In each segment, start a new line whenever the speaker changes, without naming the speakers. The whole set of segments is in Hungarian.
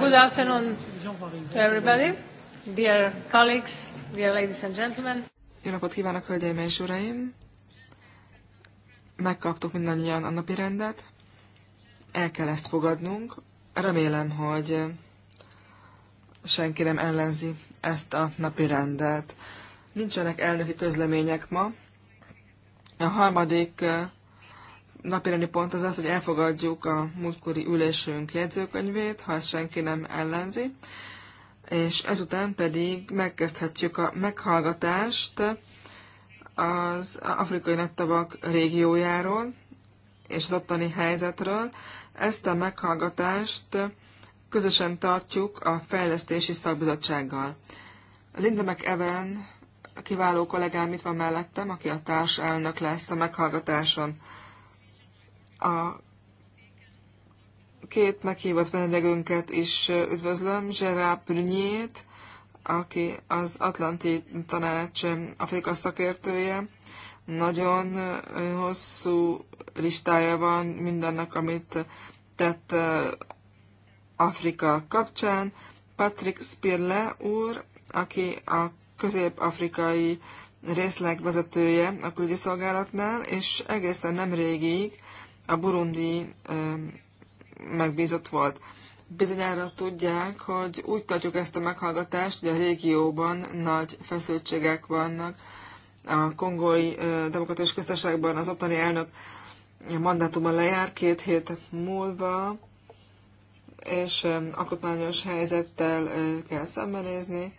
Good afternoon to everybody, dear colleagues, dear ladies and
gentlemen. Jó napot kívánok, hölgyeim és uraim! Megkaptuk mindannyian a napi rendet. El kell ezt fogadnunk. Remélem, hogy senki nem ellenzi ezt a napi rendet. Nincsenek elnöki közlemények ma. A harmadik napirendi pont az az, hogy elfogadjuk a múltkori ülésünk jegyzőkönyvét, ha ezt senki nem ellenzi, és ezután pedig megkezdhetjük a meghallgatást az afrikai naptavak régiójáról és az ottani helyzetről. Ezt a meghallgatást közösen tartjuk a fejlesztési szakbizottsággal. Linda McEwen, kiváló kollégám itt van mellettem, aki a elnök lesz a meghallgatáson. A két meghívott vendégünket is üdvözlöm, Gerard prunier aki az Atlanti Tanács Afrika szakértője. Nagyon hosszú listája van mindennek, amit tett Afrika kapcsán. Patrick Spirle úr, aki a közép-afrikai részleg vezetője a külügyi szolgálatnál, és egészen nem régig a burundi megbízott volt. Bizonyára tudják, hogy úgy tartjuk ezt a meghallgatást, hogy a régióban nagy feszültségek vannak. A kongói demokratikus köztársaságban az ottani elnök mandátuma lejár két hét múlva, és akutmányos helyzettel kell szembenézni.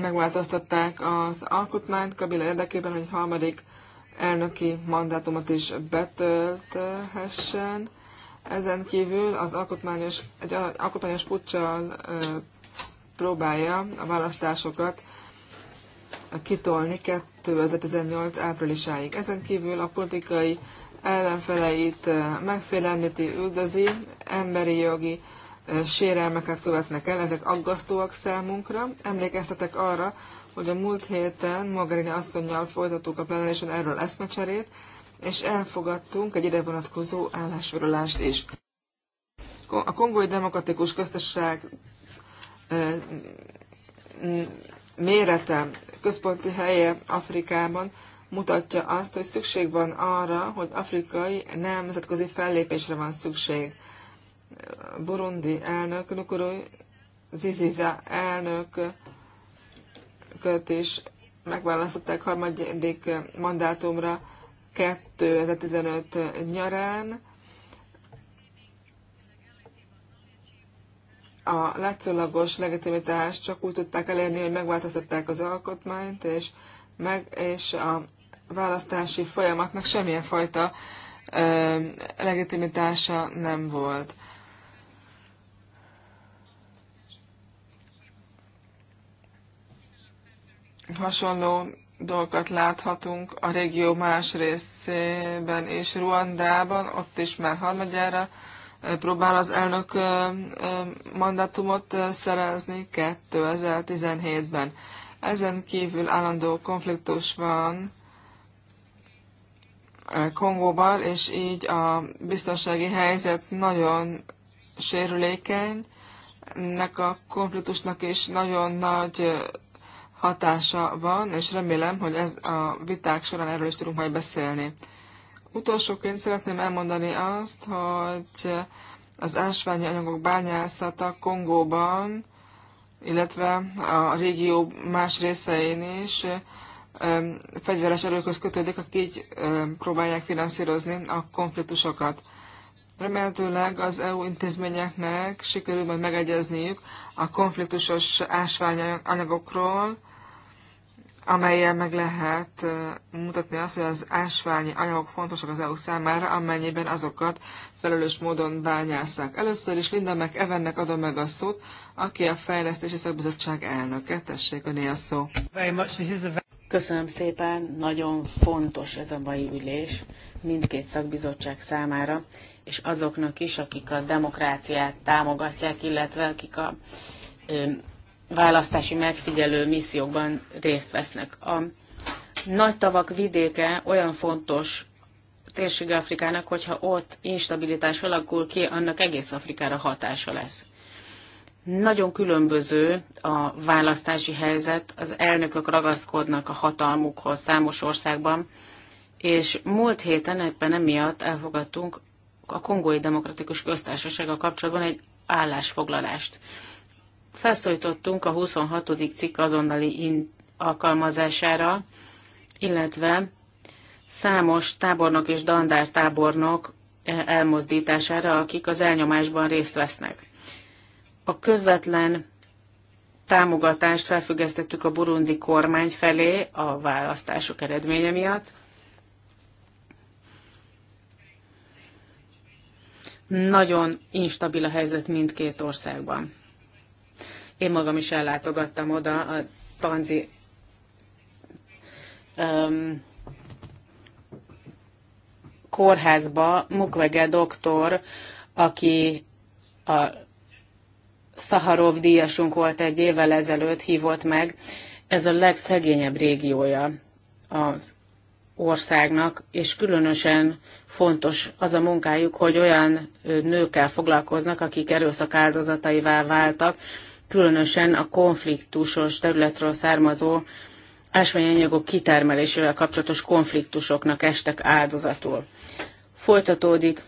megváltoztatták az alkotmányt Kabila érdekében, hogy harmadik elnöki mandátumot is betölthessen. Ezen kívül az alkotmányos, egy alkotmányos puccsal próbálja a választásokat kitolni 2018 áprilisáig. Ezen kívül a politikai ellenfeleit megfélemlíti, üldözi, emberi jogi sérelmeket követnek el, ezek aggasztóak számunkra. Emlékeztetek arra, hogy a múlt héten Magarini asszonynal folytattuk a plenárison erről eszmecserét, és elfogadtunk egy ide vonatkozó állásfoglalást is. A Kongói Demokratikus Köztesség mérete, központi helye Afrikában mutatja azt, hogy szükség van arra, hogy afrikai nemzetközi fellépésre van szükség. Burundi elnök, Nukuru Ziziza elnök is megválasztották harmadik mandátumra 2015 nyarán. A látszólagos legitimitást csak úgy tudták elérni, hogy megváltoztatták az alkotmányt, és, meg, és a választási folyamatnak semmilyen fajta ö, legitimitása nem volt. hasonló dolgokat láthatunk a régió más részében és Ruandában, ott is már harmadjára próbál az elnök mandátumot szerezni 2017-ben. Ezen kívül állandó konfliktus van Kongóban, és így a biztonsági helyzet nagyon sérülékeny. Ennek a konfliktusnak is nagyon nagy hatása van, és remélem, hogy ez a viták során erről is tudunk majd beszélni. Utolsóként szeretném elmondani azt, hogy az ásványi anyagok bányászata Kongóban, illetve a régió más részein is fegyveres erőkhöz kötődik, akik így próbálják finanszírozni a konfliktusokat. Remélhetőleg az EU intézményeknek sikerül majd megegyezniük a konfliktusos ásványanyagokról, amelyel meg lehet mutatni azt, hogy az ásványi anyagok fontosak az EU számára, amennyiben azokat felelős módon bányászák. Először is Linda meg Evennek adom meg a szót, aki a Fejlesztési Szakbizottság elnöke. Tessék, öné a szó.
Köszönöm szépen, nagyon fontos ez a mai ülés mindkét szakbizottság számára, és azoknak is, akik a demokráciát támogatják, illetve akik a választási megfigyelő missziókban részt vesznek. A nagy tavak vidéke olyan fontos térség Afrikának, hogyha ott instabilitás alakul ki, annak egész Afrikára hatása lesz. Nagyon különböző a választási helyzet, az elnökök ragaszkodnak a hatalmukhoz számos országban, és múlt héten ebben emiatt elfogadtunk a Kongói Demokratikus Köztársasággal kapcsolatban egy állásfoglalást felszólítottunk a 26. cikk azonnali alkalmazására, illetve számos tábornok és dandár tábornok e, elmozdítására, akik az elnyomásban részt vesznek. A közvetlen támogatást felfüggesztettük a burundi kormány felé a választások eredménye miatt. Nagyon instabil a helyzet mindkét országban. Én magam is ellátogattam oda a Panzi um, kórházba Mukwege doktor, aki a Szaharov díjasunk volt egy évvel ezelőtt, hívott meg. Ez a legszegényebb régiója az országnak, és különösen fontos az a munkájuk, hogy olyan nőkkel foglalkoznak, akik erőszak áldozataivá váltak, különösen a konfliktusos területről származó ásványanyagok kitermelésével kapcsolatos konfliktusoknak estek áldozatul. Folytatódik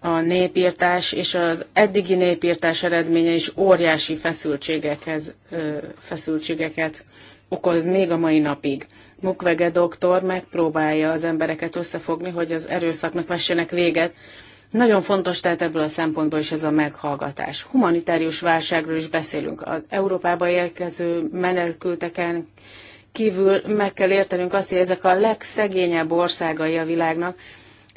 a népírtás, és az eddigi népírtás eredménye is óriási feszültségekhez, feszültségeket okoz még a mai napig. Mukwege doktor megpróbálja az embereket összefogni, hogy az erőszaknak vessenek véget, nagyon fontos tehát ebből a szempontból is ez a meghallgatás. Humanitárius válságról is beszélünk. Az Európába érkező menekülteken kívül meg kell értenünk azt, hogy ezek a legszegényebb országai a világnak,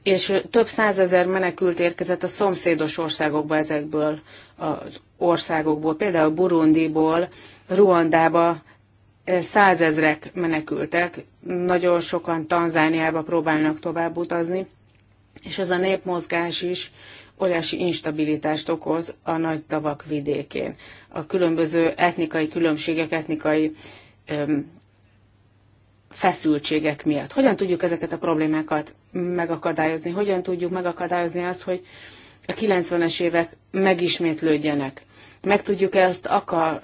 és több százezer menekült érkezett a szomszédos országokba ezekből az országokból, például Burundiból, Ruandába eh, százezrek menekültek, nagyon sokan Tanzániába próbálnak tovább utazni. És ez a népmozgás is óriási instabilitást okoz a nagy tavak vidékén. A különböző etnikai különbségek, etnikai öm, feszültségek miatt. Hogyan tudjuk ezeket a problémákat megakadályozni? Hogyan tudjuk megakadályozni azt, hogy a 90-es évek megismétlődjenek? Meg tudjuk -e ezt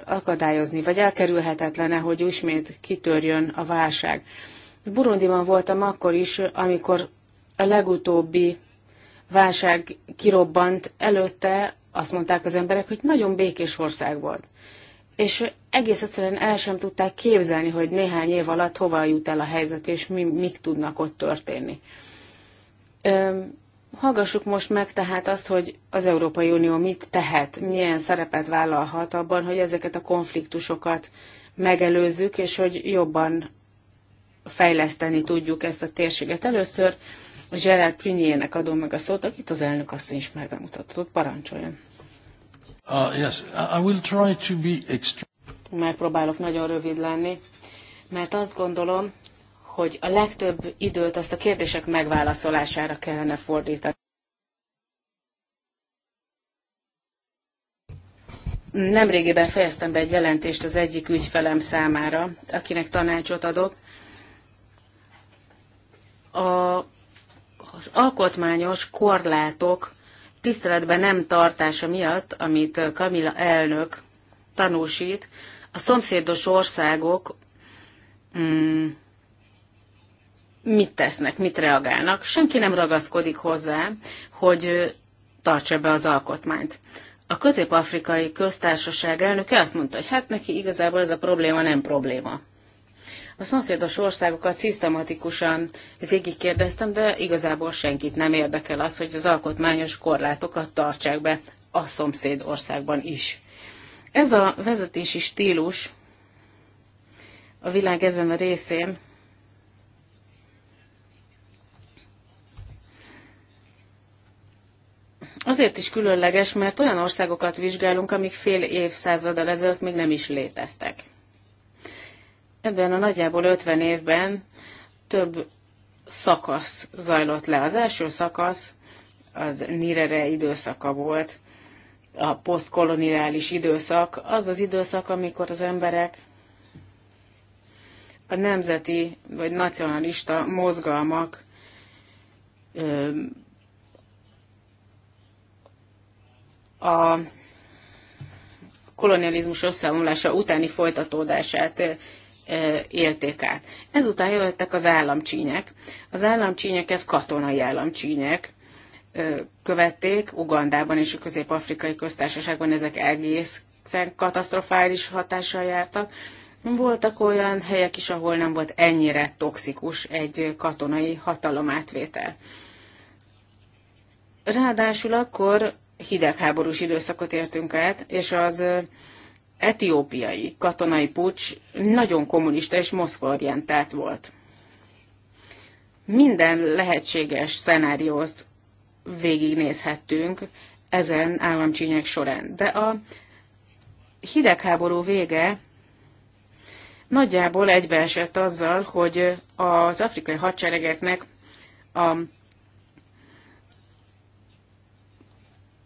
akadályozni, vagy elkerülhetetlene, hogy ismét kitörjön a válság? Burundiban voltam akkor is, amikor a legutóbbi válság kirobbant előtte, azt mondták az emberek, hogy nagyon békés ország volt. És egész egyszerűen el sem tudták képzelni, hogy néhány év alatt hova jut el a helyzet, és mi, mik tudnak ott történni. Öm, hallgassuk most meg tehát azt, hogy az Európai Unió mit tehet, milyen szerepet vállalhat abban, hogy ezeket a konfliktusokat megelőzzük, és hogy jobban fejleszteni tudjuk ezt a térséget. Először Gerard Priniének adom meg a szót, akit az elnök asszony is már bemutatott. Parancsoljon.
Uh, yes, I will try to be extreme.
Megpróbálok nagyon rövid lenni, mert azt gondolom, hogy a legtöbb időt azt a kérdések megválaszolására kellene fordítani. Nemrégiben fejeztem be egy jelentést az egyik ügyfelem számára, akinek tanácsot adok. A az alkotmányos korlátok tiszteletben nem tartása miatt, amit Kamila elnök tanúsít, a szomszédos országok mm, mit tesznek, mit reagálnak. Senki nem ragaszkodik hozzá, hogy tartsa be az alkotmányt. A közép-afrikai köztársaság elnöke azt mondta, hogy hát neki igazából ez a probléma nem probléma. A szomszédos országokat szisztematikusan végigkérdeztem, de igazából senkit nem érdekel az, hogy az alkotmányos korlátokat tartsák be a szomszéd országban is. Ez a vezetési stílus a világ ezen a részén Azért is különleges, mert olyan országokat vizsgálunk, amik fél évszázaddal ezelőtt még nem is léteztek. Ebben a nagyjából 50 évben több szakasz zajlott le. Az első szakasz az Nirere időszaka volt, a posztkoloniális időszak, az az időszak, amikor az emberek a nemzeti vagy nacionalista mozgalmak a kolonializmus összeomlása utáni folytatódását élték át. Ezután jöttek az államcsínyek. Az államcsínyeket katonai államcsínyek követték, Ugandában és a Közép-Afrikai Köztársaságban ezek egészen katasztrofális hatással jártak. Voltak olyan helyek is, ahol nem volt ennyire toxikus egy katonai hatalomátvétel. Ráadásul akkor hidegháborús időszakot értünk át, és az etiópiai katonai pucs nagyon kommunista és moszkvaorientált volt. Minden lehetséges szenáriót végignézhettünk ezen államcsínyek során. De a hidegháború vége nagyjából egybeesett azzal, hogy az afrikai hadseregeknek a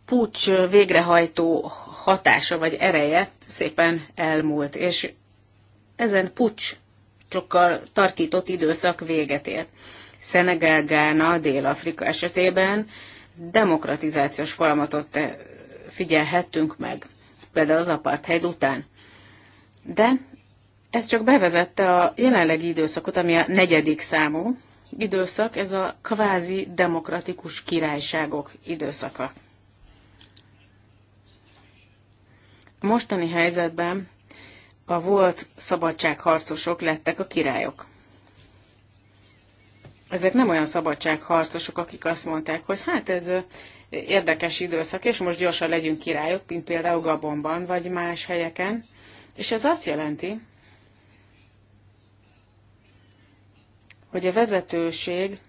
pucs végrehajtó hatása vagy ereje szépen elmúlt, és ezen pucs sokkal tarkított időszak véget ért. Szenegál, Gána, Dél-Afrika esetében demokratizációs folyamatot figyelhettünk meg, például az apartheid után. De ez csak bevezette a jelenlegi időszakot, ami a negyedik számú időszak, ez a kvázi demokratikus királyságok időszaka. mostani helyzetben a volt szabadságharcosok lettek a királyok. Ezek nem olyan szabadságharcosok, akik azt mondták, hogy hát ez érdekes időszak, és most gyorsan legyünk királyok, mint például Gabonban, vagy más helyeken. És ez azt jelenti, hogy a vezetőség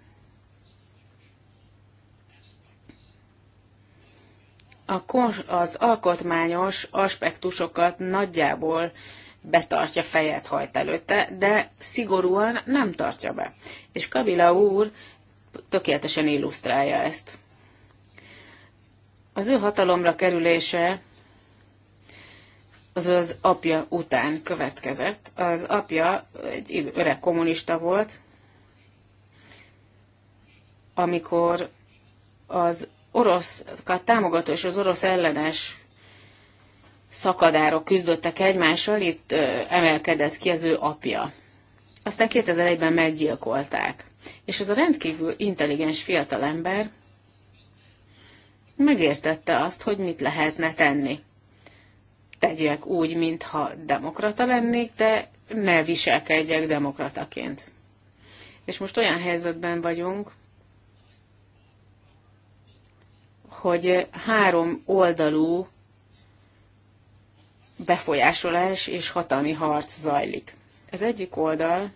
a az alkotmányos aspektusokat nagyjából betartja, fejet hajt előtte, de szigorúan nem tartja be. És Kabila úr tökéletesen illusztrálja ezt. Az ő hatalomra kerülése az az apja után következett. Az apja egy öreg kommunista volt, amikor az Orosz támogató és az orosz ellenes szakadárok küzdöttek egymással, itt emelkedett ki az ő apja. Aztán 2001-ben meggyilkolták. És ez a rendkívül intelligens fiatalember megértette azt, hogy mit lehetne tenni. Tegyek úgy, mintha demokrata lennék, de ne viselkedjek demokrataként. És most olyan helyzetben vagyunk, hogy három oldalú befolyásolás és hatalmi harc zajlik. Az egyik oldal,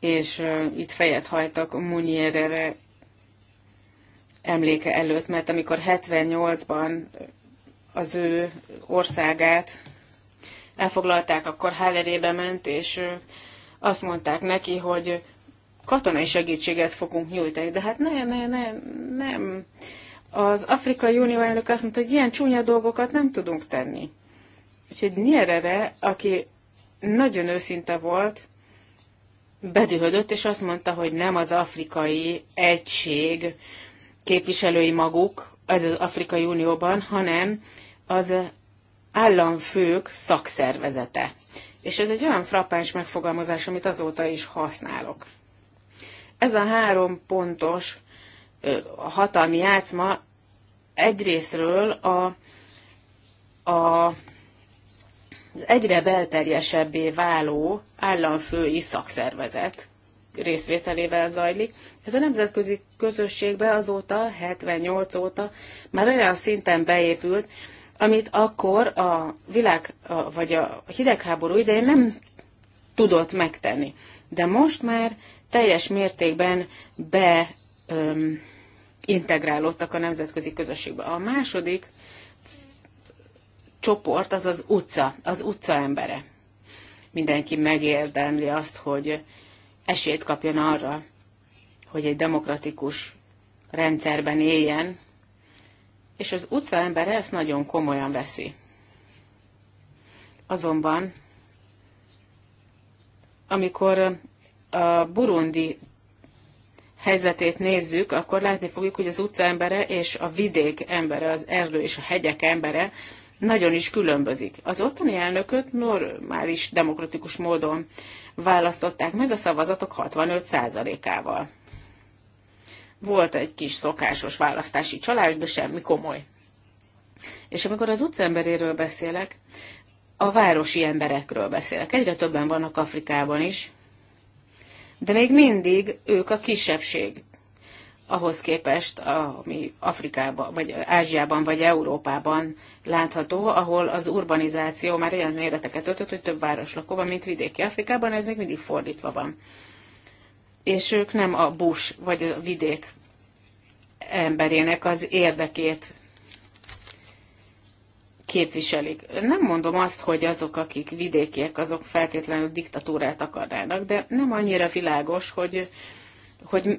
és itt fejet hajtak Munierre emléke előtt, mert amikor 78-ban az ő országát elfoglalták, akkor Hallerébe ment, és azt mondták neki, hogy katonai segítséget fogunk nyújtani. De hát ne, ne, ne, nem. Az Afrikai Unió elnök azt mondta, hogy ilyen csúnya dolgokat nem tudunk tenni. Úgyhogy Nyerere, aki nagyon őszinte volt, bedühödött, és azt mondta, hogy nem az afrikai egység képviselői maguk, ez az Afrikai Unióban, hanem az államfők szakszervezete. És ez egy olyan frappáns megfogalmazás, amit azóta is használok. Ez a három pontos a hatalmi játszma egyrésztről a, a, az egyre belterjesebbé váló államfői szakszervezet részvételével zajlik. Ez a nemzetközi közösségbe azóta, 78 óta már olyan szinten beépült, amit akkor a világ, vagy a hidegháború idején nem tudott megtenni. De most már teljes mértékben be integrálódtak a nemzetközi közösségbe. A második csoport az az utca, az utca embere. Mindenki megérdemli azt, hogy esélyt kapjon arra, hogy egy demokratikus rendszerben éljen, és az utca embere ezt nagyon komolyan veszi. Azonban, amikor a burundi helyzetét nézzük, akkor látni fogjuk, hogy az utca embere és a vidék embere, az erdő és a hegyek embere nagyon is különbözik. Az ottani elnököt normális, demokratikus módon választották meg a szavazatok 65%-ával. Volt egy kis szokásos választási csalás, de semmi komoly. És amikor az utcemberéről beszélek, a városi emberekről beszélek. Egyre többen vannak Afrikában is, de még mindig ők a kisebbség ahhoz képest, ami Afrikában, vagy Ázsiában, vagy Európában látható, ahol az urbanizáció már ilyen méreteket öltött, hogy több város lakóban, mint vidéki Afrikában, ez még mindig fordítva van. És ők nem a bus, vagy a vidék emberének az érdekét képviselik. Nem mondom azt, hogy azok, akik vidékiek, azok feltétlenül diktatúrát akarnának, de nem annyira világos, hogy, hogy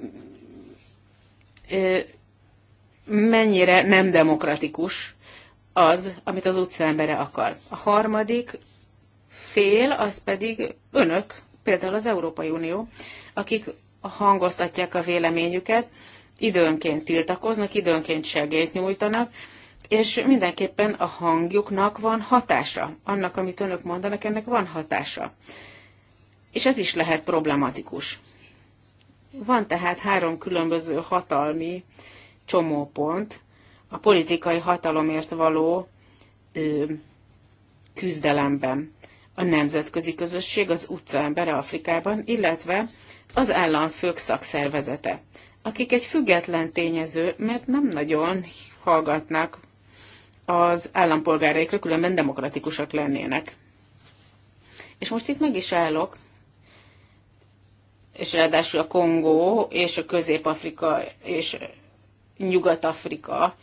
mennyire nem demokratikus az, amit az utcaembere akar. A harmadik fél, az pedig önök, például az Európai Unió, akik hangoztatják a véleményüket, időnként tiltakoznak, időnként segélyt nyújtanak, és mindenképpen a hangjuknak van hatása. Annak, amit önök mondanak, ennek van hatása. És ez is lehet problematikus. Van tehát három különböző hatalmi csomópont, a politikai hatalomért való ö, küzdelemben. A nemzetközi közösség, az utcaembere Afrikában, illetve az államfők szakszervezete, akik egy független tényező, mert nem nagyon hallgatnak az állampolgáraikra, különben demokratikusak lennének. És most itt meg is állok, és ráadásul a Kongó és a Közép-Afrika és Nyugat-Afrika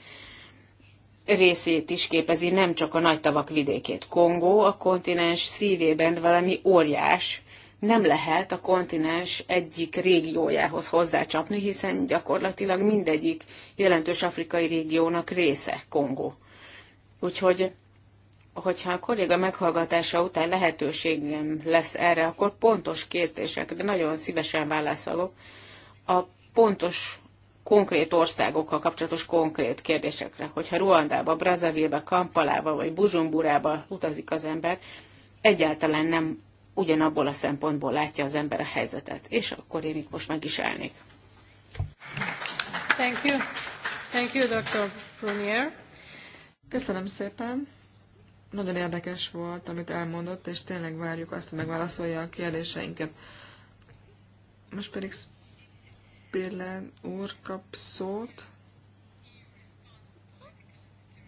részét is képezi nem csak a nagy tavak vidékét. Kongó a kontinens szívében valami óriás, nem lehet a kontinens egyik régiójához hozzácsapni, hiszen gyakorlatilag mindegyik jelentős afrikai régiónak része Kongó. Úgyhogy, hogyha a kolléga meghallgatása után lehetőségem lesz erre, akkor pontos kérdésekre nagyon szívesen válaszolok. A pontos konkrét országokkal kapcsolatos konkrét kérdésekre. Hogyha Ruandába, Brazzavillebe, Kampalába vagy Buzsumburába utazik az ember, egyáltalán nem ugyanabból a szempontból látja az ember a helyzetet. És akkor én itt most meg is állnék.
Thank you. Thank you, Dr. Prunier. Köszönöm szépen.
Nagyon érdekes volt, amit elmondott, és tényleg várjuk azt, hogy megválaszolja a kérdéseinket. Most pedig Spirlen úr kap szót,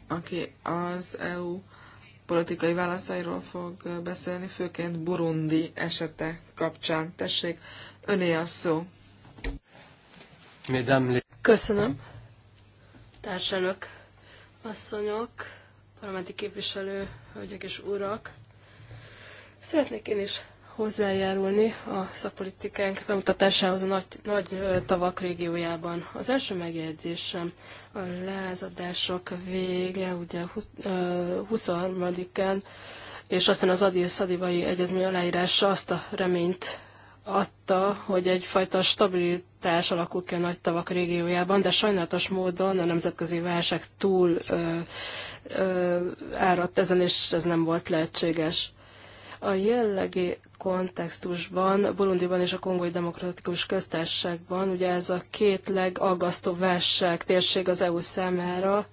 aki az EU politikai válaszairól fog beszélni, főként Burundi esete kapcsán. Tessék, öné a szó. Köszönöm. Társelők,
asszonyok, parlamenti képviselő, hölgyek és urak! Szeretnék én is hozzájárulni a szakpolitikánk bemutatásához a nagy, nagy tavak régiójában. Az első megjegyzésem a lázadások vége, ugye 23-án, és aztán az Adi szadivai Egyezmény aláírása azt a reményt adta, hogy egyfajta stabilitás alakul ki a nagy tavak régiójában, de sajnálatos módon a nemzetközi válság túl ö, ö, áradt ezen, és ez nem volt lehetséges. A jellegi kontextusban, Burundiban és a Kongói Demokratikus Köztársaságban, ugye ez a két legaggasztó válság térség az EU számára,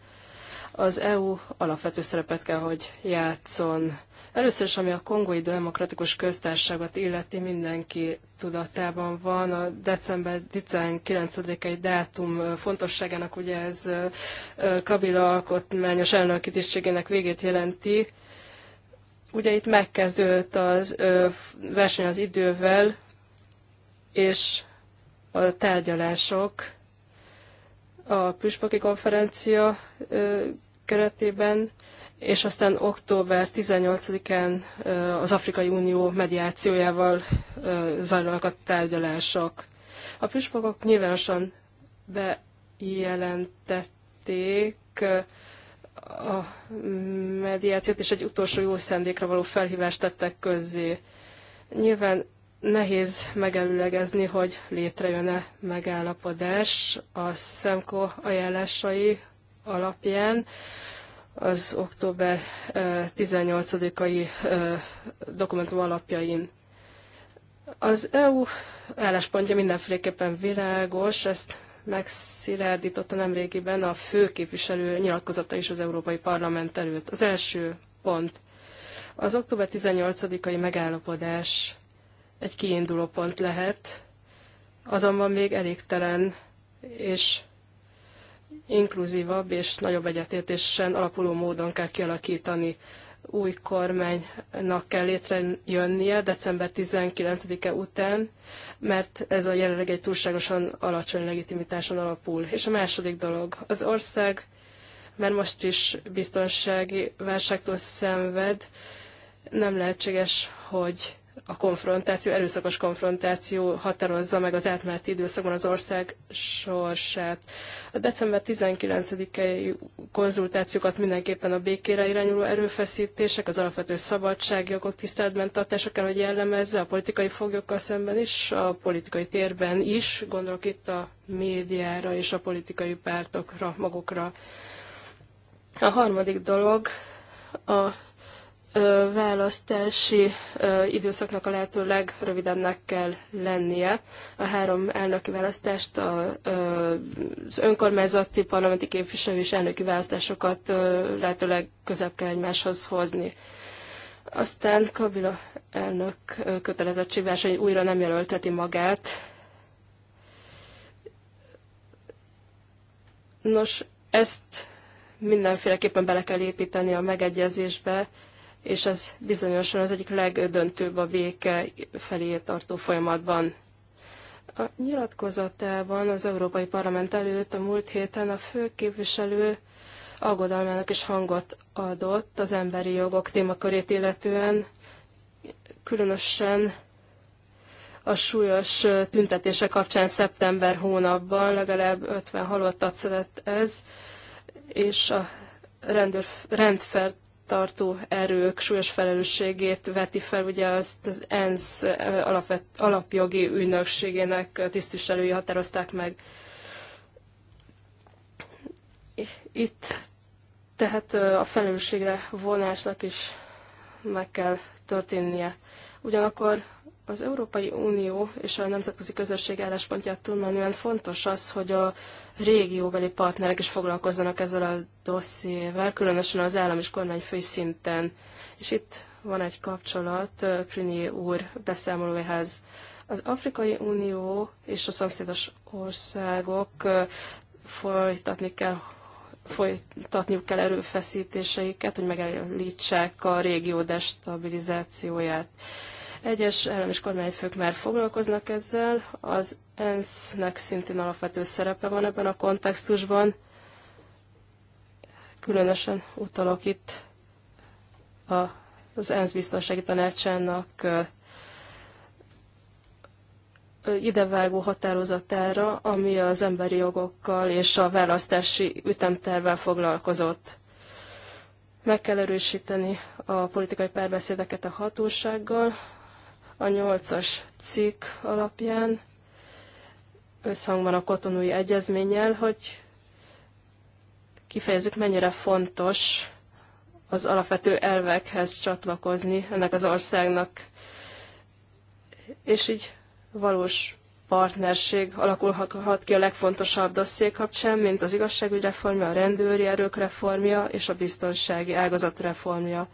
az EU alapvető szerepet kell, hogy játszon Először is, ami a kongói demokratikus köztársaságot illeti, mindenki tudatában van. A december 19-i dátum fontosságának ugye ez Kabila alkotmányos elnöki tisztségének végét jelenti. Ugye itt megkezdődött az verseny az idővel, és a tárgyalások a püspöki konferencia keretében és aztán október 18-án az Afrikai Unió mediációjával zajlanak a tárgyalások. A püspökök nyilvánosan bejelentették a mediációt, és egy utolsó jó szendékre való felhívást tettek közzé. Nyilván nehéz megelőlegezni, hogy létrejön-e megállapodás a SZEMKO ajánlásai alapján az október 18-ai dokumentum alapjain. Az EU álláspontja mindenféleképpen világos, ezt megszilárdította nemrégiben a főképviselő nyilatkozata is az Európai Parlament előtt. Az első pont. Az október 18-ai megállapodás egy kiinduló pont lehet, azonban még elégtelen, és inkluzívabb és nagyobb egyetértésen alapuló módon kell kialakítani. Új kormánynak kell létrejönnie december 19-e után, mert ez a jelenleg egy túlságosan alacsony legitimitáson alapul. És a második dolog, az ország mert most is biztonsági válságtól szenved, nem lehetséges, hogy a konfrontáció, erőszakos konfrontáció határozza meg az átmeneti időszakban az ország sorsát. A december 19-i konzultációkat mindenképpen a békére irányuló erőfeszítések, az alapvető szabadságjogok tiszteletben tartása kell, hogy jellemezze a politikai foglyokkal szemben is, a politikai térben is, gondolok itt a médiára és a politikai pártokra, magukra. A harmadik dolog a választási időszaknak a lehető legrövidebbnek kell lennie. A három elnöki választást, az önkormányzati, parlamenti képviselő és elnöki választásokat lehetőleg közebb kell egymáshoz hozni. Aztán Kabila elnök kötelezettségverseny újra nem jelölteti magát. Nos, ezt mindenféleképpen bele kell építeni a megegyezésbe, és ez bizonyosan az egyik legdöntőbb a béke felé tartó folyamatban. A nyilatkozatában az Európai Parlament előtt a múlt héten a főképviselő aggodalmának is hangot adott az emberi jogok témakörét illetően, különösen a súlyos tüntetése kapcsán szeptember hónapban legalább 50 halottat szedett ez, és a rendőr, rendfert tartó erők súlyos felelősségét veti fel, ugye azt az ENSZ alapvet, alapjogi ügynökségének tisztviselői határozták meg. Itt tehát a felelősségre vonásnak is meg kell történnie. Ugyanakkor az Európai Unió és a nemzetközi közösség álláspontját túlmenően fontos az, hogy a régióbeli partnerek is foglalkozzanak ezzel a dossziével, különösen az állam és kormányfői szinten. És itt van egy kapcsolat Prini úr beszámolóihez. Az Afrikai Unió és a szomszédos országok folytatni kell folytatniuk kell erőfeszítéseiket, hogy megelítsák a régió destabilizációját. Egyes állam és kormányfők már foglalkoznak ezzel, az ENSZ-nek szintén alapvető szerepe van ebben a kontextusban. Különösen utalok itt a, az ENSZ biztonsági tanácsának idevágó határozatára, ami az emberi jogokkal és a választási ütemtervel foglalkozott. Meg kell erősíteni a politikai párbeszédeket a hatósággal, a nyolcas cikk alapján, összhangban a kotonúi egyezménnyel, hogy kifejezik, mennyire fontos az alapvető elvekhez csatlakozni ennek az országnak, és így valós partnerség alakulhat ki a legfontosabb dosszé kapcsán, mint az igazságügy reformja, a rendőri erők reformja és a biztonsági ágazat reformja.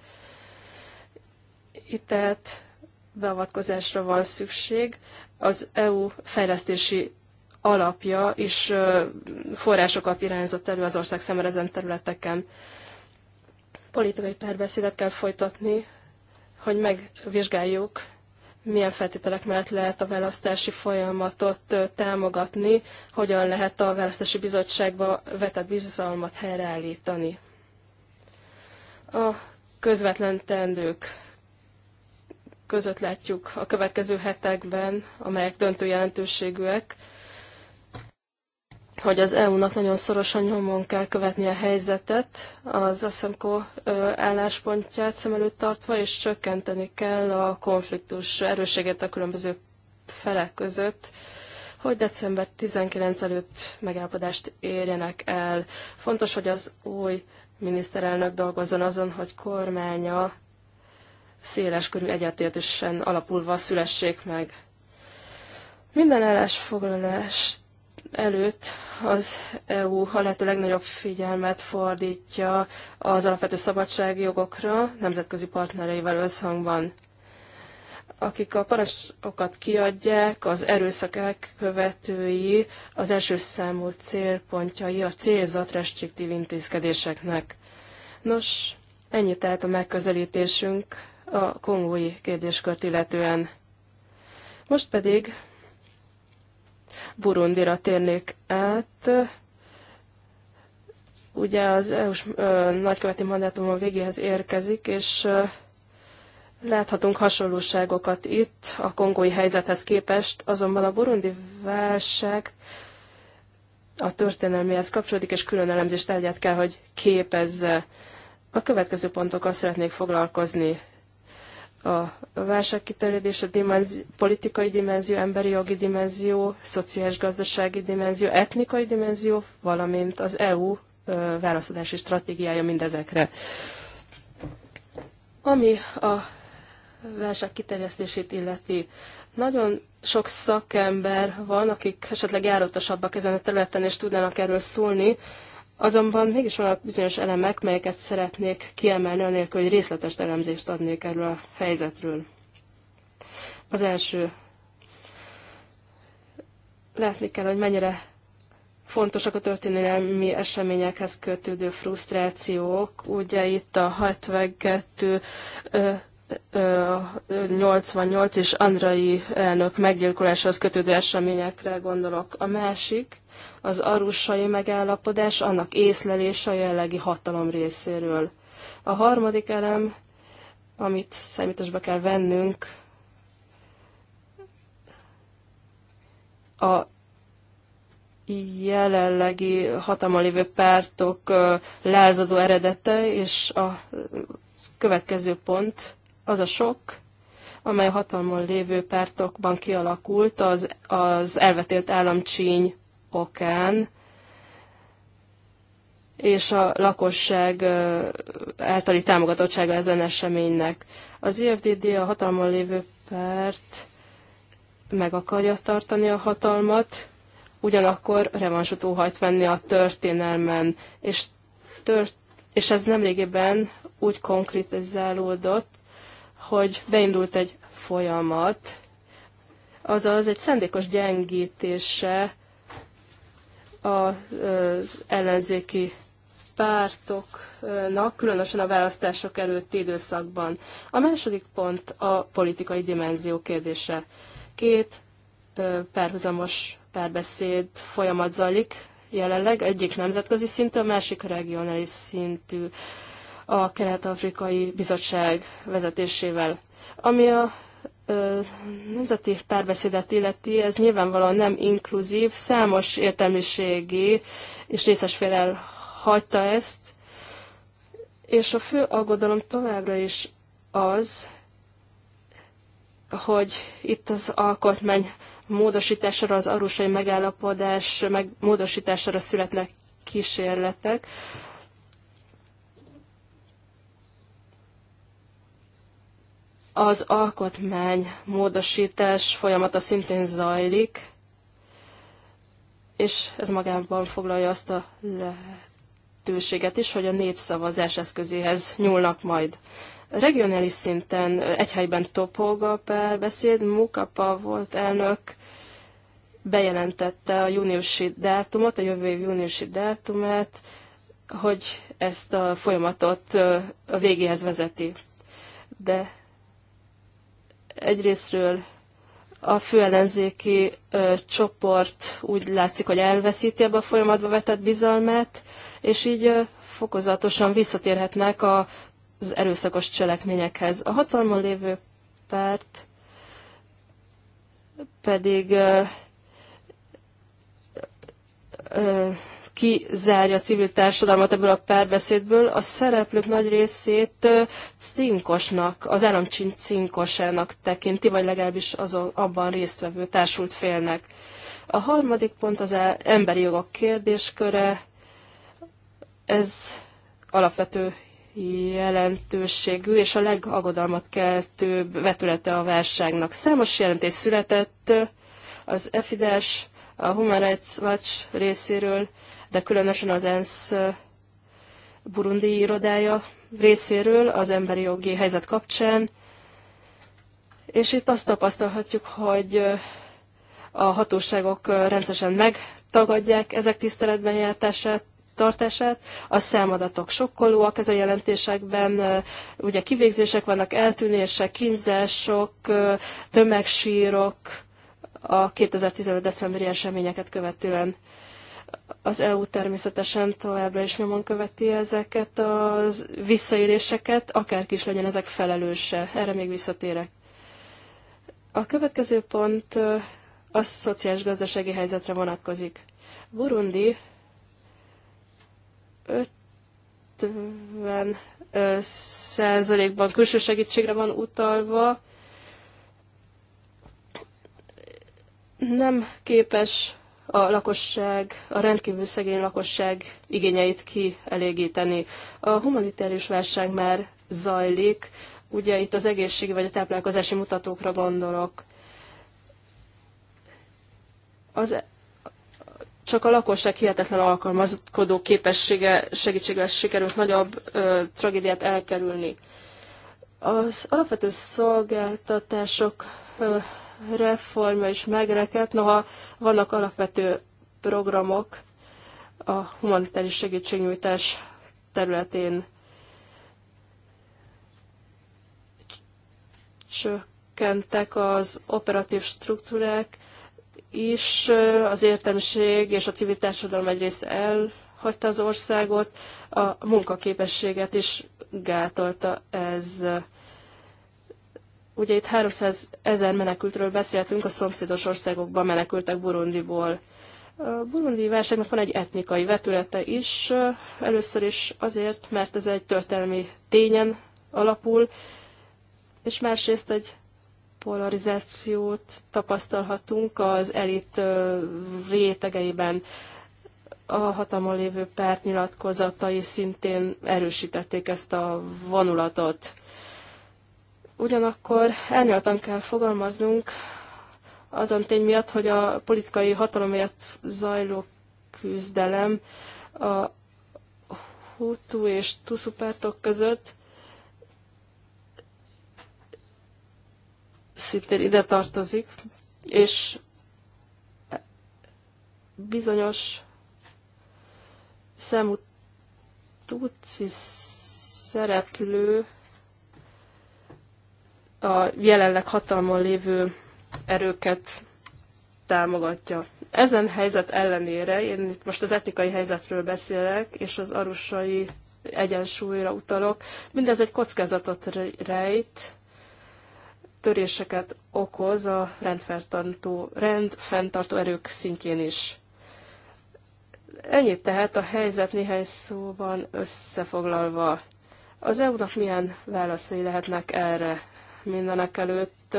Itt tehát beavatkozásra van szükség. Az EU fejlesztési alapja és forrásokat irányzott elő az ország szemerezen területeken. Politikai párbeszédet kell folytatni, hogy megvizsgáljuk, milyen feltételek mellett lehet a választási folyamatot támogatni, hogyan lehet a választási bizottságba vetett bizalmat helyreállítani. A közvetlen teendők között látjuk a következő hetekben, amelyek döntő jelentőségűek, hogy az EU-nak nagyon szorosan nyomon kell követni a helyzetet, az SMK álláspontját szem előtt tartva, és csökkenteni kell a konfliktus erősséget a különböző felek között, hogy december 19 előtt megállapodást érjenek el. Fontos, hogy az új miniszterelnök dolgozzon azon, hogy kormánya széleskörű egyetértésen alapulva szülessék meg. Minden állásfoglalást előtt az EU a lehető legnagyobb figyelmet fordítja az alapvető szabadságjogokra nemzetközi partnereivel összhangban akik a parancsokat kiadják, az erőszak elkövetői, az első számú célpontjai a célzat restriktív intézkedéseknek. Nos, ennyi tehát a megközelítésünk a kongói kérdéskört illetően. Most pedig Burundira térnék át. Ugye az EU-s nagyköveti mandátum a végéhez érkezik, és láthatunk hasonlóságokat itt a kongói helyzethez képest, azonban a burundi válság a történelmihez kapcsolódik, és külön elemzést tárgyát kell, hogy képezze. A következő pontokkal szeretnék foglalkozni a válság kiterjedése, politikai dimenzió, emberi jogi dimenzió, szociális-gazdasági dimenzió, etnikai dimenzió, valamint az EU válaszadási stratégiája mindezekre. Ami a válság kiterjesztését illeti, nagyon sok szakember van, akik esetleg járatosabbak ezen a területen, és tudnának erről szólni, Azonban mégis vannak bizonyos elemek, melyeket szeretnék kiemelni, anélkül, hogy részletes elemzést adnék erről a helyzetről. Az első. Látni kell, hogy mennyire fontosak a történelmi eseményekhez kötődő frusztrációk. Ugye itt a 62 88 és Andrai elnök meggyilkolásához kötődő eseményekre gondolok. A másik, az arussai megállapodás, annak észlelése a jelenlegi hatalom részéről. A harmadik elem, amit számításba kell vennünk, a jelenlegi hatalma lévő pártok lázadó eredete, és a következő pont az a sok, amely hatalmon lévő pártokban kialakult, az, az elvetélt államcsíny okán, és a lakosság általi támogatottsága ezen eseménynek. Az IFDD a hatalmon lévő párt meg akarja tartani a hatalmat, ugyanakkor revansot óhajt venni a történelmen, és, tört, és ez nemrégiben úgy konkrétizálódott, hogy beindult egy folyamat, azaz egy szendékos gyengítése az ellenzéki pártoknak, különösen a választások előtti időszakban. A második pont a politikai dimenzió kérdése. Két párhuzamos párbeszéd folyamat zajlik jelenleg, egyik nemzetközi szintű, a másik regionális szintű a Kelet-Afrikai Bizottság vezetésével. Ami a nemzeti párbeszédet illeti, ez nyilvánvalóan nem inkluzív, számos értelmiségi és részes félel hagyta ezt, és a fő aggodalom továbbra is az, hogy itt az alkotmány módosítására, az arusai megállapodás meg módosítására születnek kísérletek. Az alkotmány módosítás folyamata szintén zajlik, és ez magában foglalja azt a lehetőséget is, hogy a népszavazás eszközéhez nyúlnak majd. Regionális szinten egy helyben topog a beszéd Mukapa volt elnök, bejelentette a júniusi dátumot, a jövő év júniusi dátumát, hogy ezt a folyamatot a végéhez vezeti. De egyrésztről a főellenzéki ö, csoport úgy látszik, hogy elveszíti ebbe a folyamatba vetett bizalmát, és így ö, fokozatosan visszatérhetnek a, az erőszakos cselekményekhez. A hatalmon lévő párt pedig ö, ö, kizárja a civil társadalmat ebből a párbeszédből, a szereplők nagy részét cinkosnak, az államcsint cinkosának tekinti, vagy legalábbis azon, abban résztvevő társult félnek. A harmadik pont az emberi jogok kérdésköre. Ez alapvető jelentőségű és a legagodalmat keltőbb vetülete a válságnak. Számos jelentés született az EFIDES, a Human Rights Watch részéről, de különösen az ENSZ burundi irodája részéről az emberi jogi helyzet kapcsán. És itt azt tapasztalhatjuk, hogy a hatóságok rendszeresen megtagadják ezek tiszteletben jártását, tartását. A számadatok sokkolóak ez a jelentésekben. Ugye kivégzések vannak, eltűnések, kínzások, tömegsírok a 2015. decemberi eseményeket követően. Az EU természetesen továbbra is nyomon követi ezeket a visszaéléseket, akárki is legyen ezek felelőse. Erre még visszatérek. A következő pont a szociális gazdasági helyzetre vonatkozik. Burundi 50 százalékban külső segítségre van utalva, nem képes a lakosság, a rendkívül szegény lakosság igényeit kielégíteni. A humanitárius válság már zajlik, ugye itt az egészségi vagy a táplálkozási mutatókra gondolok. Az, e- csak a lakosság hihetetlen alkalmazkodó képessége segítségével sikerült nagyobb ö, tragédiát elkerülni. Az alapvető szolgáltatások ö, reformja is megrekedt, noha vannak alapvető programok a humanitáris segítségnyújtás területén csökkentek az operatív struktúrák is, az értelmiség és a civil társadalom egyrészt elhagyta az országot, a munkaképességet is gátolta ez. Ugye itt 300 ezer menekültről beszéltünk, a szomszédos országokban menekültek Burundiból. A burundi válságnak van egy etnikai vetülete is, először is azért, mert ez egy történelmi tényen alapul, és másrészt egy polarizációt tapasztalhatunk az elit rétegeiben. A hatalmon lévő párt nyilatkozatai szintén erősítették ezt a vonulatot. Ugyanakkor elméletlen kell fogalmaznunk azon tény miatt, hogy a politikai hatalomért zajló küzdelem a Hutu és Tuszupártok között szintén ide tartozik, és bizonyos számú tuci szereplő a jelenleg hatalmon lévő erőket támogatja. Ezen helyzet ellenére, én itt most az etikai helyzetről beszélek, és az arusai egyensúlyra utalok, mindez egy kockázatot rejt, töréseket okoz a rendfenntartó, rendfenntartó erők szintjén is. Ennyit tehát a helyzet néhány szóban összefoglalva. Az EU-nak milyen válaszai lehetnek erre? mindenek előtt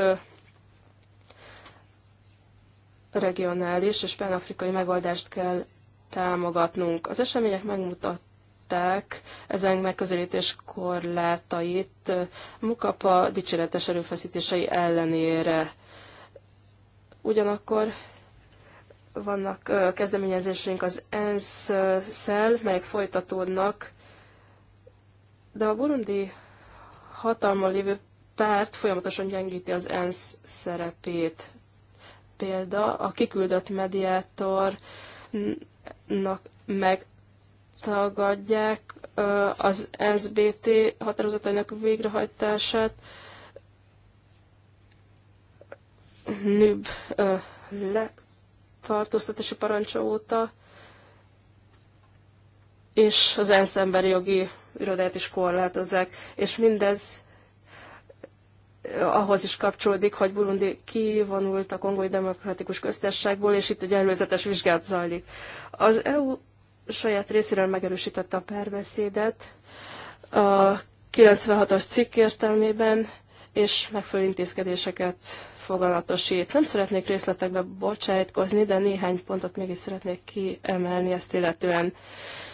regionális és penafrikai megoldást kell támogatnunk. Az események megmutatták ezen megközelítés korlátait Mukapa dicséretes erőfeszítései ellenére. Ugyanakkor vannak kezdeményezésünk az ENSZ-szel, melyek folytatódnak, de a burundi hatalma lévő párt folyamatosan gyengíti az ENSZ szerepét. Példa a kiküldött mediátornak megtagadják az SBT határozatainak végrehajtását. Nüb letartóztatási parancsa óta, és az ENSZ emberi jogi irodát is korlátozzák, és mindez ahhoz is kapcsolódik, hogy Burundi kivonult a Kongói Demokratikus Köztársaságból, és itt egy előzetes vizsgát zajlik. Az EU saját részéről megerősítette a párbeszédet a 96-as cikk értelmében, és megfelelő intézkedéseket foganatosít. Nem szeretnék részletekbe bocsájtkozni, de néhány pontot mégis szeretnék kiemelni ezt illetően.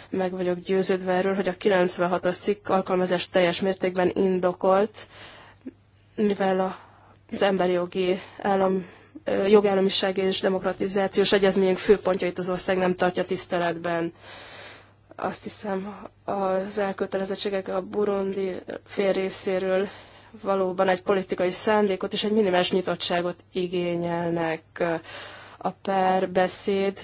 Meg vagyok győződve erről, hogy a 96-as cikk alkalmazás teljes mértékben indokolt, mivel az emberi jogi állam, jogállamiság és demokratizációs egyezményünk főpontjait az ország nem tartja tiszteletben. Azt hiszem, az elkötelezettségek a burundi fél részéről valóban egy politikai szándékot és egy minimális nyitottságot igényelnek a beszéd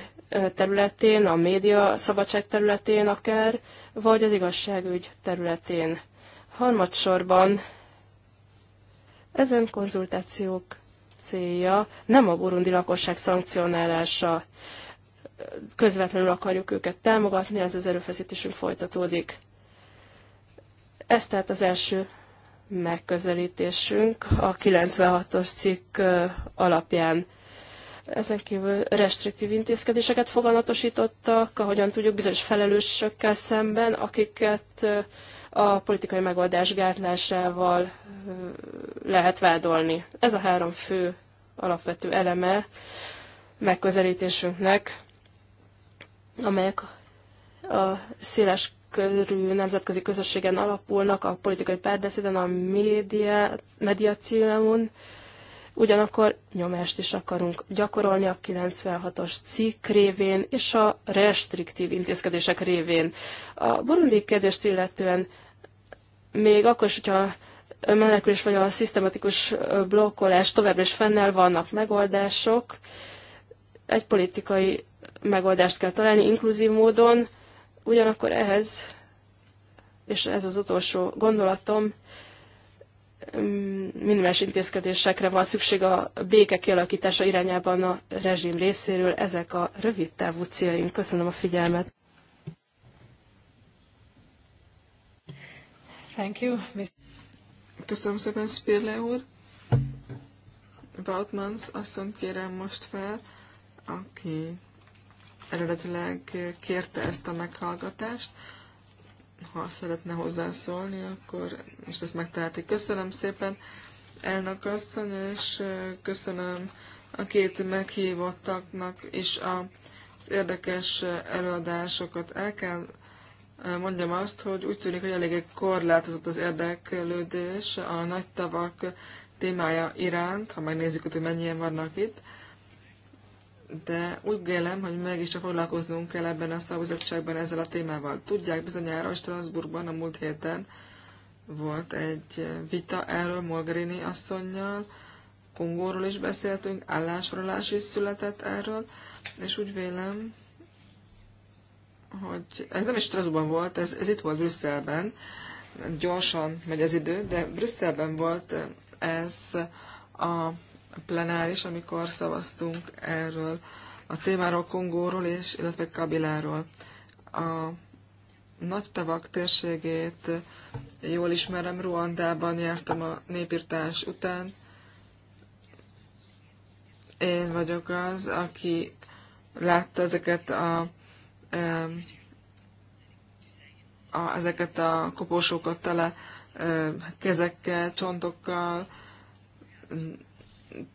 területén, a média szabadság területén akár, vagy az igazságügy területén. Harmadsorban ezen konzultációk célja nem a burundi lakosság szankcionálása, közvetlenül akarjuk őket támogatni, ez az erőfeszítésünk folytatódik. Ez tehát az első megközelítésünk a 96-os cikk alapján. Ezen kívül restriktív intézkedéseket foganatosítottak, ahogyan tudjuk, bizonyos felelősökkel szemben, akiket a politikai megoldás gátlásával lehet vádolni. Ez a három fő alapvető eleme megközelítésünknek, amelyek a széles körű nemzetközi közösségen alapulnak, a politikai párbeszéden, a média, mediáción, Ugyanakkor nyomást is akarunk gyakorolni a 96-os cikk révén és a restriktív intézkedések révén. A burundi kérdést illetően még akkor is, hogyha menekülés vagy a szisztematikus blokkolás továbbra is fennel vannak megoldások, egy politikai megoldást kell találni inkluzív módon, ugyanakkor ehhez, és ez az utolsó gondolatom, Mm, minimális intézkedésekre van szükség a béke kialakítása irányában a rezsim részéről. Ezek a rövid távú céljaink. Köszönöm a figyelmet.
Thank you. Köszönöm szépen, Spirle úr. Bautmans asszonyt kérem most fel, aki eredetileg kérte ezt a meghallgatást ha szeretne hozzászólni, akkor most ezt megteheti. Köszönöm szépen, elnök asszony, és köszönöm a két meghívottaknak is a, az érdekes előadásokat. El kell mondjam azt, hogy úgy tűnik, hogy eléggé korlátozott az érdeklődés a nagy tavak témája iránt, ha megnézzük, hogy mennyien vannak itt de úgy gélem, hogy mégiscsak foglalkoznunk kell ebben a szakbizottságban ezzel a témával. Tudják bizonyára, Strasbourgban a múlt héten volt egy vita erről Mogherini asszonynal, Kongóról is beszéltünk, állásorolás is született erről, és úgy vélem, hogy ez nem is Strasbourgban volt, ez, ez itt volt Brüsszelben, gyorsan megy az idő, de Brüsszelben volt ez a plenáris, amikor szavaztunk erről a témáról, Kongóról és illetve Kabiláról. A nagy tavak térségét jól ismerem, Ruandában jártam a népírtás után. Én vagyok az, aki látta ezeket a, a, a ezeket a koporsókat tele kezekkel, csontokkal,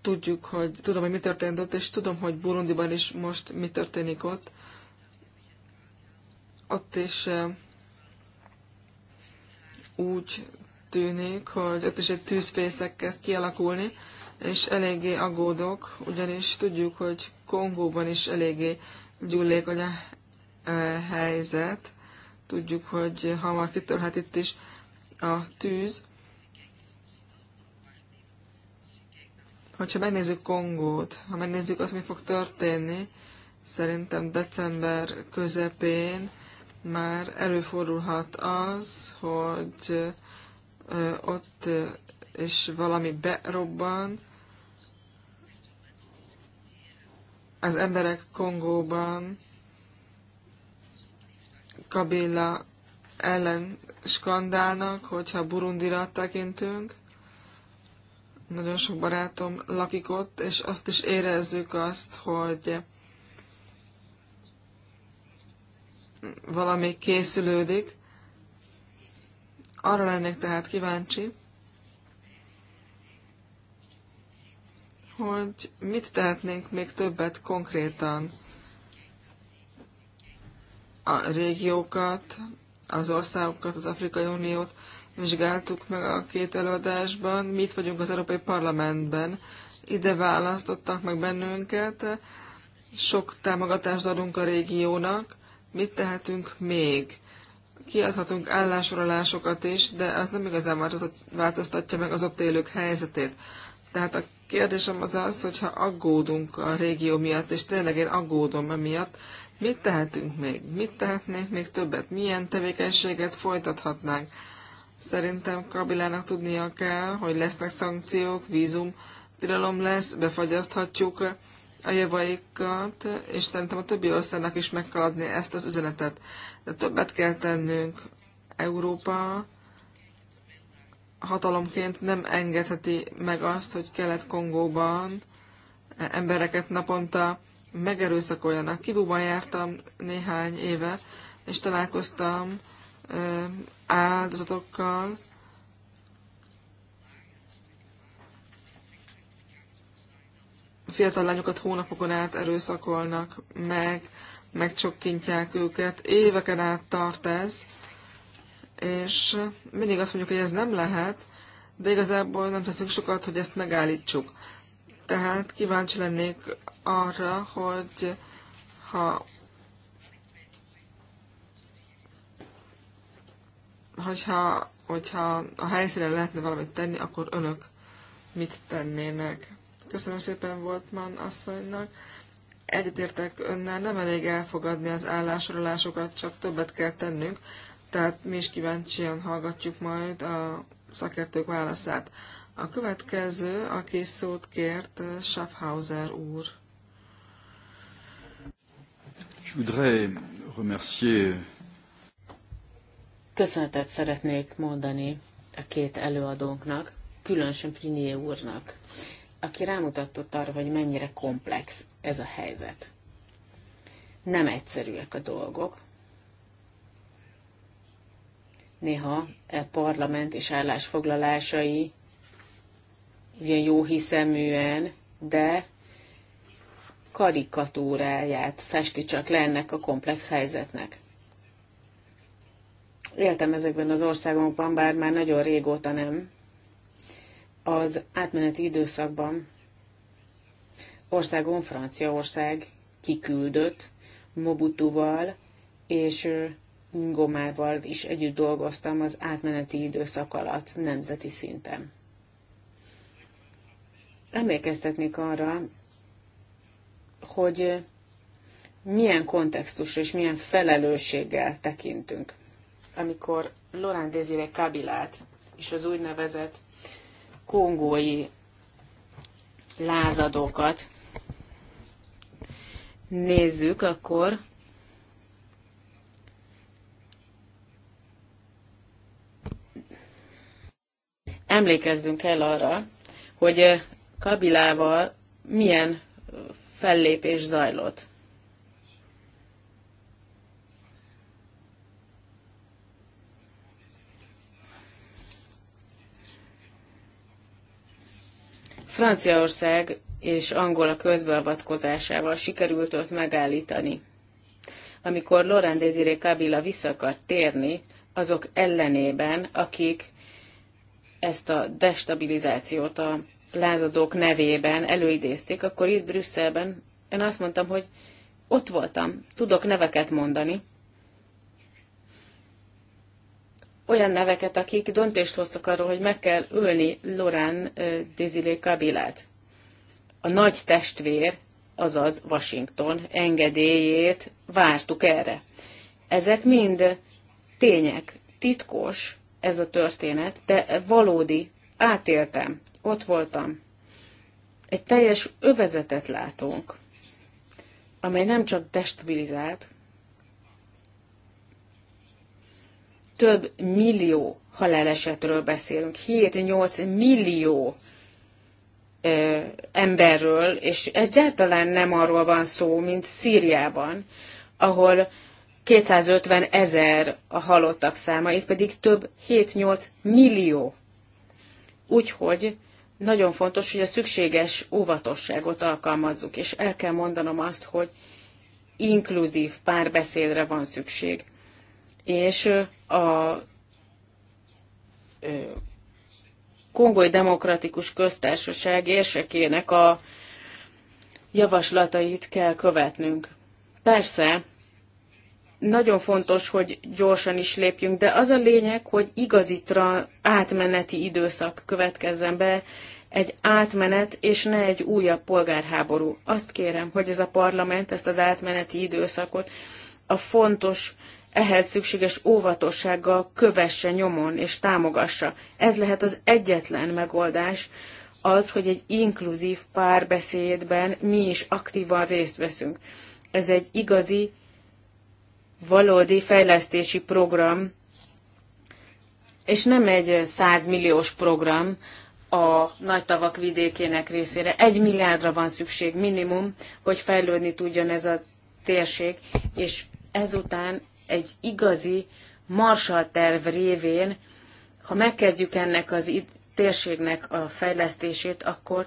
tudjuk, hogy tudom, hogy mi történt ott, és tudom, hogy Burundiban is most mi történik ott. Ott is eh, úgy tűnik, hogy ott is egy tűzfészek kezd kialakulni, és eléggé aggódok, ugyanis tudjuk, hogy Kongóban is eléggé gyullék a eh, helyzet. Tudjuk, hogy hamar kitörhet itt is a tűz, Hogyha megnézzük Kongót, ha megnézzük azt, mi fog történni, szerintem december közepén már előfordulhat az, hogy ott és valami berobban. Az emberek Kongóban Kabila ellen skandálnak, hogyha Burundira tekintünk nagyon sok barátom lakik ott, és azt is érezzük azt, hogy valami készülődik. Arra lennék tehát kíváncsi, hogy mit tehetnénk még többet konkrétan a régiókat, az országokat, az Afrikai Uniót vizsgáltuk meg a két előadásban, mit vagyunk az Európai Parlamentben. Ide választottak meg bennünket, sok támogatást adunk a régiónak, mit tehetünk még? Kiadhatunk állásorolásokat is, de az nem igazán változtatja meg az ott élők helyzetét. Tehát a kérdésem az az, hogyha aggódunk a régió miatt, és tényleg én aggódom emiatt, mit tehetünk még? Mit tehetnénk még többet? Milyen tevékenységet folytathatnánk? Szerintem Kabilának tudnia kell, hogy lesznek szankciók, vízum, tilalom lesz, befagyaszthatjuk a javaikat, és szerintem a többi országnak is meg kell adni ezt az üzenetet. De többet kell tennünk. Európa hatalomként nem engedheti meg azt, hogy Kelet-Kongóban embereket naponta megerőszakoljanak. Kibúban jártam néhány éve, és találkoztam áldozatokkal. Fiatal lányokat hónapokon át erőszakolnak meg, megcsokkintják őket, éveken át tart ez, és mindig azt mondjuk, hogy ez nem lehet, de igazából nem teszünk sokat, hogy ezt megállítsuk. Tehát kíváncsi lennék arra, hogy ha hogyha, hogyha a helyszínen lehetne valamit tenni, akkor önök mit tennének? Köszönöm szépen Voltman asszonynak. Egyetértek önnel, nem elég elfogadni az állásorolásokat, csak többet kell tennünk, tehát mi is kíváncsian hallgatjuk majd a szakértők válaszát. A következő, aki szót kért, Schaffhauser úr.
Je voudrais remercier
Köszönetet szeretnék mondani a két előadónknak, különösen Prinié úrnak, aki rámutatott arra, hogy mennyire komplex ez a helyzet. Nem egyszerűek a dolgok. Néha a e parlament és állásfoglalásai ugye jó hiszeműen, de karikatúráját festi csak le ennek a komplex helyzetnek éltem ezekben az országokban, bár már nagyon régóta nem, az átmeneti időszakban országon Franciaország kiküldött Mobutuval és Ngomával is együtt dolgoztam az átmeneti időszak alatt nemzeti szinten. Emlékeztetnék arra, hogy milyen kontextusra és milyen felelősséggel tekintünk amikor Laurent Désiré Kabilát és az úgynevezett kongói lázadókat nézzük, akkor emlékezzünk el arra, hogy Kabilával milyen fellépés zajlott. Franciaország és Angola közbeavatkozásával sikerült ott megállítani. Amikor Laurent Désiré Kabila vissza akart térni, azok ellenében, akik ezt a destabilizációt a lázadók nevében előidézték, akkor itt Brüsszelben én azt mondtam, hogy ott voltam, tudok neveket mondani, olyan neveket, akik döntést hoztak arról, hogy meg kell ölni Lorán Désilé Kabilát. A nagy testvér, azaz Washington engedélyét vártuk erre. Ezek mind tények, titkos ez a történet, de valódi, átéltem, ott voltam. Egy teljes övezetet látunk, amely nem csak destabilizált, több millió halálesetről beszélünk. 7-8 millió ö, emberről, és egyáltalán nem arról van szó, mint Szíriában, ahol 250 ezer a halottak száma, itt pedig több 7-8 millió. Úgyhogy nagyon fontos, hogy a szükséges óvatosságot alkalmazzuk, és el kell mondanom azt, hogy inkluzív párbeszédre van szükség és a Kongói Demokratikus Köztársaság érsekének a javaslatait kell követnünk. Persze, nagyon fontos, hogy gyorsan is lépjünk, de az a lényeg, hogy igazi átmeneti időszak következzen be, egy átmenet és ne egy újabb polgárháború. Azt kérem, hogy ez a parlament ezt az átmeneti időszakot a fontos ehhez szükséges óvatossággal kövesse nyomon és támogassa. Ez lehet az egyetlen megoldás, az, hogy egy inkluzív párbeszédben mi is aktívan részt veszünk. Ez egy igazi, valódi fejlesztési program, és nem egy százmilliós program a nagy tavak vidékének részére. Egy milliárdra van szükség minimum, hogy fejlődni tudjon ez a térség, és ezután egy igazi Marshall terv révén, ha megkezdjük ennek az térségnek a fejlesztését, akkor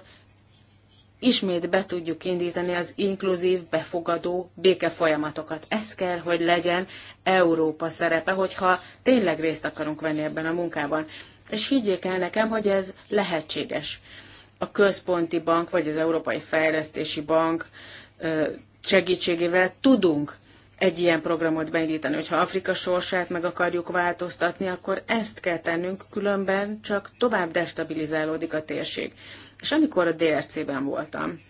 ismét be tudjuk indítani az inkluzív, befogadó folyamatokat. Ez kell, hogy legyen Európa szerepe, hogyha tényleg részt akarunk venni ebben a munkában. És higgyék el nekem, hogy ez lehetséges. A központi bank, vagy az Európai Fejlesztési Bank segítségével tudunk egy ilyen programot beindítani. Hogyha Afrika sorsát meg akarjuk változtatni, akkor ezt kell tennünk, különben csak tovább destabilizálódik a térség. És amikor a DRC-ben voltam,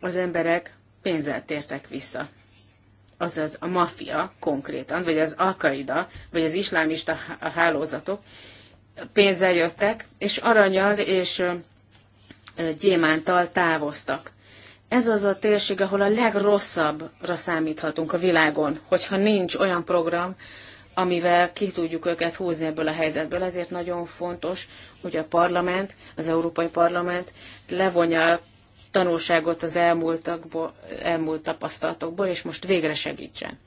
az emberek pénzzel tértek vissza. Azaz a maffia konkrétan, vagy az alkaida, vagy az iszlámista hálózatok pénzzel jöttek, és aranyal és gyémántal távoztak ez az a térség, ahol a legrosszabbra számíthatunk a világon, hogyha nincs olyan program, amivel ki tudjuk őket húzni ebből a helyzetből. Ezért nagyon fontos, hogy a parlament, az Európai Parlament levonja a tanulságot az elmúltakból, elmúlt tapasztalatokból, és most végre segítsen.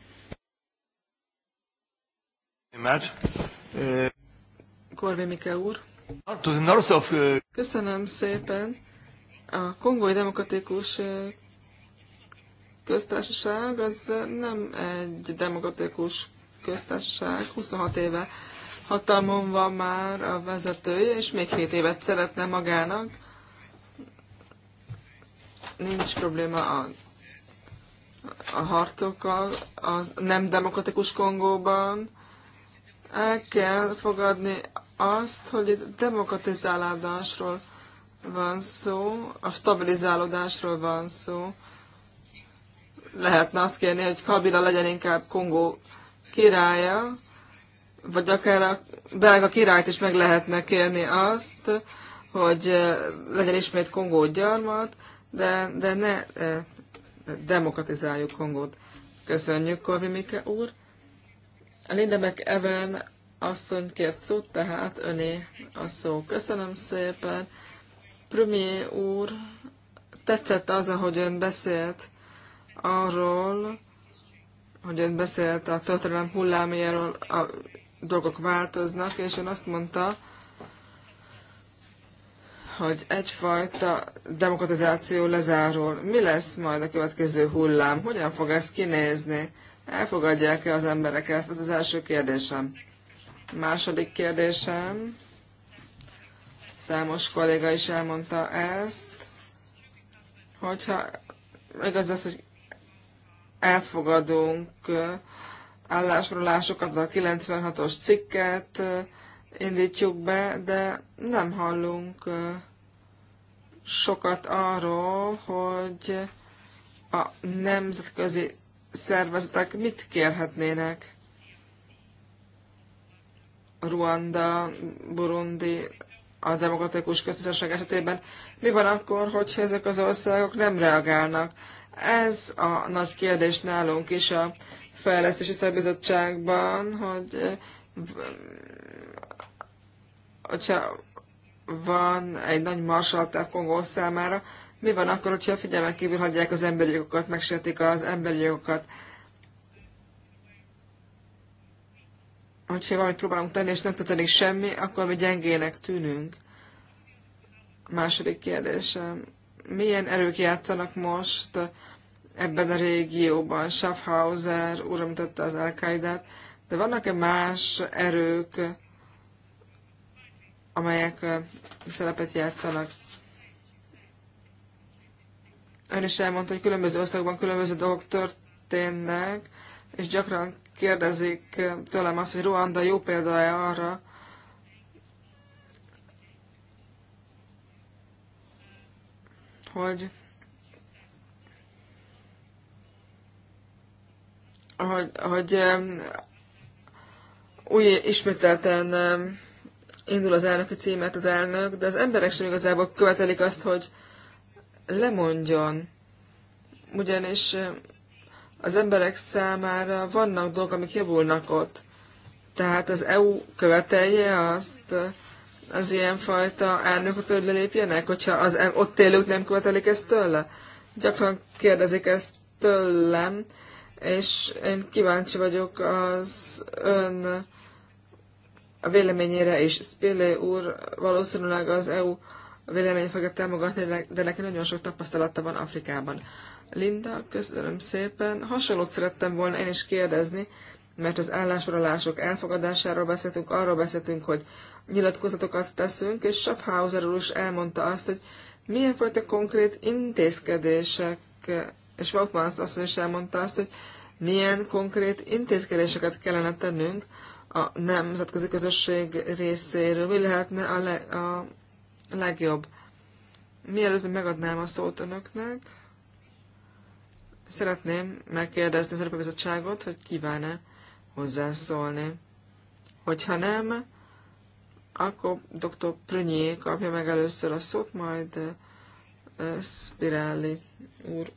Korvé Mike úr.
Uh,
Köszönöm szépen. A Kongói Demokratikus Köztársaság az nem egy demokratikus köztársaság, 26 éve hatalmon van már a vezetője, és még 7 évet szeretne magának. Nincs probléma a, a harcokkal, a nem demokratikus Kongóban. El kell fogadni azt, hogy itt demokratizálásról van szó, a stabilizálódásról van szó. Lehetne azt kérni, hogy Kabila legyen inkább Kongó királya, vagy akár a belga királyt is meg lehetne kérni azt, hogy eh, legyen ismét Kongó gyarmat, de, de ne eh, demokratizáljuk Kongót. Köszönjük, Korvi Mike úr. Linda Even asszony kért szót, tehát öné a szó. Köszönöm szépen. Premier úr, tetszett az, ahogy ön beszélt arról, hogy ön beszélt a történelem hullámjáról, a dolgok változnak, és ön azt mondta, hogy egyfajta demokratizáció lezárul. Mi lesz majd a következő hullám? Hogyan fog ez kinézni? Elfogadják-e az emberek ezt? Ez az első kérdésem. Második kérdésem számos kolléga is elmondta ezt, hogyha igaz az, hogy elfogadunk állásrólásokat, a 96-os cikket indítjuk be, de nem hallunk sokat arról, hogy a nemzetközi szervezetek mit kérhetnének. Ruanda, Burundi, a demokratikus köztársaság esetében. Mi van akkor, hogyha ezek az országok nem reagálnak? Ez a nagy kérdés nálunk is a fejlesztési szabizottságban, hogy eh, hogyha van egy nagy marsaltáv Kongó számára, mi van akkor, hogyha figyelmen kívül hagyják az emberi jogokat, megsértik az emberi jogokat? hogyha valamit próbálunk tenni, és nem történik semmi, akkor mi gyengének tűnünk. második kérdésem. Milyen erők játszanak most ebben a régióban? Schaffhauser úr mutatta az al de vannak-e más erők, amelyek szerepet játszanak? Ön is elmondta, hogy különböző országokban különböző dolgok történnek, és gyakran kérdezik tőlem azt, hogy Ruanda jó példa-e arra, hogy hogy, hogy új ismételten indul az elnöki címet az elnök, de az emberek sem igazából követelik azt, hogy lemondjon. Ugyanis az emberek számára vannak dolgok, amik javulnak ott. Tehát az EU követelje azt, az ilyenfajta elnököt, hogy lelépjenek, hogyha az e ott élők nem követelik ezt tőle? Gyakran kérdezik ezt tőlem, és én kíváncsi vagyok az ön a véleményére is. Spillé úr valószínűleg az EU véleményét fogja támogatni, de neki nagyon sok tapasztalata van Afrikában. Linda, köszönöm szépen. Hasonlót szerettem volna én is kérdezni, mert az állásfoglalások elfogadásáról beszéltünk, arról beszéltünk, hogy nyilatkozatokat teszünk, és Schaffhauser úr is elmondta azt, hogy milyen fajta konkrét intézkedések, és azt asszony is elmondta azt, hogy milyen konkrét intézkedéseket kellene tennünk a nemzetközi közösség részéről, mi lehetne a, le, a legjobb. Mielőtt megadnám a szót önöknek, Szeretném megkérdezni az Európai hogy kíván-e hozzászólni. Hogyha nem, akkor dr. Prünyé kapja meg először a szót, majd Spirelli úr.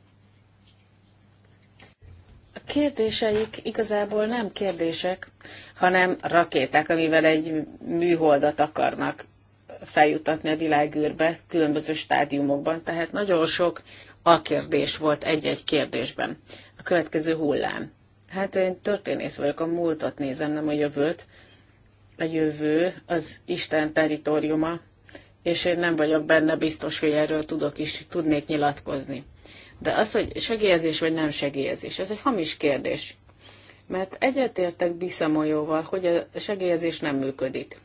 A kérdéseik igazából nem
kérdések, hanem rakéták, amivel egy műholdat akarnak feljutatni a világűrbe különböző stádiumokban. Tehát nagyon sok a kérdés volt egy-egy kérdésben. A következő hullám. Hát én történész vagyok, a múltat nézem, nem a jövőt. A jövő az Isten teritoriuma, és én nem vagyok benne biztos, hogy erről tudok is, tudnék nyilatkozni. De az, hogy segélyezés vagy nem segélyezés, ez egy hamis kérdés. Mert egyetértek Biszamolyóval, hogy a segélyezés nem működik.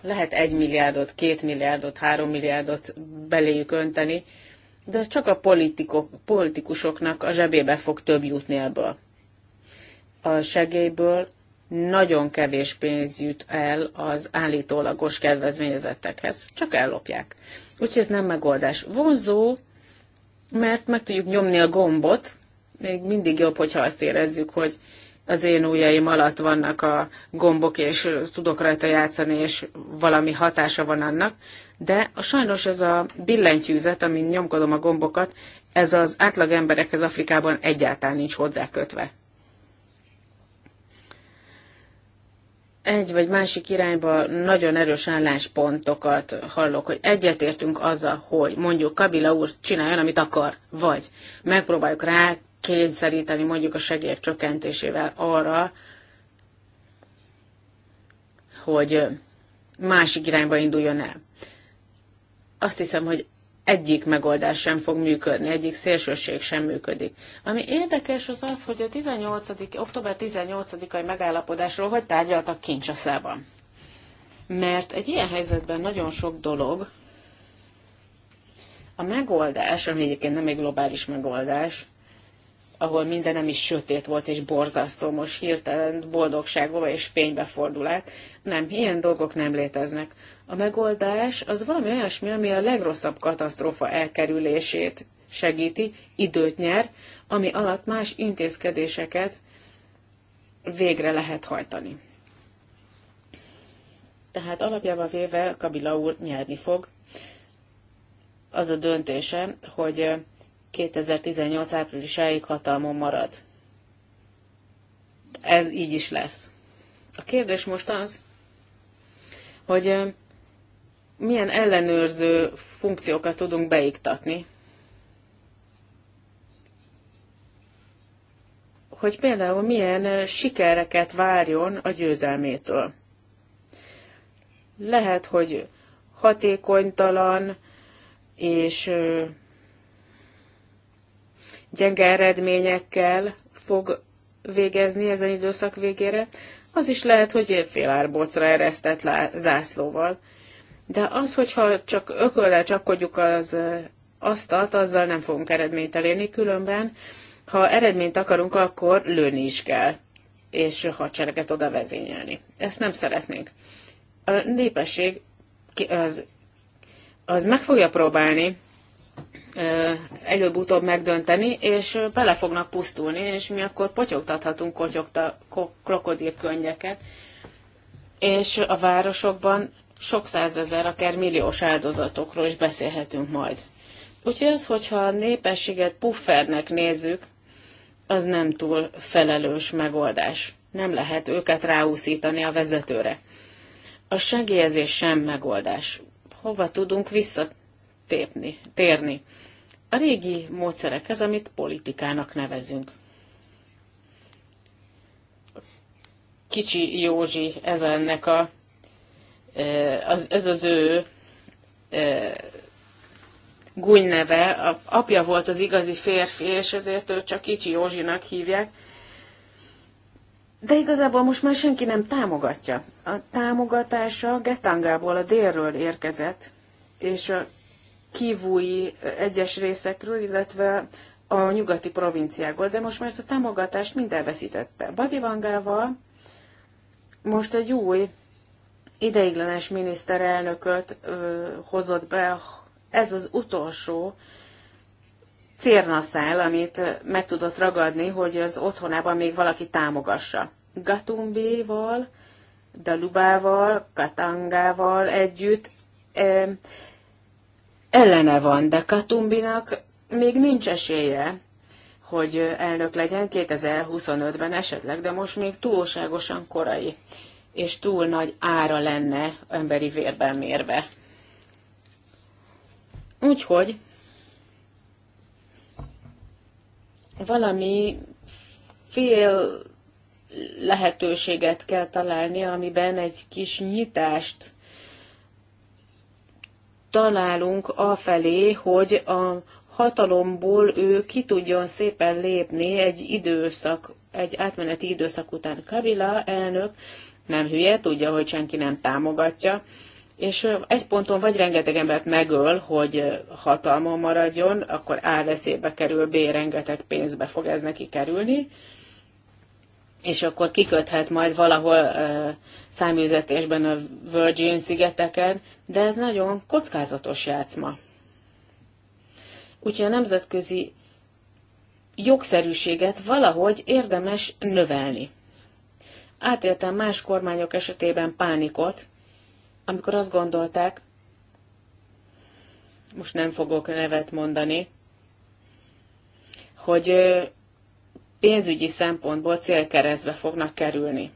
Lehet egy milliárdot, két milliárdot, három milliárdot beléjük önteni, de ez csak a politikok, politikusoknak a zsebébe fog több jutni ebből. A segélyből nagyon kevés pénz jut el az állítólagos kedvezményezettekhez, csak ellopják. Úgyhogy ez nem megoldás. Vonzó, mert meg tudjuk nyomni a gombot, még mindig jobb, hogyha azt érezzük, hogy az én ujjaim alatt vannak a gombok, és tudok rajta játszani, és valami hatása van annak, de a, sajnos ez a billentyűzet, amin nyomkodom a gombokat, ez az átlag emberekhez Afrikában egyáltalán nincs kötve. egy vagy másik irányba nagyon erős álláspontokat hallok, hogy egyetértünk azzal, hogy mondjuk Kabila úr csináljon, amit akar, vagy megpróbáljuk rá kényszeríteni mondjuk a segélyek csökkentésével arra, hogy másik irányba induljon el. Azt hiszem, hogy egyik megoldás sem fog működni, egyik szélsőség sem működik. Ami érdekes az az, hogy a 18. október 18-ai megállapodásról hogy tárgyaltak kincsaszában. Mert egy ilyen helyzetben nagyon sok dolog, a megoldás, ami egyébként nem egy globális megoldás, ahol minden nem is sötét volt és borzasztó, most hirtelen boldogságba és fénybe fordul át. Nem, ilyen dolgok nem léteznek. A megoldás az valami olyasmi, ami a legrosszabb katasztrófa elkerülését segíti, időt nyer, ami alatt más intézkedéseket végre lehet hajtani. Tehát alapjában véve Kabila úr nyerni fog. Az a döntése, hogy 2018 áprilisáig hatalmon marad. Ez így is lesz. A kérdés most az, hogy milyen ellenőrző funkciókat tudunk beiktatni. Hogy például milyen sikereket várjon a győzelmétől. Lehet, hogy hatékonytalan és gyenge eredményekkel fog végezni ezen időszak végére, az is lehet, hogy árbocra eresztett zászlóval. De az, hogyha csak ököllel csapkodjuk az asztalt, azzal nem fogunk eredményt elérni, különben, ha eredményt akarunk, akkor lőni is kell, és hadsereget oda vezényelni. Ezt nem szeretnénk. A népesség az, az meg fogja próbálni előbb-utóbb megdönteni, és bele fognak pusztulni, és mi akkor potyogtathatunk kotyogta, krokodilkönnyeket, és a városokban sok százezer, akár milliós áldozatokról is beszélhetünk majd. Úgyhogy az, hogyha a népességet puffernek nézzük, az nem túl felelős megoldás. Nem lehet őket ráúszítani a vezetőre. A segélyezés sem megoldás. Hova tudunk vissza tépni, térni. A régi módszerekhez, amit politikának nevezünk. Kicsi Józsi, ez ennek a, e, az, ez az ő e, neve, a apja volt az igazi férfi, és ezért őt csak Kicsi Józsinak hívják. De igazából most már senki nem támogatja. A támogatása Getangából a délről érkezett, és a kívúi egyes részekről, illetve a nyugati provinciákból, de most már ezt a támogatást mind elveszítette. Badivangával most egy új ideiglenes miniszterelnököt ö, hozott be. Ez az utolsó cérnaszál, amit meg tudott ragadni, hogy az otthonában még valaki támogassa. Gatumbéval, Dalubával, Katangával együtt ellene van, de Katumbinak még nincs esélye, hogy elnök legyen 2025-ben esetleg, de most még túlságosan korai, és túl nagy ára lenne emberi vérben mérve. Úgyhogy valami fél lehetőséget kell találni, amiben egy kis nyitást találunk afelé, hogy a hatalomból ő ki tudjon szépen lépni egy időszak, egy átmeneti időszak után. Kabila elnök nem hülye, tudja, hogy senki nem támogatja, és egy ponton vagy rengeteg embert megöl, hogy hatalma maradjon, akkor A veszélybe kerül, B rengeteg pénzbe fog ez neki kerülni, és akkor kiköthet majd valahol száműzetésben a Virgin szigeteken, de ez nagyon kockázatos játszma. Úgyhogy a nemzetközi jogszerűséget valahogy érdemes növelni. Átéltem más kormányok esetében pánikot, amikor azt gondolták, most nem fogok nevet mondani, hogy pénzügyi szempontból célkeresztbe fognak kerülni.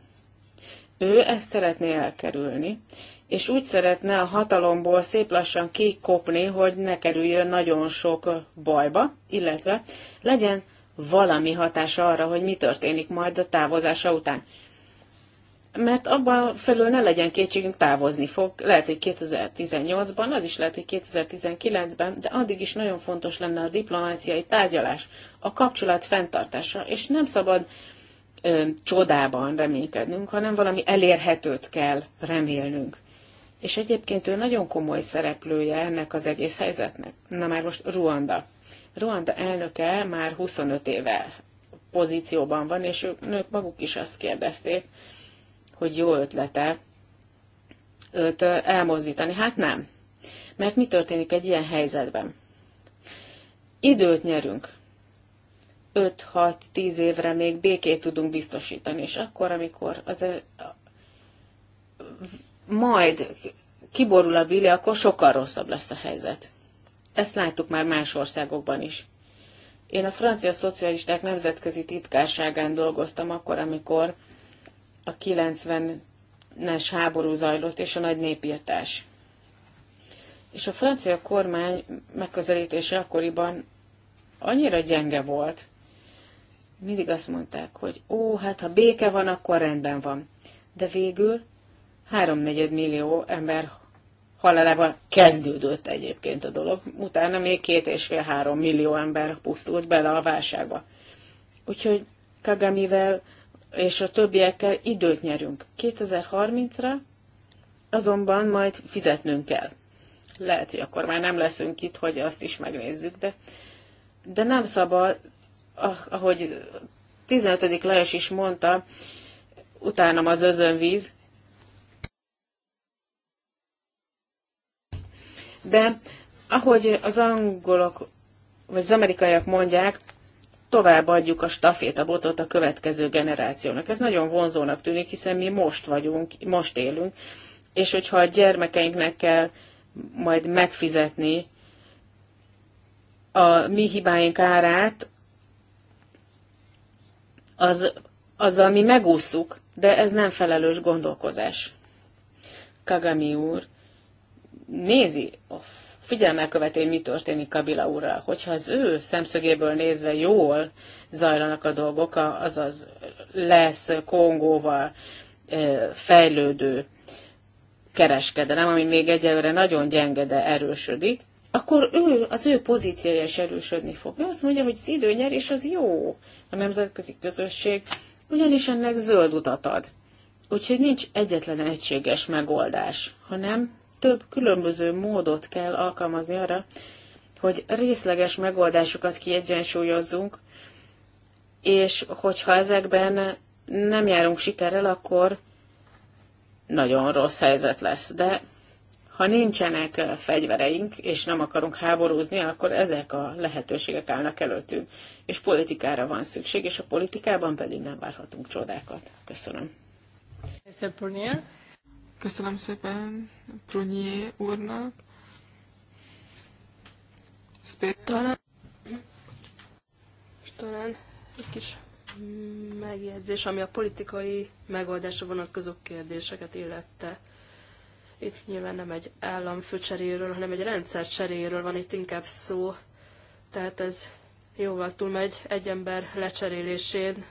Ő ezt szeretné elkerülni, és úgy szeretne a hatalomból szép lassan kikopni, hogy ne kerüljön nagyon sok bajba, illetve legyen valami hatása arra, hogy mi történik majd a távozása után. Mert abban felül ne legyen kétségünk, távozni fog. Lehet, hogy 2018-ban, az is lehet, hogy 2019-ben, de addig is nagyon fontos lenne a diplomáciai tárgyalás, a kapcsolat fenntartása, és nem szabad ö, csodában reménykednünk, hanem valami elérhetőt kell remélnünk. És egyébként ő nagyon komoly szereplője ennek az egész helyzetnek. Na már most Ruanda. Ruanda elnöke már 25 éve pozícióban van, és ők, ők maguk is azt kérdezték, hogy jó ötlete őt elmozdítani. Hát nem. Mert mi történik egy ilyen helyzetben? Időt nyerünk. 5-6-10 évre még békét tudunk biztosítani, és akkor, amikor az e- majd kiborul a bili, akkor sokkal rosszabb lesz a helyzet. Ezt láttuk már más országokban is. Én a francia szocialisták nemzetközi titkárságán dolgoztam akkor, amikor a 90-es háború zajlott, és a nagy népírtás. És a francia kormány megközelítése akkoriban annyira gyenge volt, mindig azt mondták, hogy ó, hát ha béke van, akkor rendben van. De végül háromnegyed millió ember halálával kezdődött egyébként a dolog. Utána még két és fél három millió ember pusztult bele a válságba. Úgyhogy Kagamivel és a többiekkel időt nyerünk. 2030-ra azonban majd fizetnünk kell. Lehet, hogy akkor már nem leszünk itt, hogy azt is megnézzük, de, de nem szabad Ah, ahogy 15. Lajos is mondta, utánam az özönvíz. De ahogy az angolok vagy az amerikaiak mondják, továbbadjuk a stafétabotot a következő generációnak. Ez nagyon vonzónak tűnik, hiszen mi most vagyunk, most élünk, és hogyha a gyermekeinknek kell majd megfizetni a mi hibáink árát, az, azzal mi megúszuk, de ez nem felelős gondolkozás. Kagami úr nézi, figyelmel követi, hogy mi történik Kabila úrral. Hogyha az ő szemszögéből nézve jól zajlanak a dolgok, azaz lesz Kongóval e, fejlődő kereskedelem, ami még egyelőre nagyon gyenge, de erősödik, akkor ő, az ő pozíciója is erősödni fog. Ő azt mondja, hogy az időnyerés az jó a nemzetközi közösség, ugyanis ennek zöld utat ad. Úgyhogy nincs egyetlen egységes megoldás, hanem több különböző módot kell alkalmazni arra, hogy részleges megoldásokat kiegyensúlyozzunk, és hogyha ezekben nem járunk sikerrel, akkor nagyon rossz helyzet lesz. De ha nincsenek fegyvereink, és nem akarunk háborúzni, akkor ezek a lehetőségek állnak előttünk. És politikára van szükség, és a politikában pedig nem várhatunk csodákat. Köszönöm.
Köszönöm szépen Prunier úrnak. Talán, talán egy kis
megjegyzés, ami a politikai megoldásra vonatkozó kérdéseket illette. Itt nyilván nem egy államfő cseréről, hanem egy rendszer cseréről van itt inkább szó. Tehát ez jóval túl megy egy ember lecserélésén.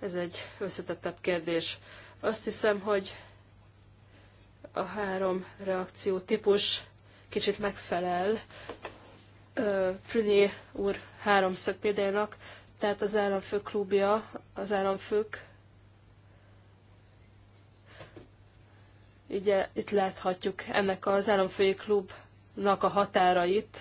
Ez egy összetettebb kérdés. Azt hiszem, hogy a három reakció típus kicsit megfelel Prüné úr háromszög példának, tehát az államfő klubja, az államfők Ugye itt láthatjuk ennek az államfői klubnak a határait.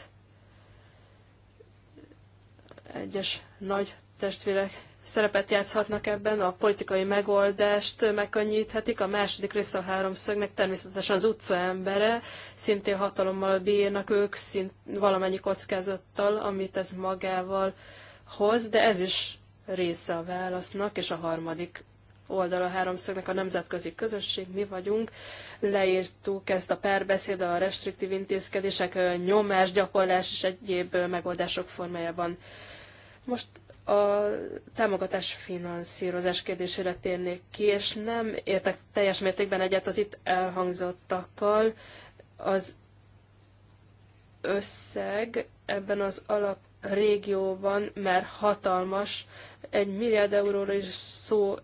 Egyes nagy testvérek szerepet játszhatnak ebben, a politikai megoldást megkönnyíthetik. A második része a háromszögnek természetesen az utca embere, szintén hatalommal bírnak ők, szint, valamennyi kockázattal, amit ez magával hoz, de ez is része a válasznak, és a harmadik oldala a háromszögnek a nemzetközi közösség, mi vagyunk. Leírtuk ezt a párbeszéd, a restriktív intézkedések, nyomás, gyakorlás és egyéb megoldások formájában. Most a támogatás finanszírozás kérdésére térnék ki, és nem értek teljes mértékben egyet az itt elhangzottakkal. Az összeg ebben az alap régióban már hatalmas, egy milliárd euróra is szó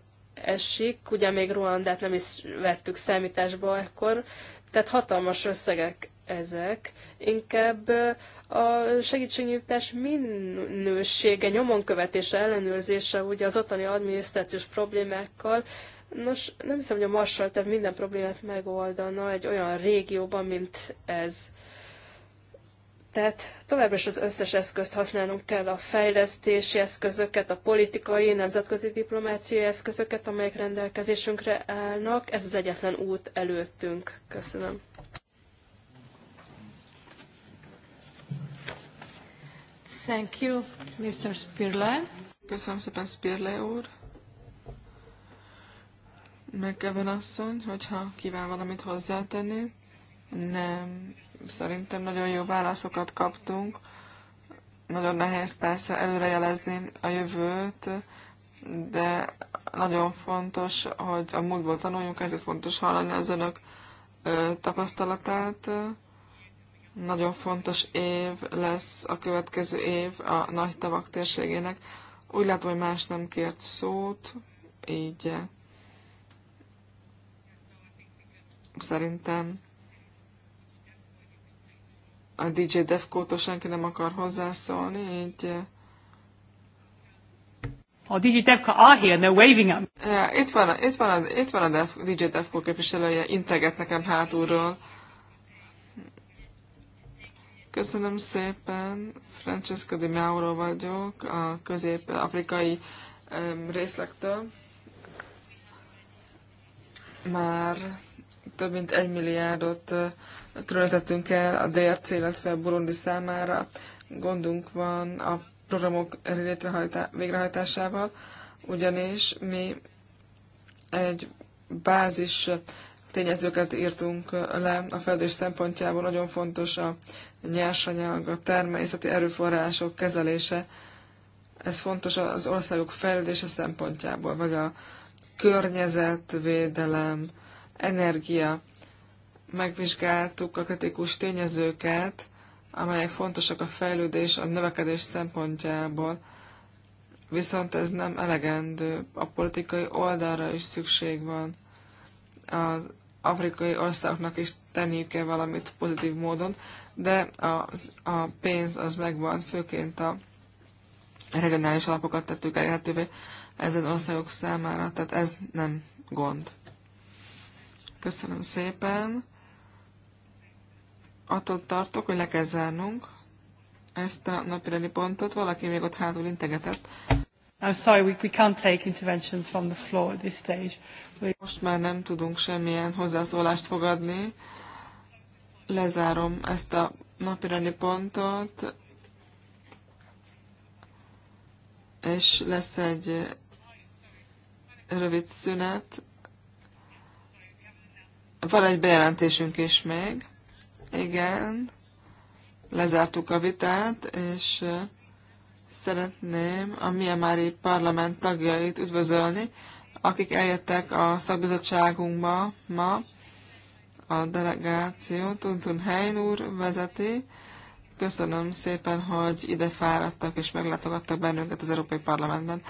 esik, ugye még Ruandát nem is vettük számításba ekkor, tehát hatalmas összegek ezek, inkább a segítségnyújtás minősége, nyomon követése, ellenőrzése ugye az ottani adminisztrációs problémákkal, Nos, nem hiszem, hogy a Marshall minden problémát megoldana egy olyan régióban, mint ez. Tehát továbbra is az összes eszközt használnunk kell, a fejlesztési eszközöket, a politikai, nemzetközi diplomáciai eszközöket, amelyek rendelkezésünkre állnak. Ez az egyetlen út előttünk.
Köszönöm. Thank you, Mr. Spirle. Köszönöm szépen, Spirle úr. Meg Kevin asszony, hogyha kíván valamit hozzátenni. Nem, Szerintem nagyon jó válaszokat kaptunk. Nagyon nehéz persze előrejelezni a jövőt, de nagyon fontos, hogy a múltból tanuljunk, ezért fontos hallani az önök tapasztalatát. Nagyon fontos év lesz a következő év a nagy tavak térségének. Úgy látom, hogy más nem kért szót, így szerintem a DJ Defkótól senki nem akar hozzászólni, így... Eh, a DJ Defka are ah, here, they're waving at me. Yeah, itt van, itt van a, itt van a Def, DJ Defko képviselője, integet nekem hátulról. Köszönöm szépen, Francesco Di Mauro vagyok, a közép-afrikai részlektől. Már több mint egy milliárdot különítettünk el a DRC, illetve a Burundi számára. Gondunk van a programok végrehajtásával, ugyanis mi egy bázis tényezőket írtunk le a fejlődés szempontjából. Nagyon fontos a nyersanyag, a természeti erőforrások kezelése. Ez fontos az országok fejlődése szempontjából, vagy a környezetvédelem, energia. Megvizsgáltuk a kritikus tényezőket, amelyek fontosak a fejlődés, a növekedés szempontjából. Viszont ez nem elegendő, a politikai oldalra is szükség van. Az afrikai országoknak is tenniük kell valamit pozitív módon, de a, a pénz az megvan, főként a regionális alapokat tettük elérhetővé ezen országok számára, tehát ez nem gond. Köszönöm szépen. Attól tartok, hogy le kell zárnunk ezt a napirendi pontot. Valaki még ott hátul integetett. I'm sorry, we, we can't take interventions from the floor at this stage. We... Most már nem tudunk semmilyen hozzászólást fogadni. Lezárom ezt a napirendi pontot, és lesz egy rövid szünet, van egy bejelentésünk is még. Igen. Lezártuk a vitát, és szeretném a Miamári parlament tagjait üdvözölni, akik eljöttek a szakbizottságunkba ma. A delegáció Tuntun Hein úr vezeti. Köszönöm szépen, hogy ide fáradtak és meglátogattak bennünket az Európai Parlamentben.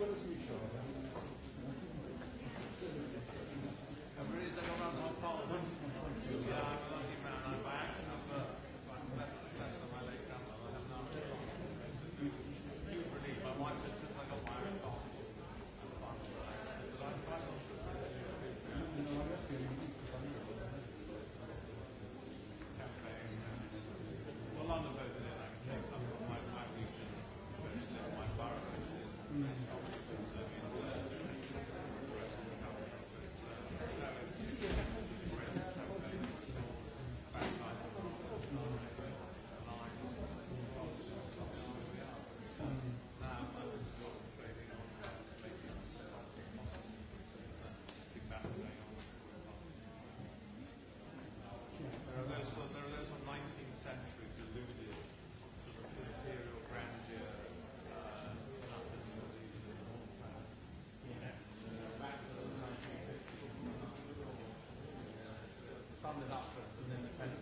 buenos días.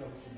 Thank you.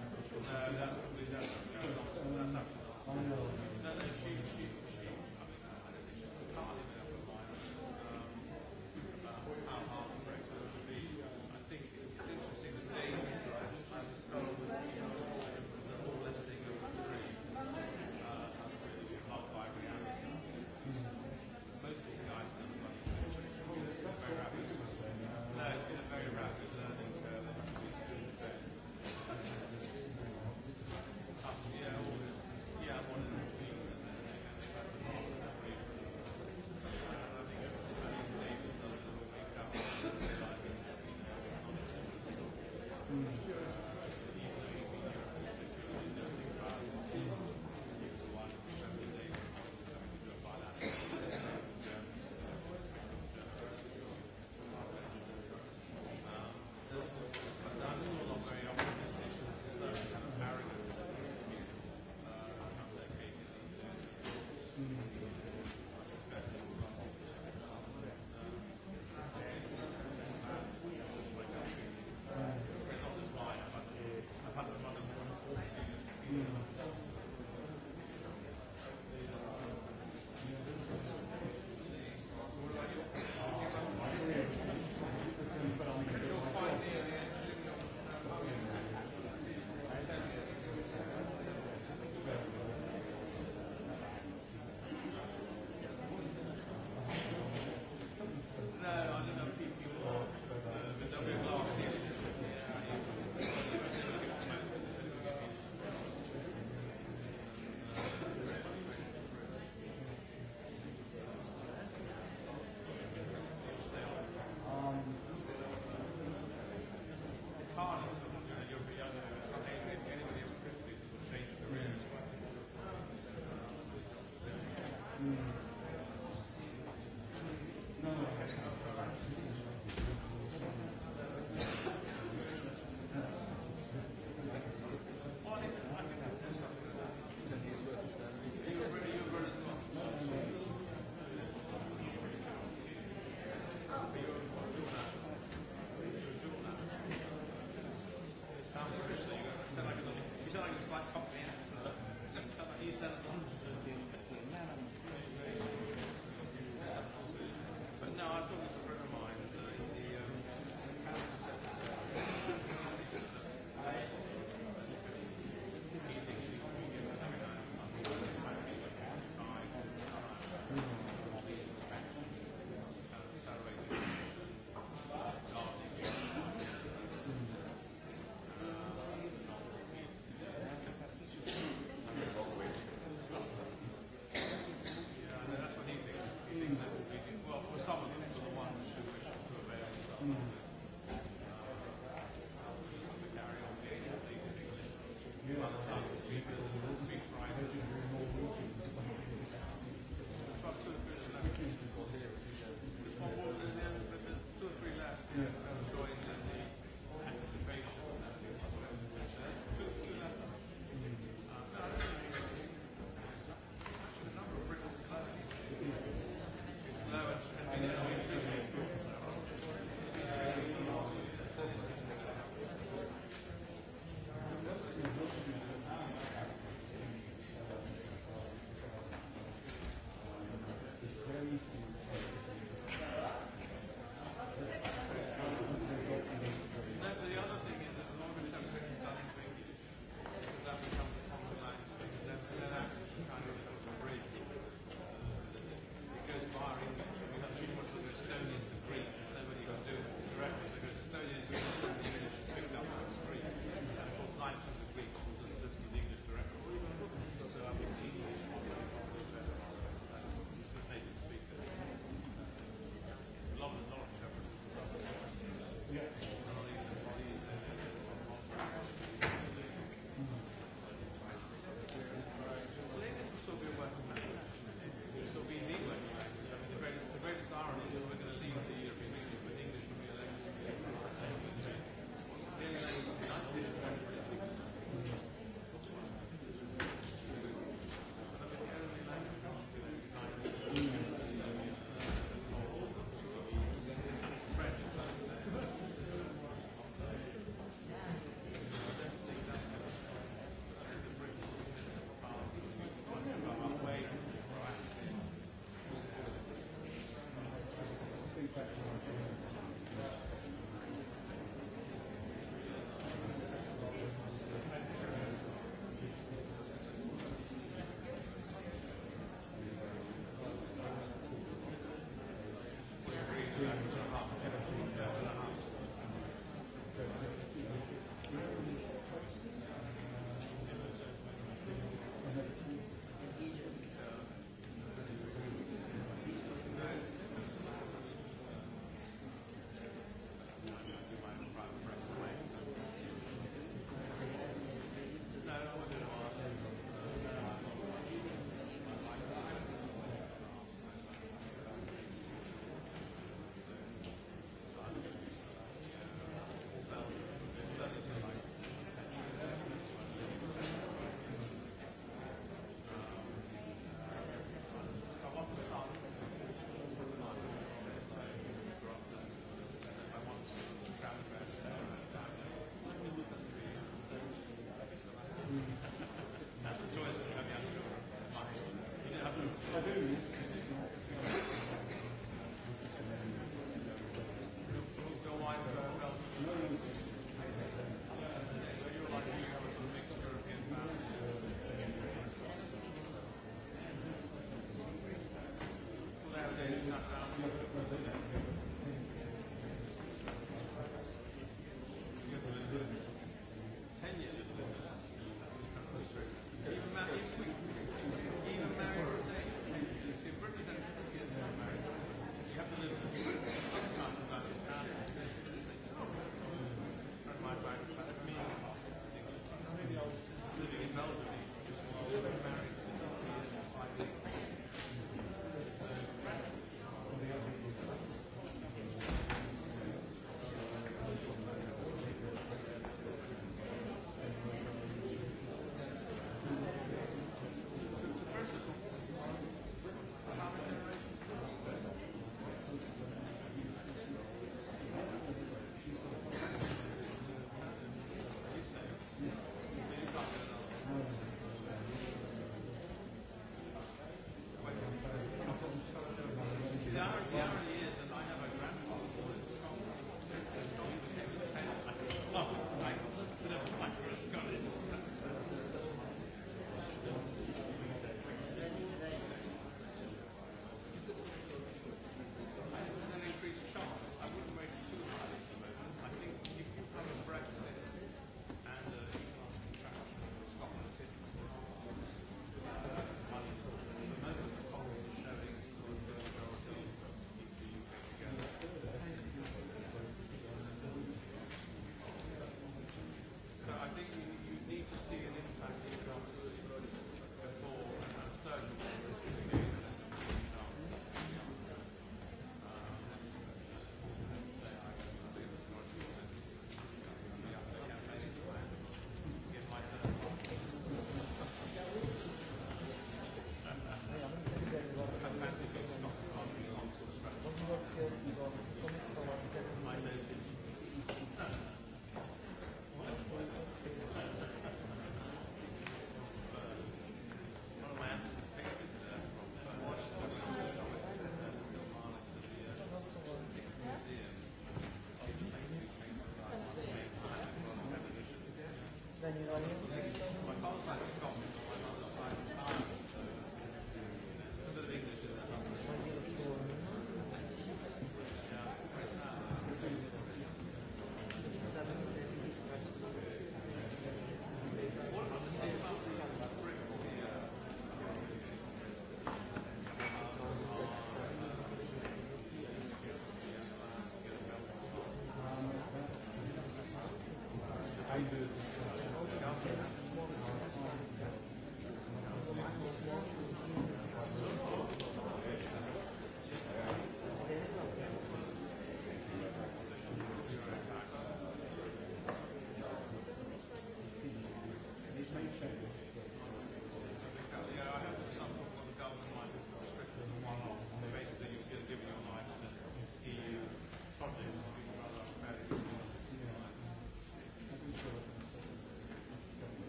annyira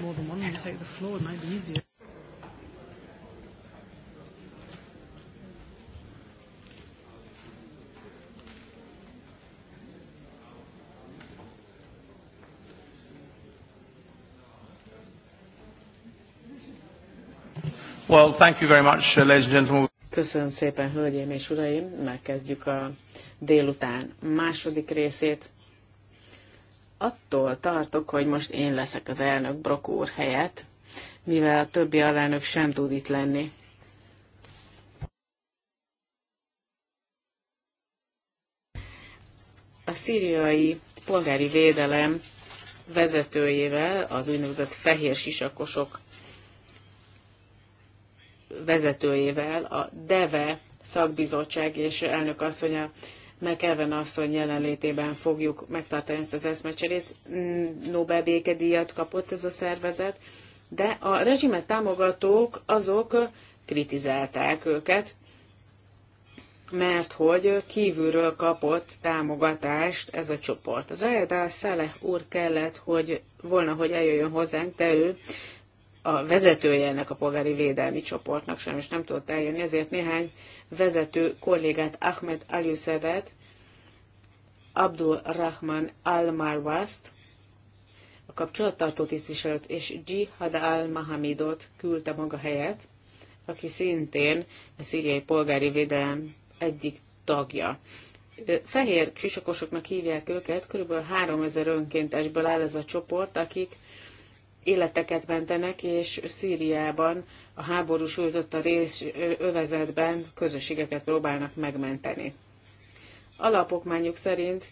more than one of
you take the floor, it might be easier.
Well, thank you very much, uh, ladies and gentlemen.
Köszönöm szépen, hölgyeim és uraim! Megkezdjük a délután második részét attól tartok, hogy most én leszek az elnök Brok úr helyett, mivel a többi alelnök sem tud itt lenni. A szíriai polgári védelem vezetőjével, az úgynevezett fehér sisakosok vezetőjével, a DEVE szakbizottság és elnök asszonya McEwen asszony jelenlétében fogjuk megtartani ezt az eszmecserét. Mm, Nobel békedíjat kapott ez a szervezet, de a rezsimet támogatók azok kritizálták őket, mert hogy kívülről kapott támogatást ez a csoport. Az Ayadá Szele úr kellett, hogy volna, hogy eljöjjön hozzánk, de ő a vezetője ennek a polgári védelmi csoportnak sajnos nem tudott eljönni, ezért néhány vezető kollégát, Ahmed Aliusevet, Abdul Rahman Al-Marwast, a kapcsolattartó tisztviselőt és Jihad al-Mahamidot küldte maga helyett, aki szintén a szíriai polgári védelem egyik tagja. Fehér sisakosoknak hívják őket, kb. 3000 önkéntesből áll ez a csoport, akik életeket mentenek, és Szíriában a háború sújtotta rész övezetben közösségeket próbálnak megmenteni. Alapokmányuk szerint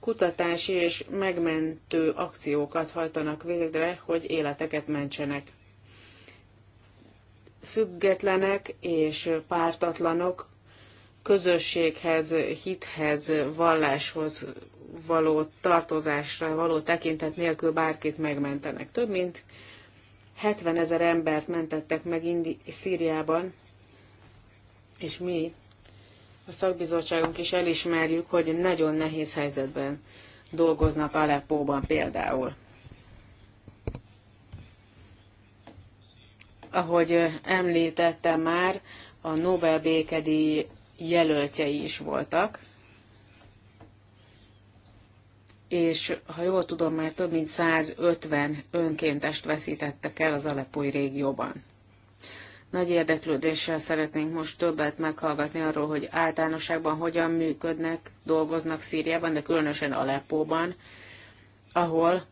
kutatási és megmentő akciókat hajtanak végre, hogy életeket mentsenek. Függetlenek és pártatlanok közösséghez, hithez, valláshoz való tartozásra való tekintet nélkül bárkit megmentenek. Több mint 70 ezer embert mentettek meg Indi- Szíriában, és mi, a szakbizottságunk is elismerjük, hogy nagyon nehéz helyzetben dolgoznak Aleppóban például. Ahogy említettem már, a Nobel békedíj jelöltjei is voltak, és ha jól tudom, már több mint 150 önkéntest veszítettek el az Alepói régióban. Nagy érdeklődéssel szeretnénk most többet meghallgatni arról, hogy általánosságban hogyan működnek, dolgoznak Szíriában, de különösen Aleppóban, ahol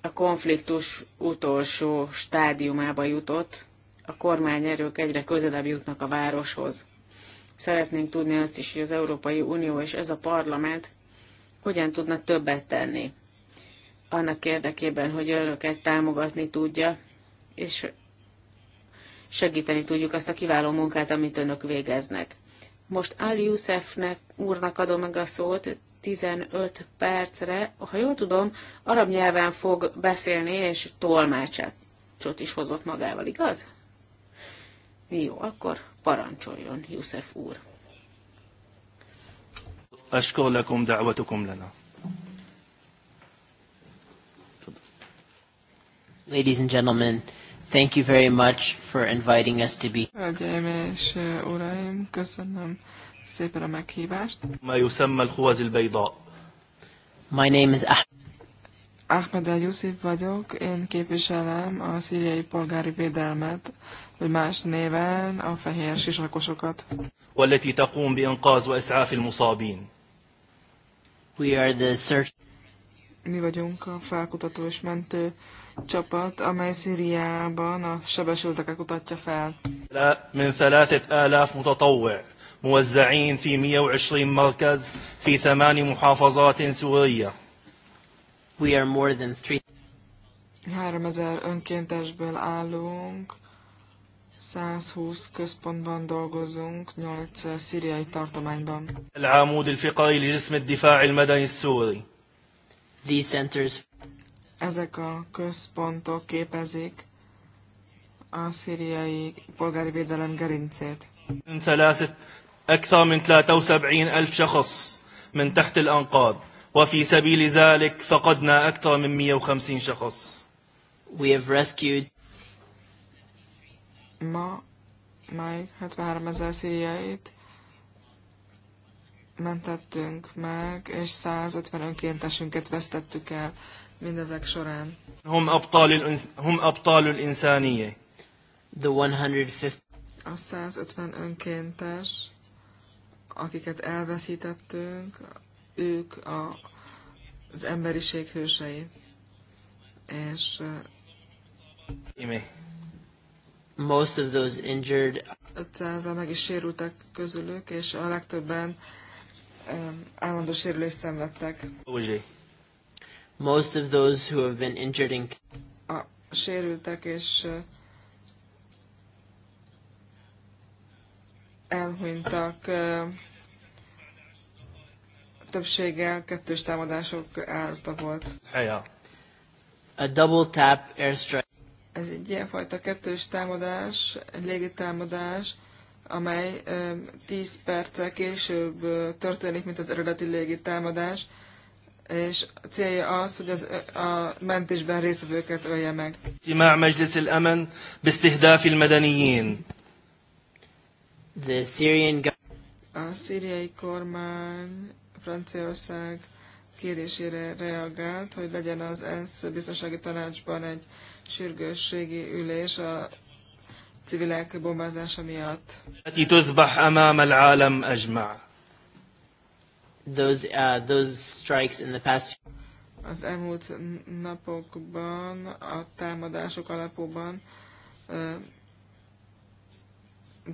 a konfliktus utolsó stádiumába jutott, a kormányerők egyre közelebb jutnak a városhoz. Szeretnénk tudni azt is, hogy az Európai Unió és ez a parlament hogyan tudna többet tenni annak érdekében, hogy önöket támogatni tudja, és segíteni tudjuk azt a kiváló munkát, amit önök végeznek. Most Ali Youssefnek úrnak adom meg a szót 15 percre, ha jól tudom, arab nyelven fog beszélni, és tolmácsát is hozott magával, igaz? Jó, akkor Parancsoljon, Jussef úr.
أشكر لكم دعوتكم lenne. Ladies and gentlemen, thank you very much for inviting us to be.
Hölgyeim és uraim, köszönöm szépen a meghívást.
ما يسمى الخوذ البيضاء. My
name is Ahmed. Ahmed El Yusuf vagyok, én képviselem a szíriai polgári védelmet vagy más néven a fehér sisakosokat.
والتي تقوم بإنقاذ وإسعاف المصابين.
We are the search. Mi vagyunk a felkutató és mentő csapat, amely Szíriában a sebesülteket kutatja fel.
من ثلاثة آلاف متطوع موزعين في 120 مركز في ثمان محافظات سورية. We are more than
three. 3000 önkéntesből állunk, 120 központban dolgozunk, 8 szíriai tartományban. Ezek a központok képezik a szíriai polgári védelem gerincét.
ثلاثة أكثر من 73 ألف شخص من تحت الأنقاض وفي سبيل ذلك فقدنا أكثر من 150 شخص. We have rescued
ma máig 73 ezer szíriait mentettünk meg, és 150 önkéntesünket vesztettük el mindezek során.
Hum abtalul, hum abtalul insaniye. The 150.
A 150 önkéntes, akiket elveszítettünk, ők a, az emberiség hősei. És... Uh,
most of those injured
500 meg is sérültek közülük, és a legtöbben um, állandó sérülést szenvedtek. Most of those who have been injured in... A sérültek és uh, elhunytak uh, többsége kettős támadások áldozata volt.
A double tap airstrike ez
egy ilyenfajta kettős támadás, egy légitámadás, amely 10 perccel később történik, mint az eredeti légitámadás, és a célja az, hogy az, a mentésben részvevőket ölje meg. The Syrian a szíriai kormány Franciaország kérésére reagált, hogy legyen az ENSZ biztonsági tanácsban egy sürgősségi ülés a civilek bombázása miatt. Those, uh, those strikes in the past... Az elmúlt napokban a támadások alapúban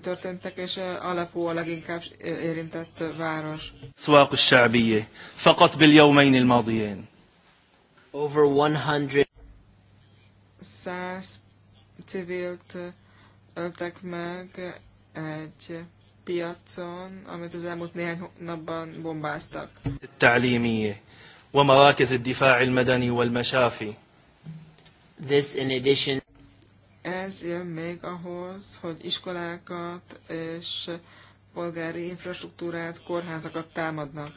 történtek, és alapú a leginkább érintett város.
سواق الشعبية فقط باليومين الماضيين. Over 100
száz civilt öltek meg egy piacon, amit az elmúlt néhány napban bombáztak.
ومراكز الدفاع المدني والمشافي.
This in addition ez jön még ahhoz, hogy iskolákat és polgári infrastruktúrát, kórházakat támadnak.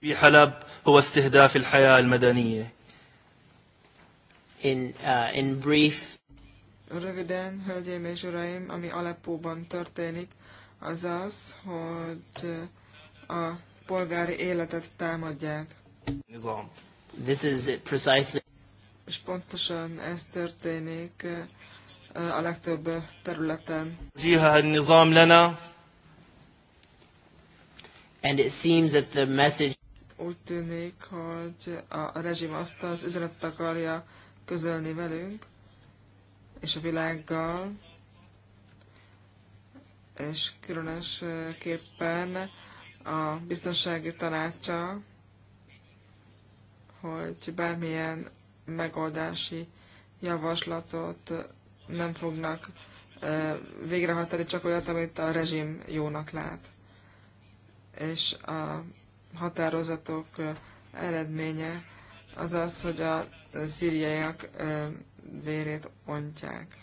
في حلب هو استهداف الحياة المدنية
in, uh, in brief. Röviden, hölgyeim és uraim, ami Aleppóban történik, az az, hogy a polgári életet támadják.
This is precisely...
És pontosan ez történik uh, a legtöbb területen. And it
seems that the message
úgy tűnik, hogy a rezsim azt az üzenetet akarja közölni velünk, és a világgal, és különösképpen a biztonsági tanácsa, hogy bármilyen megoldási javaslatot nem fognak végrehajtani, csak olyat, amit a rezsim jónak lát. És a határozatok eredménye az az, hogy a szíriaiak vérét ontják.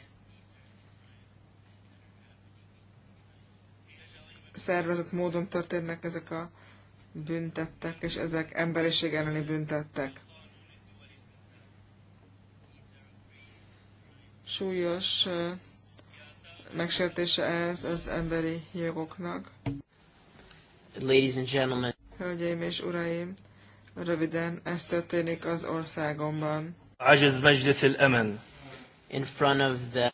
Szervezett módon történnek ezek a büntettek, és ezek emberiség elleni büntettek. Súlyos megsértése ez az emberi jogoknak. Ladies and gentlemen. Hölgyeim és uraim, Röviden, ez történik az országomban. Ajaz Majlis el Amen. In front of the...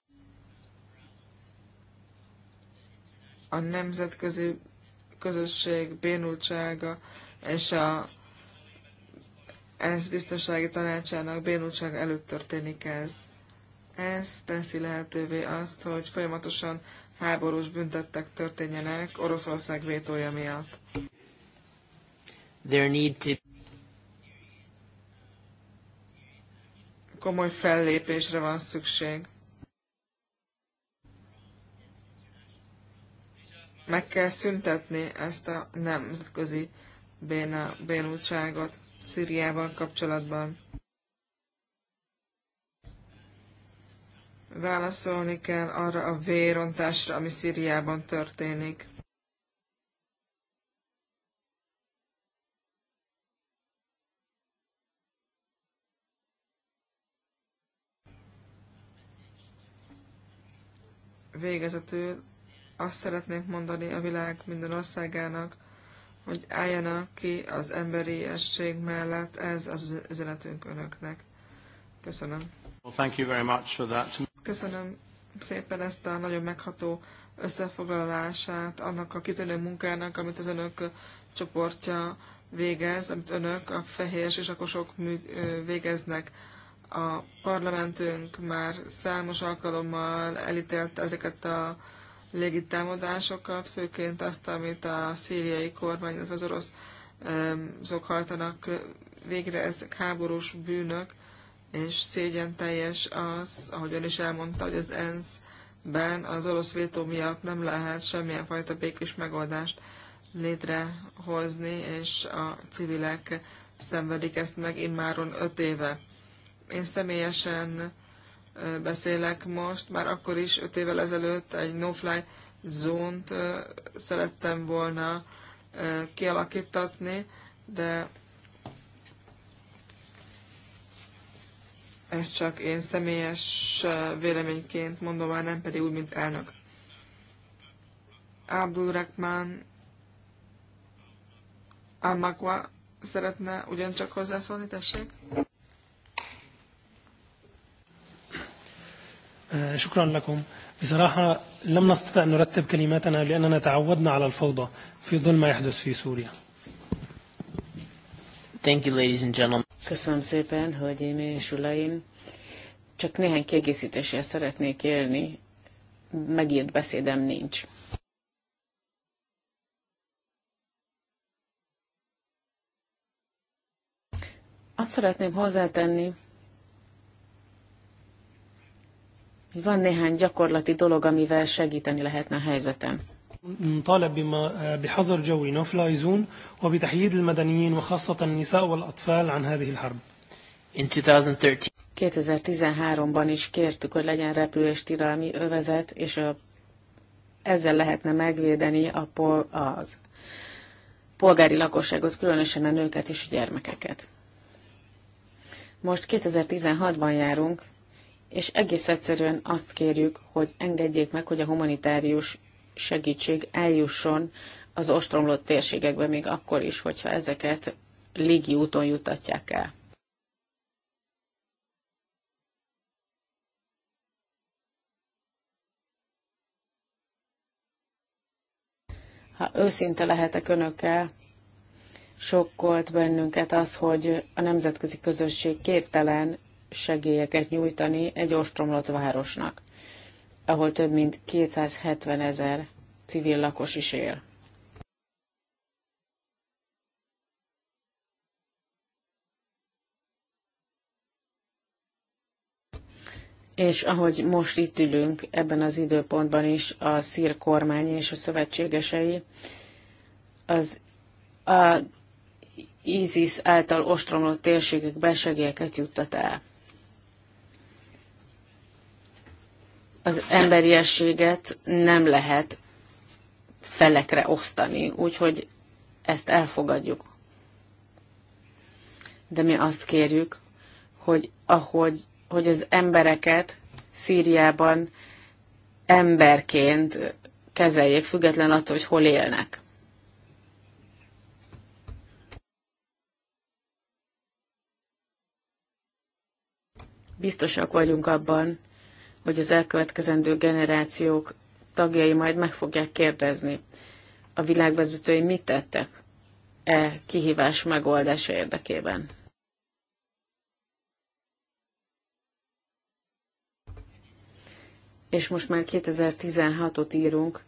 A nemzetközi közösség bénultsága és a ez biztonsági tanácsának bénultság előtt történik ez. Ez teszi lehetővé azt, hogy folyamatosan háborús büntettek történjenek Oroszország vétója miatt. There need to... komoly fellépésre van szükség. Meg kell szüntetni ezt a nemzetközi bénultságot Szíriával kapcsolatban. Válaszolni kell arra a vérontásra, ami Szíriában történik. Végezetül azt szeretnék mondani a világ minden országának, hogy álljanak ki az esség mellett, ez az üzenetünk önöknek. Köszönöm.
Well, thank you very much for that.
Köszönöm szépen ezt a nagyon megható összefoglalását annak a kitűnő munkának, amit az önök csoportja végez, amit önök, a fehér és a kosok végeznek. A parlamentünk már számos alkalommal elítélt ezeket a légitámadásokat, főként azt, amit a szíriai kormány, illetve az oroszok hajtanak végre, ezek háborús bűnök, és szégyen teljes az, ahogy ön is elmondta, hogy az ENSZ-ben az orosz vétó miatt nem lehet semmilyen fajta békés megoldást létrehozni, és a civilek szenvedik ezt meg immáron öt éve. Én személyesen beszélek most, már akkor is öt évvel ezelőtt egy no-fly zónt szerettem volna kialakítatni, de ezt csak én személyes véleményként mondom, már nem pedig úgy, mint elnök. Abdul Rahman Amakwa szeretne ugyancsak hozzászólni, tessék?
شكرا لكم بصراحة لم نستطع أن نرتب كلماتنا لأننا تعودنا على الفوضى في ظل ما يحدث في سوريا Thank you, ladies and gentlemen.
Köszönöm szépen, hölgyeim és uraim. Csak néhány kiegészítéssel szeretnék élni. Megírt beszédem nincs. Azt szeretném hozzátenni, van néhány gyakorlati dolog, amivel segíteni lehetne a helyzeten.
نطالب بما بحظر جوي no fly وبتحييد المدنيين وخاصة النساء والأطفال عن هذه الحرب. In 2013
2013-ban is kértük, hogy legyen repülés repüléstilalmi övezet, és a, ezzel lehetne megvédeni a pol, az polgári lakosságot, különösen a nőket és a gyermekeket. Most 2016-ban járunk, és egész egyszerűen azt kérjük, hogy engedjék meg, hogy a humanitárius segítség eljusson az ostromlott térségekbe még akkor is, hogyha ezeket légi úton jutatják el. Ha őszinte lehetek önökkel, sokkolt bennünket az, hogy a nemzetközi közösség képtelen segélyeket nyújtani egy ostromlott városnak, ahol több mint 270 ezer civil lakos is él. És ahogy most itt ülünk, ebben az időpontban is a szír kormány és a szövetségesei az a ISIS által ostromlott térségek besegélyeket juttat el. az emberiességet nem lehet felekre osztani, úgyhogy ezt elfogadjuk. De mi azt kérjük, hogy ahogy hogy az embereket Szíriában emberként kezeljék, független attól, hogy hol élnek. Biztosak vagyunk abban, hogy az elkövetkezendő generációk tagjai majd meg fogják kérdezni, a világvezetői mit tettek e kihívás megoldása érdekében. És most már 2016-ot írunk,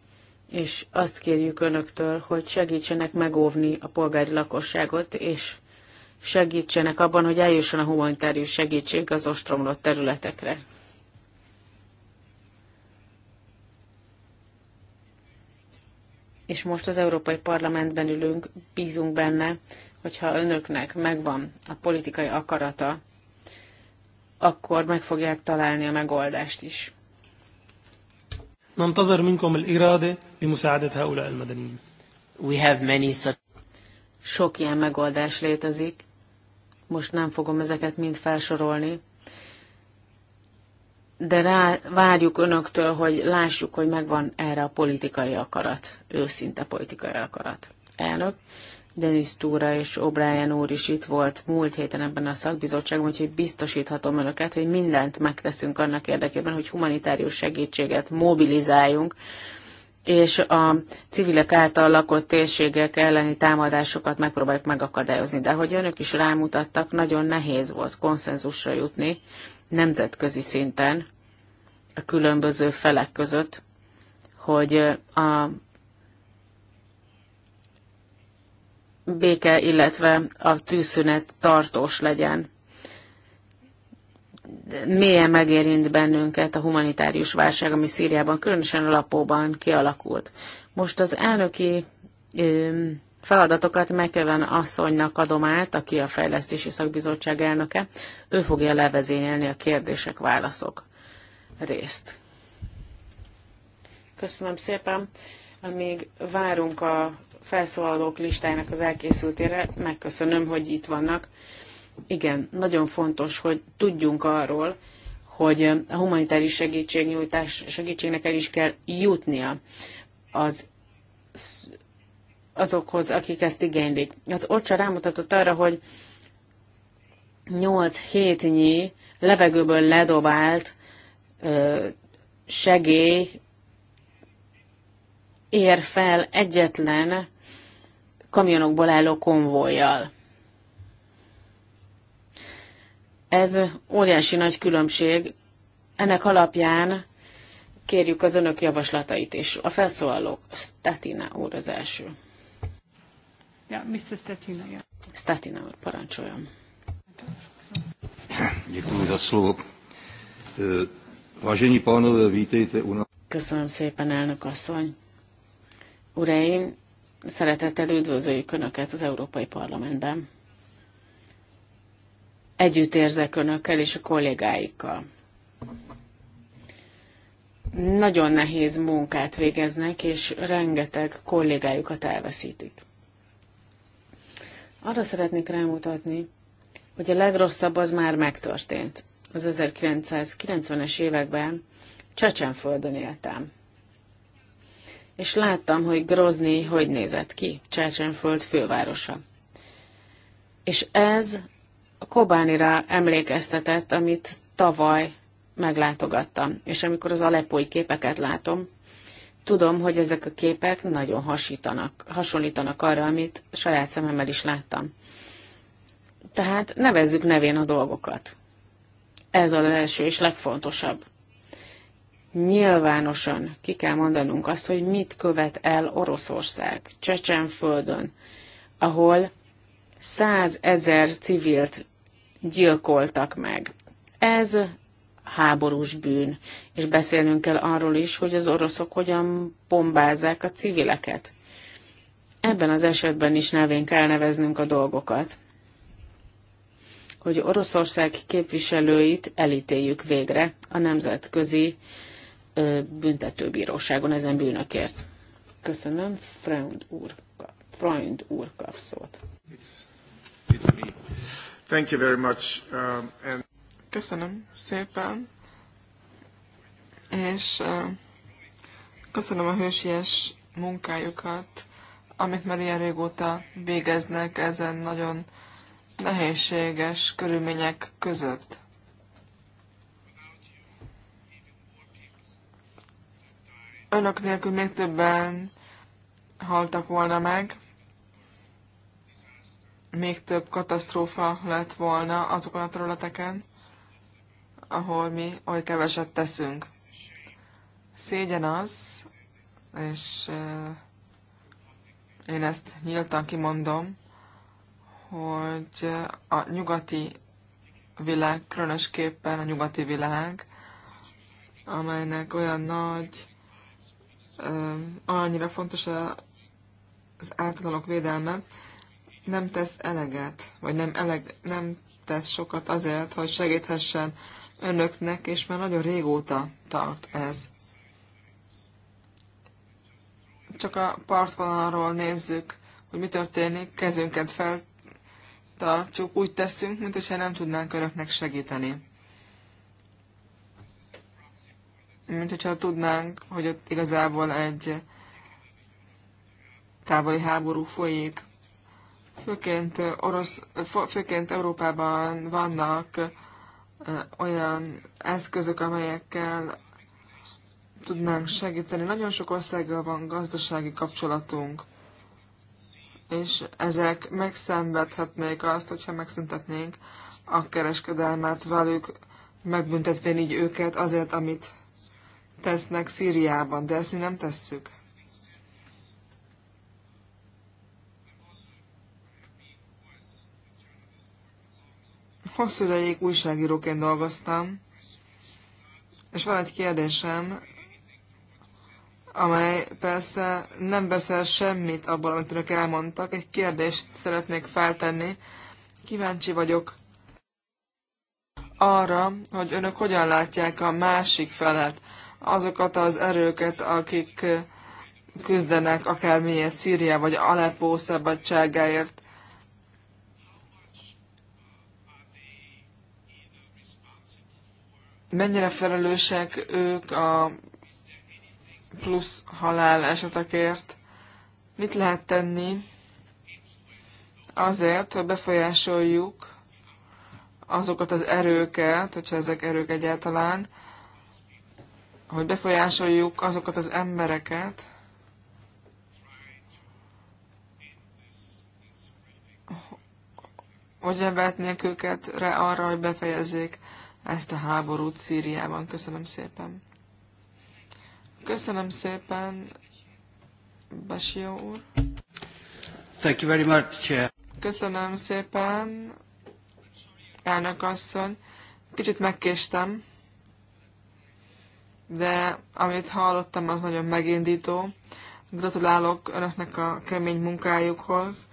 és azt kérjük önöktől, hogy segítsenek megóvni a polgári lakosságot, és segítsenek abban, hogy eljusson a humanitárius segítség az ostromlott területekre. és most az Európai Parlamentben ülünk, bízunk benne, hogyha önöknek megvan a politikai akarata, akkor meg fogják találni a megoldást is.
منكم الإرادة المدنيين.
We have many such. Sok ilyen megoldás létezik. Most nem fogom ezeket mind felsorolni, de rá várjuk önöktől, hogy lássuk, hogy megvan erre a politikai akarat, őszinte politikai akarat. Elnök, Denis Túra és O'Brien úr is itt volt múlt héten ebben a szakbizottságban, úgyhogy biztosíthatom önöket, hogy mindent megteszünk annak érdekében, hogy humanitárius segítséget mobilizáljunk, és a civilek által lakott térségek elleni támadásokat megpróbáljuk megakadályozni. De ahogy önök is rámutattak, nagyon nehéz volt konszenzusra jutni nemzetközi szinten a különböző felek között, hogy a béke, illetve a tűzszünet tartós legyen. Mélyen megérint bennünket a humanitárius válság, ami Szíriában, különösen a lapóban kialakult. Most az elnöki feladatokat megkeven asszonynak adom át, aki a Fejlesztési Szakbizottság elnöke. Ő fogja levezényelni a kérdések, válaszok részt. Köszönöm szépen. Amíg várunk a felszólalók listájának az elkészültére, megköszönöm, hogy itt vannak. Igen, nagyon fontos, hogy tudjunk arról, hogy a humanitáris segítségnyújtás segítségnek el is kell jutnia az azokhoz, akik ezt igénylik. Az OCSA rámutatott arra, hogy 8 hétnyi levegőből ledobált ö, segély ér fel egyetlen kamionokból álló konvojjal. Ez óriási nagy különbség. Ennek alapján kérjük az önök javaslatait is. A felszólalók, Statina úr az első. Ja, Mr. Stetina, ja. Stetina parancsoljon.
Děkuji za slovo. E, vážení pánové, vítejte u nás.
Köszönöm szépen, elnök asszony. Uraim, szeretettel üdvözöljük Önöket az Európai Parlamentben. Együtt érzek Önökkel és a kollégáikkal. Nagyon nehéz munkát végeznek, és rengeteg kollégájukat elveszítik. Arra szeretnék rámutatni, hogy a legrosszabb az már megtörtént. Az 1990-es években Csecsenföldön éltem. És láttam, hogy Grozni hogy nézett ki, Csecsenföld fővárosa. És ez a Kobánira emlékeztetett, amit tavaly meglátogattam. És amikor az alepói képeket látom, Tudom, hogy ezek a képek nagyon hasítanak, hasonlítanak arra, amit saját szememmel is láttam. Tehát nevezzük nevén a dolgokat. Ez az első és legfontosabb. Nyilvánosan ki kell mondanunk azt, hogy mit követ el Oroszország, Csecsenföldön, ahol százezer civilt gyilkoltak meg. Ez háborús bűn, és beszélnünk kell arról is, hogy az oroszok hogyan bombázzák a civileket. Ebben az esetben is nevén kell neveznünk a dolgokat, hogy Oroszország képviselőit elítéljük végre a nemzetközi büntetőbíróságon ezen bűnökért. Köszönöm, Freund úr, Freund úr kap szót. It's,
it's me. Thank you very much. Um, and... Köszönöm szépen, és köszönöm a hősies munkájukat, amit már ilyen régóta végeznek ezen nagyon nehézséges körülmények között. Önök nélkül még többen haltak volna meg, még több katasztrófa lett volna azokon a területeken, ahol mi oly keveset teszünk. Szégyen az, és én ezt nyíltan kimondom, hogy a nyugati világ, különösképpen a nyugati világ, amelynek olyan nagy, annyira fontos az általánok védelme, nem tesz eleget, vagy nem, eleg, nem tesz sokat azért, hogy segíthessen önöknek, és már nagyon régóta tart ez. Csak a partvonalról nézzük, hogy mi történik, kezünket feltartjuk, úgy teszünk, mint hogyha nem tudnánk önöknek segíteni. Mint hogyha tudnánk, hogy ott igazából egy távoli háború folyik. Főként, orosz, főként Európában vannak olyan eszközök, amelyekkel tudnánk segíteni. Nagyon sok országgal van gazdasági kapcsolatunk, és ezek megszenvedhetnék azt, hogyha megszüntetnénk a kereskedelmet velük, megbüntetvén így őket azért, amit tesznek Szíriában, de ezt mi nem tesszük. Hosszú ideig újságíróként dolgoztam, és van egy kérdésem, amely persze nem beszél semmit abból, amit önök elmondtak. Egy kérdést szeretnék feltenni. Kíváncsi vagyok arra, hogy önök hogyan látják a másik felet, azokat az erőket, akik küzdenek akármilyen Szíria vagy Aleppo szabadságáért. mennyire felelősek ők a plusz halál esetekért? Mit lehet tenni azért, hogy befolyásoljuk azokat az erőket, hogyha ezek erők egyáltalán, hogy befolyásoljuk azokat az embereket, hogy nevetnék őket rá arra, hogy befejezzék ezt a háborút Szíriában. Köszönöm szépen. Köszönöm szépen, Basia úr.
Thank you very much.
Köszönöm szépen, elnök asszony. Kicsit megkéstem, de amit hallottam, az nagyon megindító. Gratulálok önöknek a kemény munkájukhoz.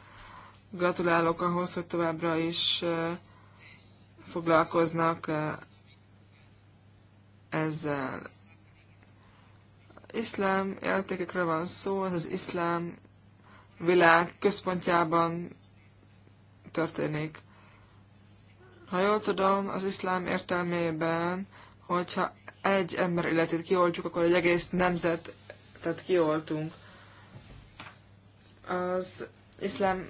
Gratulálok ahhoz, hogy továbbra is foglalkoznak ezzel. Iszlám értékekre van szó, ez az iszlám világ központjában történik. Ha jól tudom, az iszlám értelmében, hogyha egy ember életét kioltjuk, akkor egy egész nemzetet kioltunk. Az iszlám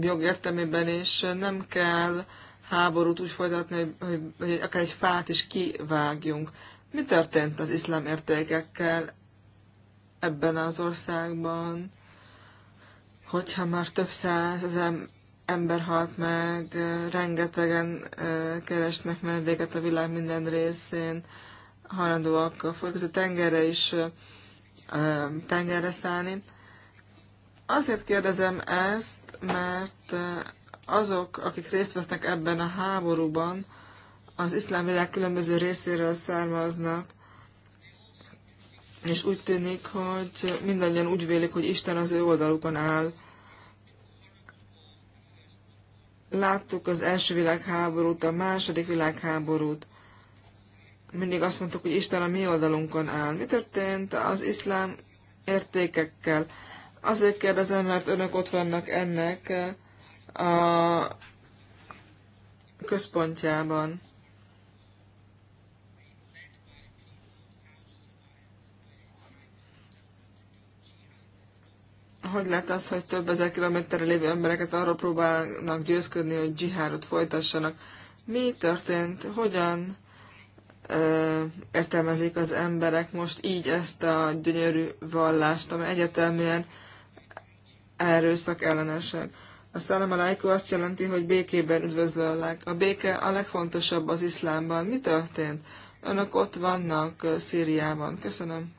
jogértelmében, és nem kell háborút úgy folytatni, hogy, hogy, akár egy fát is kivágjunk. Mi történt az iszlám értékekkel ebben az országban, hogyha már több százezer ember halt meg, rengetegen keresnek menedéket a világ minden részén, hajlandóak a tengerre is tengerre szállni. Azért kérdezem ezt, mert eh, azok, akik részt vesznek ebben a háborúban, az iszlám világ különböző részéről származnak, és úgy tűnik, hogy mindannyian úgy vélik, hogy Isten az ő oldalukon áll. Láttuk az első világháborút, a második világháborút. Mindig azt mondtuk, hogy Isten a mi oldalunkon áll. Mi történt az iszlám értékekkel? Azért kérdezem, mert önök ott vannak ennek eh, a központjában. Hogy lehet az, hogy több ezer kilométerre lévő embereket arról próbálnak győzködni, hogy dzsihárot folytassanak? Mi történt? Hogyan ö, eh, értelmezik az emberek most így ezt a gyönyörű vallást, ami egyetelműen erőszak ellenesek. A szállam alájkú azt jelenti, hogy békében üdvözlőleg. A béke a legfontosabb az iszlámban. Mi történt? Önök ott vannak Szíriában. Köszönöm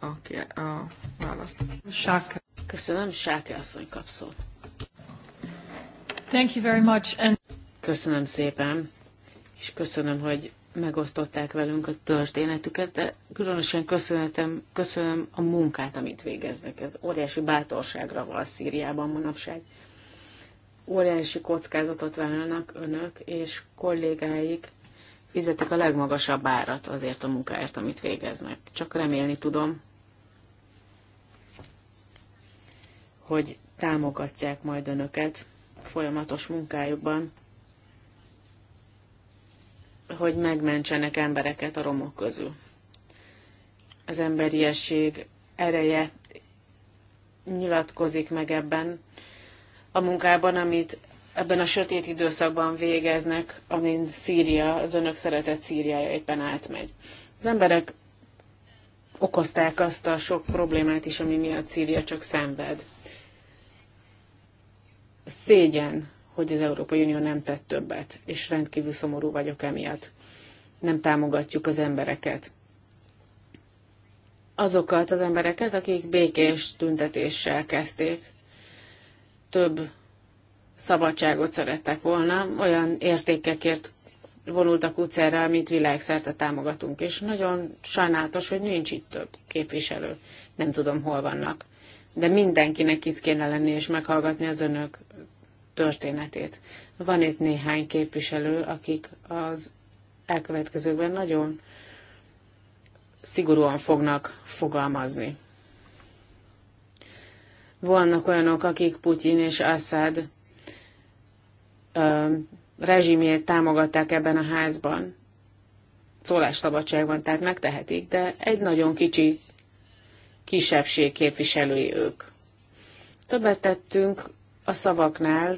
okay, a választ. Sák. Köszönöm, Sáke asszony kapszol.
Thank you very much. And...
Köszönöm szépen, és köszönöm, hogy megosztották velünk a történetüket, de különösen köszönhetem, köszönöm a munkát, amit végeznek. Ez óriási bátorságra van Szíriában manapság. Óriási kockázatot vállalnak önök és kollégáik, fizetik a legmagasabb árat azért a munkáért, amit végeznek. Csak remélni tudom, hogy támogatják majd önöket folyamatos munkájukban, hogy megmentsenek embereket a romok közül. Az emberiesség ereje nyilatkozik meg ebben a munkában, amit ebben a sötét időszakban végeznek, amint Szíria, az önök szeretett Szíriája éppen átmegy. Az emberek okozták azt a sok problémát is, ami miatt Szíria csak szenved. Szégyen hogy az Európai Unió nem tett többet, és rendkívül szomorú vagyok emiatt. Nem támogatjuk az embereket. Azokat az embereket, akik békés tüntetéssel kezdték, több szabadságot szerettek volna, olyan értékekért vonultak utcára, amit világszerte támogatunk, és nagyon sajnálatos, hogy nincs itt több képviselő. Nem tudom, hol vannak. De mindenkinek itt kéne lenni és meghallgatni az önök történetét. Van itt néhány képviselő, akik az elkövetkezőkben nagyon szigorúan fognak fogalmazni. Vannak olyanok, akik Putyin és Assad ö, rezsimjét támogatták ebben a házban. Szólásszabadságban, tehát megtehetik, de egy nagyon kicsi kisebbség képviselői ők. Többet tettünk a szavaknál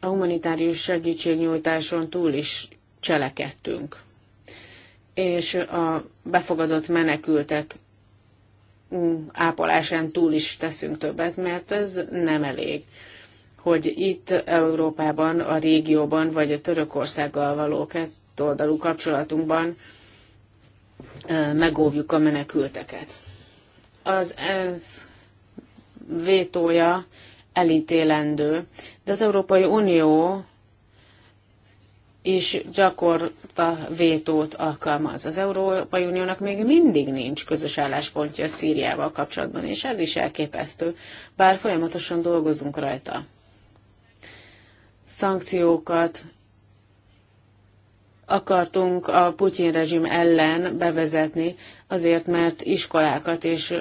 a humanitárius segítségnyújtáson túl is cselekedtünk. És a befogadott menekültek mm, ápolásán túl is teszünk többet, mert ez nem elég hogy itt Európában, a régióban, vagy a Törökországgal való kettoldalú kapcsolatunkban megóvjuk a menekülteket. Az ENSZ vétója elítélendő, de az Európai Unió is gyakorta vétót alkalmaz. Az Európai Uniónak még mindig nincs közös álláspontja Szíriával kapcsolatban, és ez is elképesztő, bár folyamatosan dolgozunk rajta. Szankciókat akartunk a Putyin rezsim ellen bevezetni, azért mert iskolákat és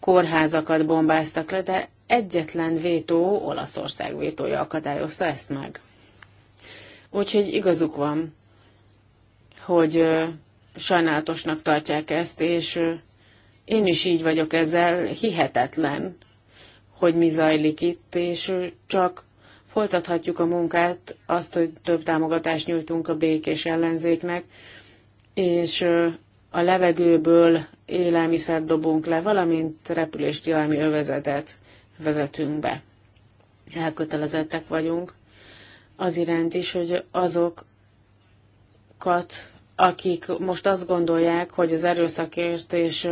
kórházakat bombáztak le, de egyetlen vétó, Olaszország vétója akadályozta ezt meg. Úgyhogy igazuk van, hogy sajnálatosnak tartják ezt, és én is így vagyok ezzel, hihetetlen, hogy mi zajlik itt, és csak folytathatjuk a munkát, azt, hogy több támogatást nyújtunk a békés ellenzéknek, és a levegőből élelmiszert dobunk le, valamint repüléstilalmi övezetet vezetünk be. Elkötelezettek vagyunk az iránt is, hogy azokat, akik most azt gondolják, hogy az erőszakért és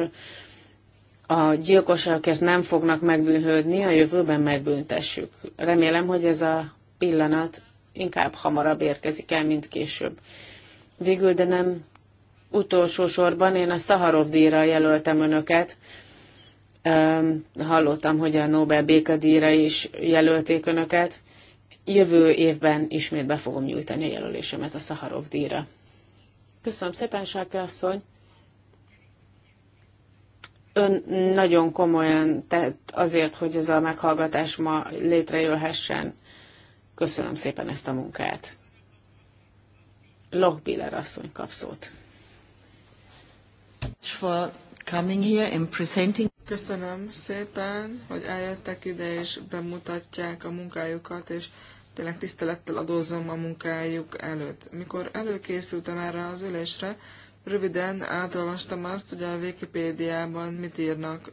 a gyilkosságokért nem fognak megbűnhődni, a jövőben megbüntessük. Remélem, hogy ez a pillanat inkább hamarabb érkezik el, mint később. Végül, de nem utolsó sorban én a Szaharov díjra jelöltem önöket, hallottam, hogy a Nobel békadíjra is jelölték önöket. Jövő évben ismét be fogom nyújtani a jelölésemet a Szaharov díjra. Köszönöm szépen, Sáke asszony! Ön nagyon komolyan tett azért, hogy ez a meghallgatás ma létrejöhessen. Köszönöm szépen ezt a munkát.
Lochbiller asszony kap szót coming here and presenting. Köszönöm szépen, hogy eljöttek ide és bemutatják a munkájukat, és tényleg tisztelettel adózom a munkájuk előtt. Mikor előkészültem erre az ülésre, röviden átolvastam azt, hogy a Wikipédiában mit írnak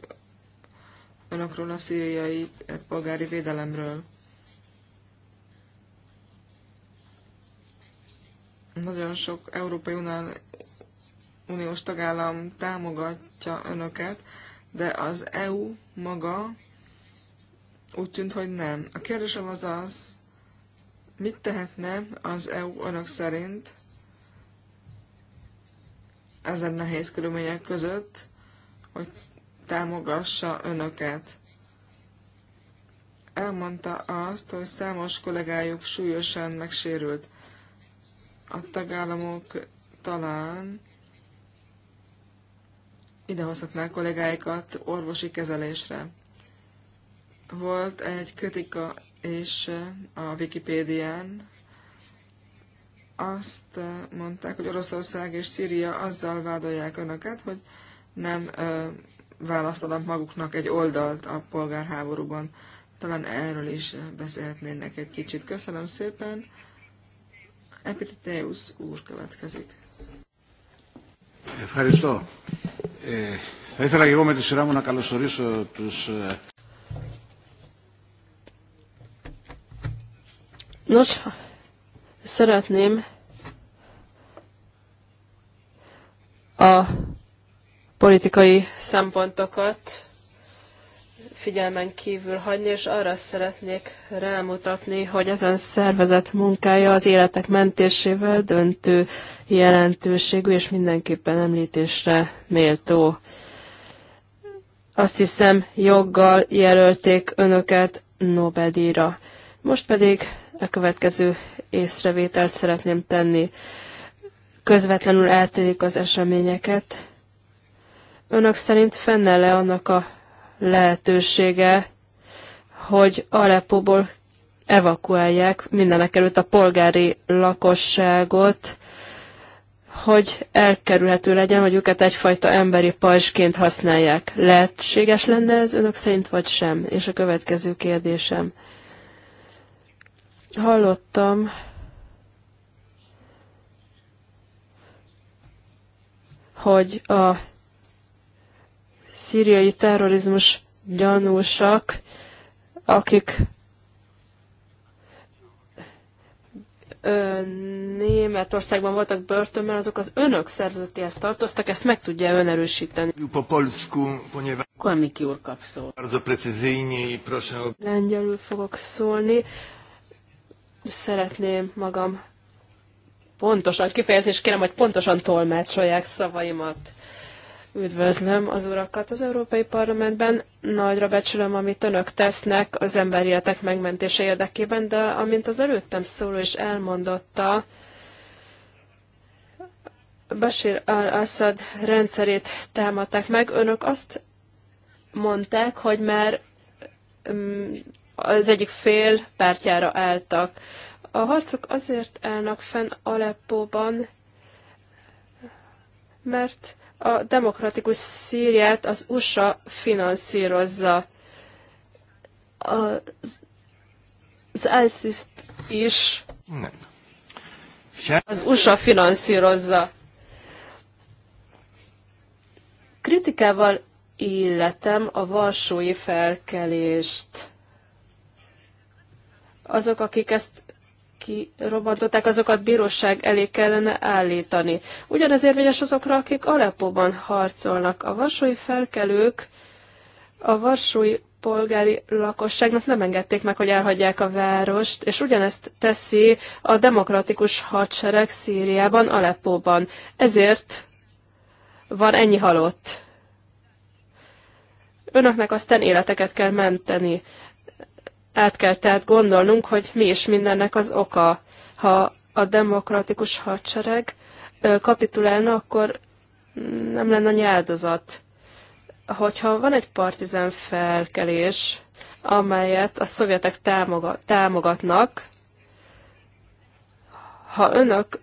önökről a szíriai polgári védelemről. Nagyon sok Európai Unión uniós tagállam támogatja önöket, de az EU maga úgy tűnt, hogy nem. A kérdésem az az, mit tehetne az EU önök szerint ezen nehéz körülmények között, hogy támogassa önöket. Elmondta azt, hogy számos kollégájuk súlyosan megsérült. A tagállamok talán idehozhatnák kollégáikat orvosi kezelésre. Volt egy kritika és eh, a Wikipédián azt eh, mondták, hogy Oroszország és Szíria azzal vádolják önöket, hogy nem eh, választanak maguknak egy oldalt a polgárháborúban. Talán erről is beszélhetnének egy kicsit. Köszönöm szépen. Epiteteus úr következik.
Fáris Θα ήθελα και εγώ με τη σειρά μου να καλωσορίσω τους...
Nos, szeretném a politikai szempontokat figyelmen kívül hagyni, és arra szeretnék rámutatni, hogy ezen szervezet munkája az életek mentésével döntő jelentőségű, és mindenképpen említésre méltó. Azt hiszem, joggal jelölték önöket Nobel-díjra. Most pedig a következő észrevételt szeretném tenni. Közvetlenül eltérik az eseményeket. Önök szerint fennel le annak a lehetősége, hogy Aleppóból evakuálják mindenek előtt a polgári lakosságot, hogy elkerülhető legyen, hogy őket egyfajta emberi pajsként használják. Lehetséges lenne ez önök szerint, vagy sem? És a következő kérdésem. Hallottam, hogy a szíriai terrorizmus gyanúsak, akik ö, Németországban voltak börtönben, azok az önök szervezetéhez tartoztak, ezt meg tudja ön erősíteni. Po polsku, ponieważ... Kolmiki úr kap szó. Lengyelül fogok szólni. Szeretném magam pontosan kifejezni, és kérem, hogy pontosan tolmácsolják szavaimat. Üdvözlöm az urakat az Európai Parlamentben. Nagyra becsülöm, amit önök tesznek az életek megmentése érdekében, de amint az előttem szóló is elmondotta, Bashir al-Assad rendszerét támadták meg. Önök azt mondták, hogy már mm, az egyik fél pártjára álltak. A harcok azért állnak fenn Aleppóban, mert a demokratikus Szíriát az USA finanszírozza. Az, az isis is
Nem. az USA
finanszírozza. Kritikával illetem a valsói felkelést. Azok, akik ezt kirobbantották, azokat bíróság elé kellene állítani. Ugyanez érvényes azokra, akik Aleppóban harcolnak. A varsói felkelők a varsói polgári lakosságnak nem engedték meg, hogy elhagyják a várost, és ugyanezt teszi a demokratikus hadsereg Szíriában, Aleppóban. Ezért van ennyi halott. Önöknek aztán életeket kell menteni. Át kell tehát gondolnunk, hogy mi is mindennek az oka. Ha a demokratikus hadsereg kapitulálna, akkor nem lenne annyi áldozat. Hogyha van egy partizán felkelés, amelyet a szovjetek támogatnak, ha önök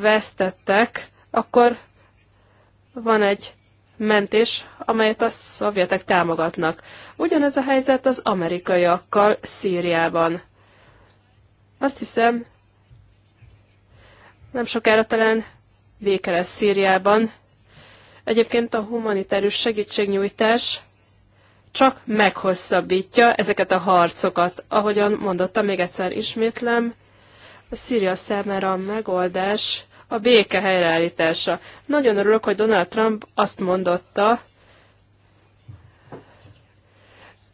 vesztettek, akkor van egy mentés, amelyet a szovjetek támogatnak. Ugyanez a helyzet az amerikaiakkal Szíriában. Azt hiszem, nem sokára talán véke lesz Szíriában. Egyébként a humanitárius segítségnyújtás csak meghosszabbítja ezeket a harcokat. Ahogyan mondottam, még egyszer ismétlem, a Szíria számára a megoldás a béke helyreállítása. Nagyon örülök, hogy Donald Trump azt mondotta,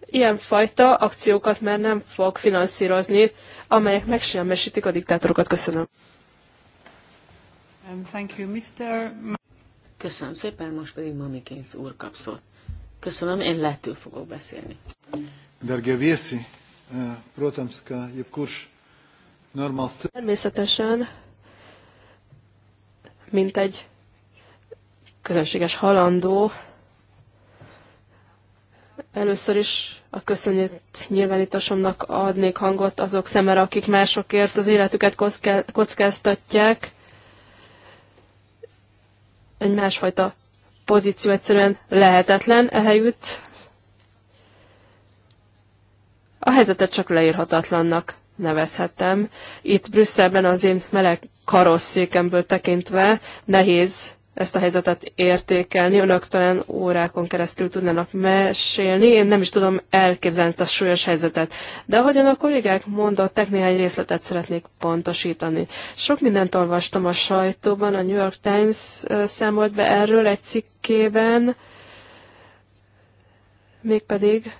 ilyenfajta akciókat már nem fog finanszírozni, amelyek megsemmisítik a diktátorokat. Köszönöm.
Thank you, Mr. Köszönöm szépen, most pedig Mami Kénz úr kap szót. Köszönöm, én lehetőbb fogok beszélni.
Dargé viesi, eh, protams, ka jebkurš
Természetesen mint egy közönséges halandó. Először is a köszönet nyilvánításomnak adnék hangot azok szemére, akik másokért az életüket kockáztatják. Egy másfajta pozíció egyszerűen lehetetlen ehelyütt. A helyzetet csak leírhatatlannak nevezhettem. Itt Brüsszelben az én meleg karosszékemből tekintve nehéz ezt a helyzetet értékelni. Önök talán órákon keresztül tudnának mesélni. Én nem is tudom elképzelni ezt a súlyos helyzetet. De ahogyan a kollégák mondották, néhány részletet szeretnék pontosítani. Sok mindent olvastam a sajtóban, a New York Times számolt be erről egy cikkében, mégpedig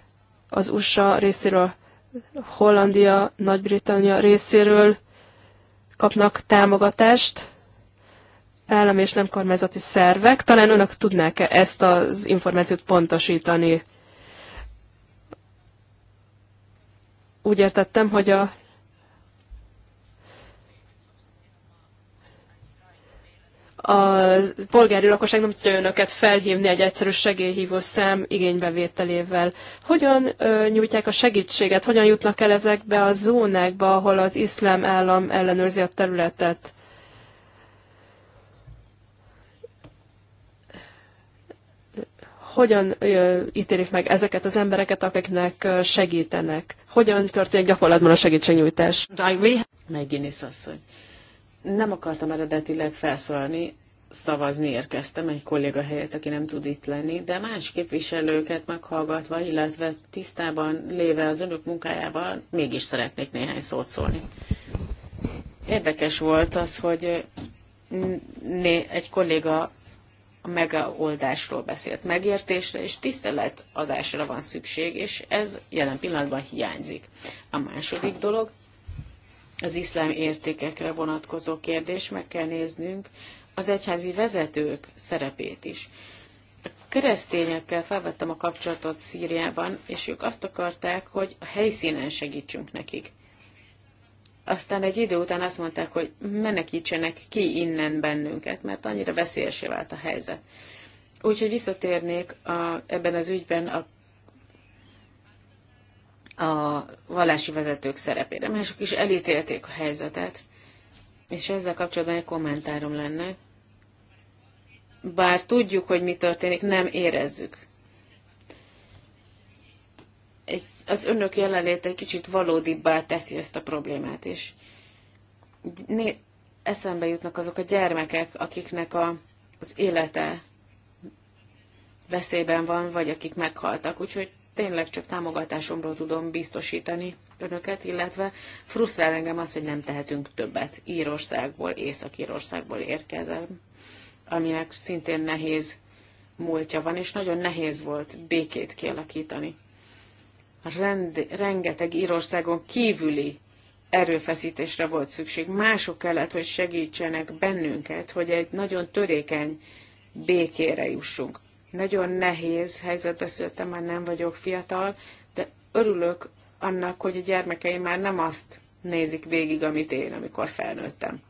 az USA részéről, Hollandia, Nagy-Britannia részéről kapnak támogatást állam és nem kormányzati szervek. Talán önök tudnák -e ezt az információt pontosítani? Úgy értettem, hogy a a polgári lakosság nem tudja önöket felhívni egy egyszerű segélyhívó szám igénybevételével. Hogyan ö, nyújtják a segítséget, hogyan jutnak el ezekbe a zónákba, ahol az iszlám állam ellenőrzi a területet? Hogyan ö, ítélik meg ezeket az embereket, akiknek ö, segítenek? Hogyan történik gyakorlatban a segítségnyújtás?
Megint is asszony. Hogy
nem akartam eredetileg
felszólni, szavazni érkeztem egy kolléga helyett, aki nem tud itt lenni, de más képviselőket meghallgatva, illetve tisztában léve az önök munkájával, mégis szeretnék néhány szót szólni. Érdekes volt az, hogy egy kolléga a megoldásról beszélt. Megértésre és tiszteletadásra van szükség, és ez jelen pillanatban hiányzik. A második dolog, az iszlám értékekre vonatkozó kérdés, meg kell néznünk az egyházi vezetők szerepét is. A keresztényekkel felvettem a kapcsolatot Szíriában, és ők azt akarták, hogy a helyszínen segítsünk nekik. Aztán egy idő után azt mondták, hogy menekítsenek ki innen bennünket, mert annyira veszélyesé vált a helyzet. Úgyhogy visszatérnék a, ebben az ügyben a a vallási vezetők szerepére. Mások is elítélték a helyzetet, és ezzel kapcsolatban egy kommentárom lenne. Bár tudjuk, hogy mi történik, nem érezzük. Egy, az önök jelenléte egy kicsit valódibbá teszi ezt a problémát, és né, eszembe jutnak azok a gyermekek, akiknek a, az élete veszélyben van, vagy akik meghaltak. Úgyhogy tényleg csak támogatásomról tudom biztosítani önöket, illetve frusztrál engem az, hogy nem tehetünk többet. Írországból, Észak-Írországból érkezem, aminek szintén nehéz múltja van, és nagyon nehéz volt békét kialakítani. Rend, rengeteg Írországon kívüli erőfeszítésre volt szükség. Mások kellett, hogy segítsenek bennünket, hogy egy nagyon törékeny békére jussunk. Nagyon nehéz helyzetbe születtem, már nem vagyok fiatal, de örülök annak, hogy a gyermekeim már nem azt nézik végig, amit én, amikor felnőttem.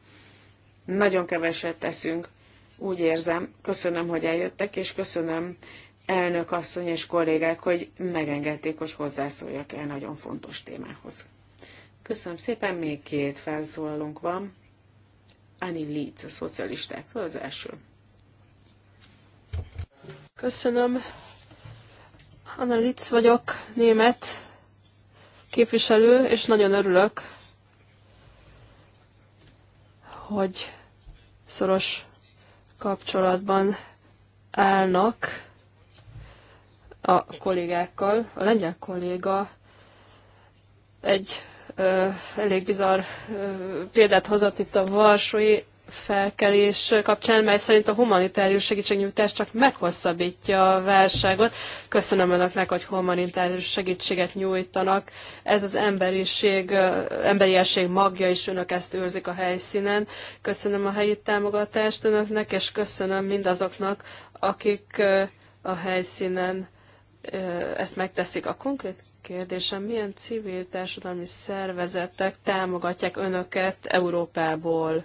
Nagyon keveset teszünk, úgy érzem. Köszönöm, hogy eljöttek, és köszönöm elnök asszony és kollégák, hogy megengedték, hogy hozzászóljak el nagyon fontos témához. Köszönöm szépen, még két felszólalunk van. Annie Leeds, a szocialistáktól az első.
Köszönöm. Anna Litz vagyok, német képviselő, és nagyon örülök, hogy szoros kapcsolatban állnak a kollégákkal. A lengyel kolléga egy ö, elég bizarr ö, példát hozott itt a Varsói felkelés kapcsán, mely szerint a humanitárius segítségnyújtás csak meghosszabbítja a válságot. Köszönöm önöknek, hogy humanitárius segítséget nyújtanak. Ez az emberiség, emberiesség magja, és önök ezt őrzik a helyszínen. Köszönöm a helyi támogatást önöknek, és köszönöm mindazoknak, akik a helyszínen ezt megteszik. A konkrét kérdésem, milyen civil társadalmi szervezetek támogatják önöket Európából?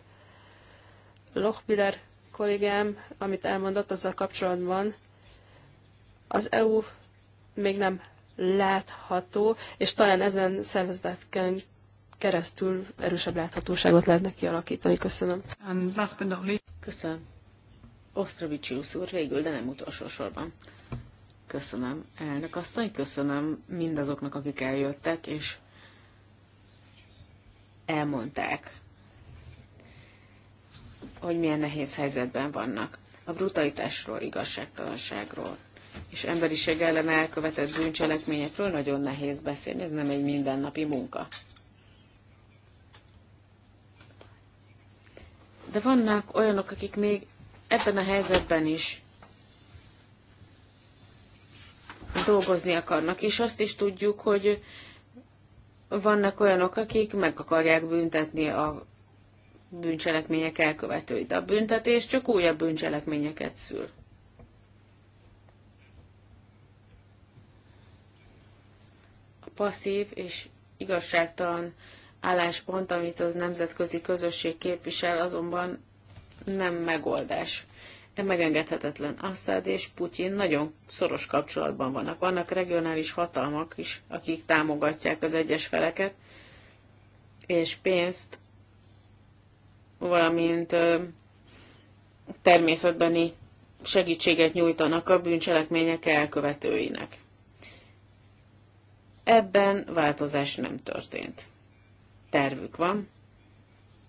Lochbiller kollégám, amit elmondott azzal kapcsolatban, az EU még nem látható, és talán ezen szervezeteken keresztül erősebb láthatóságot lehetne kialakítani. Köszönöm.
Köszönöm. Osztrovicsius úr végül, de nem utolsó sorban. Köszönöm, elnök asszony, köszönöm mindazoknak, akik eljöttek, és elmondták hogy milyen nehéz helyzetben vannak. A brutalitásról, igazságtalanságról és emberiség ellen elkövetett bűncselekményekről nagyon nehéz beszélni, ez nem egy mindennapi munka. De vannak olyanok, akik még ebben a helyzetben is dolgozni akarnak, és azt is tudjuk, hogy vannak olyanok, akik meg akarják büntetni a bűncselekmények de A büntetés csak újabb bűncselekményeket szül. A passzív és igazságtalan álláspont, amit az nemzetközi közösség képvisel, azonban nem megoldás. E megengedhetetlen. Assad és Putyin nagyon szoros kapcsolatban vannak. Vannak regionális hatalmak is, akik támogatják az egyes feleket, és pénzt valamint természetbeni segítséget nyújtanak a bűncselekmények elkövetőinek. Ebben változás nem történt. Tervük van,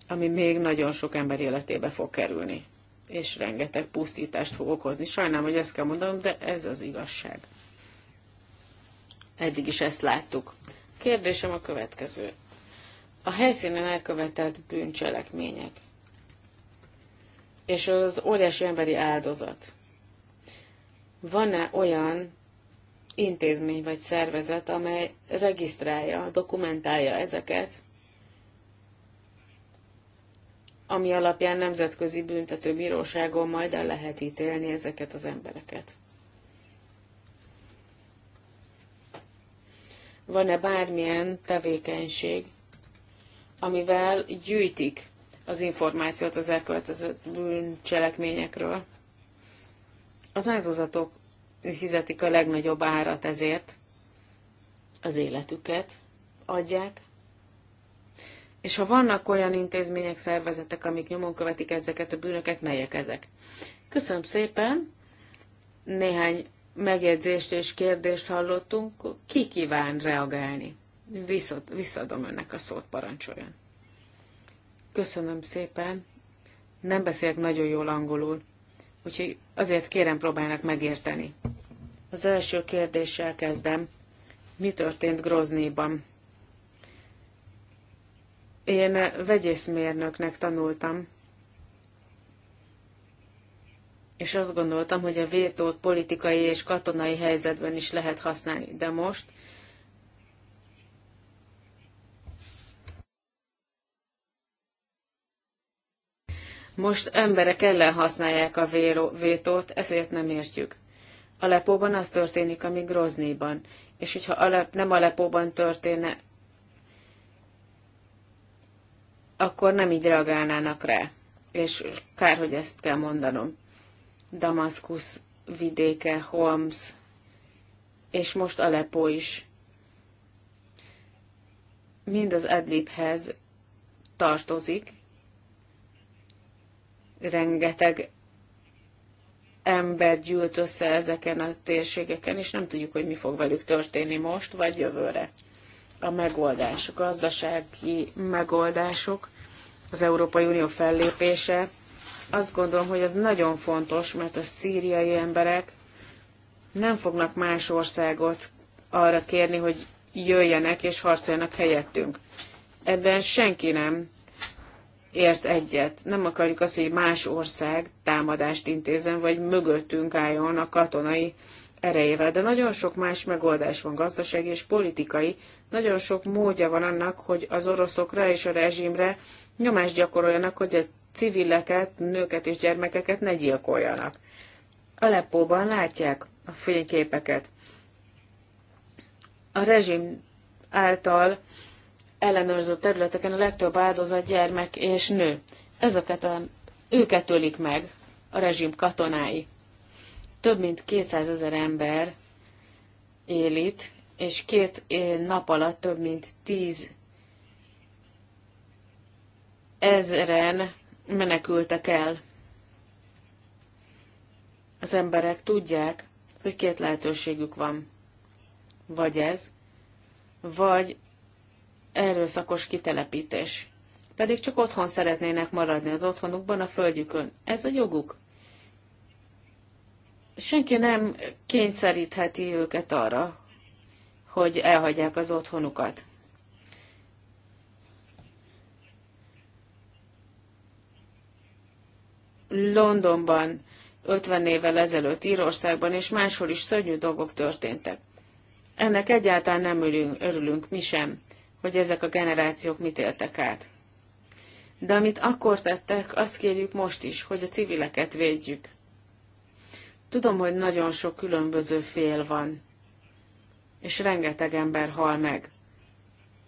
ami még nagyon sok ember életébe fog kerülni, és rengeteg pusztítást fog okozni. Sajnálom, hogy ezt kell mondanom, de ez az igazság. Eddig is ezt láttuk. Kérdésem a következő a helyszínen elkövetett bűncselekmények és az óriási emberi áldozat. Van-e olyan intézmény vagy szervezet, amely regisztrálja, dokumentálja ezeket, ami alapján nemzetközi büntetőbíróságon majd el lehet ítélni ezeket az embereket. Van-e bármilyen tevékenység, amivel gyűjtik az információt az elkövetett bűncselekményekről. Az áldozatok fizetik a legnagyobb árat ezért, az életüket adják, és ha vannak olyan intézmények, szervezetek, amik nyomon követik ezeket a bűnöket, melyek ezek? Köszönöm szépen! Néhány megjegyzést és kérdést hallottunk. Ki kíván reagálni? Viszont, visszaadom önnek a szót, parancsoljon. Köszönöm szépen. Nem beszélek nagyon jól angolul, úgyhogy azért kérem próbálnak megérteni. Az első kérdéssel kezdem. Mi történt Groznyban? Én vegyészmérnöknek tanultam, és azt gondoltam, hogy a vétót politikai és katonai helyzetben is lehet használni, de most Most emberek ellen használják a véro, vétót, ezért nem értjük. Alepóban az történik, ami Groznyban. És hogyha Alep, nem Alepóban történne, akkor nem így reagálnának rá. És kár, hogy ezt kell mondanom. Damaszkus vidéke, Holmes, és most Aleppo is. Mind az Adlibhez tartozik, rengeteg ember gyűlt össze ezeken a térségeken, és nem tudjuk, hogy mi fog velük történni most vagy jövőre. A megoldások, a gazdasági megoldások, az Európai Unió fellépése, azt gondolom, hogy az nagyon fontos, mert a szíriai emberek nem fognak más országot arra kérni, hogy jöjjenek és harcoljanak helyettünk. Ebben senki nem ért egyet. Nem akarjuk azt, hogy más ország támadást intézen, vagy mögöttünk álljon a katonai erejével. De nagyon sok más megoldás van, gazdasági és politikai. Nagyon sok módja van annak, hogy az oroszokra és a rezsimre nyomást gyakoroljanak, hogy a civileket, nőket és gyermekeket ne gyilkoljanak. Aleppóban látják a fényképeket. A rezsim által ellenőrző területeken a legtöbb áldozat gyermek és nő. Ezeket a, őket ölik meg a rezsim katonái. Több mint 200 ezer ember él itt, és két nap alatt több mint 10 ezeren menekültek el. Az emberek tudják, hogy két lehetőségük van. Vagy ez, vagy erőszakos kitelepítés. Pedig csak otthon szeretnének maradni az otthonukban, a földjükön. Ez a joguk. Senki nem kényszerítheti őket arra, hogy elhagyják az otthonukat. Londonban 50 évvel ezelőtt Írországban és máshol is szörnyű dolgok történtek. Ennek egyáltalán nem örülünk, örülünk mi sem hogy ezek a generációk mit éltek át. De amit akkor tettek, azt kérjük most is, hogy a civileket védjük. Tudom, hogy nagyon sok különböző fél van, és rengeteg ember hal meg.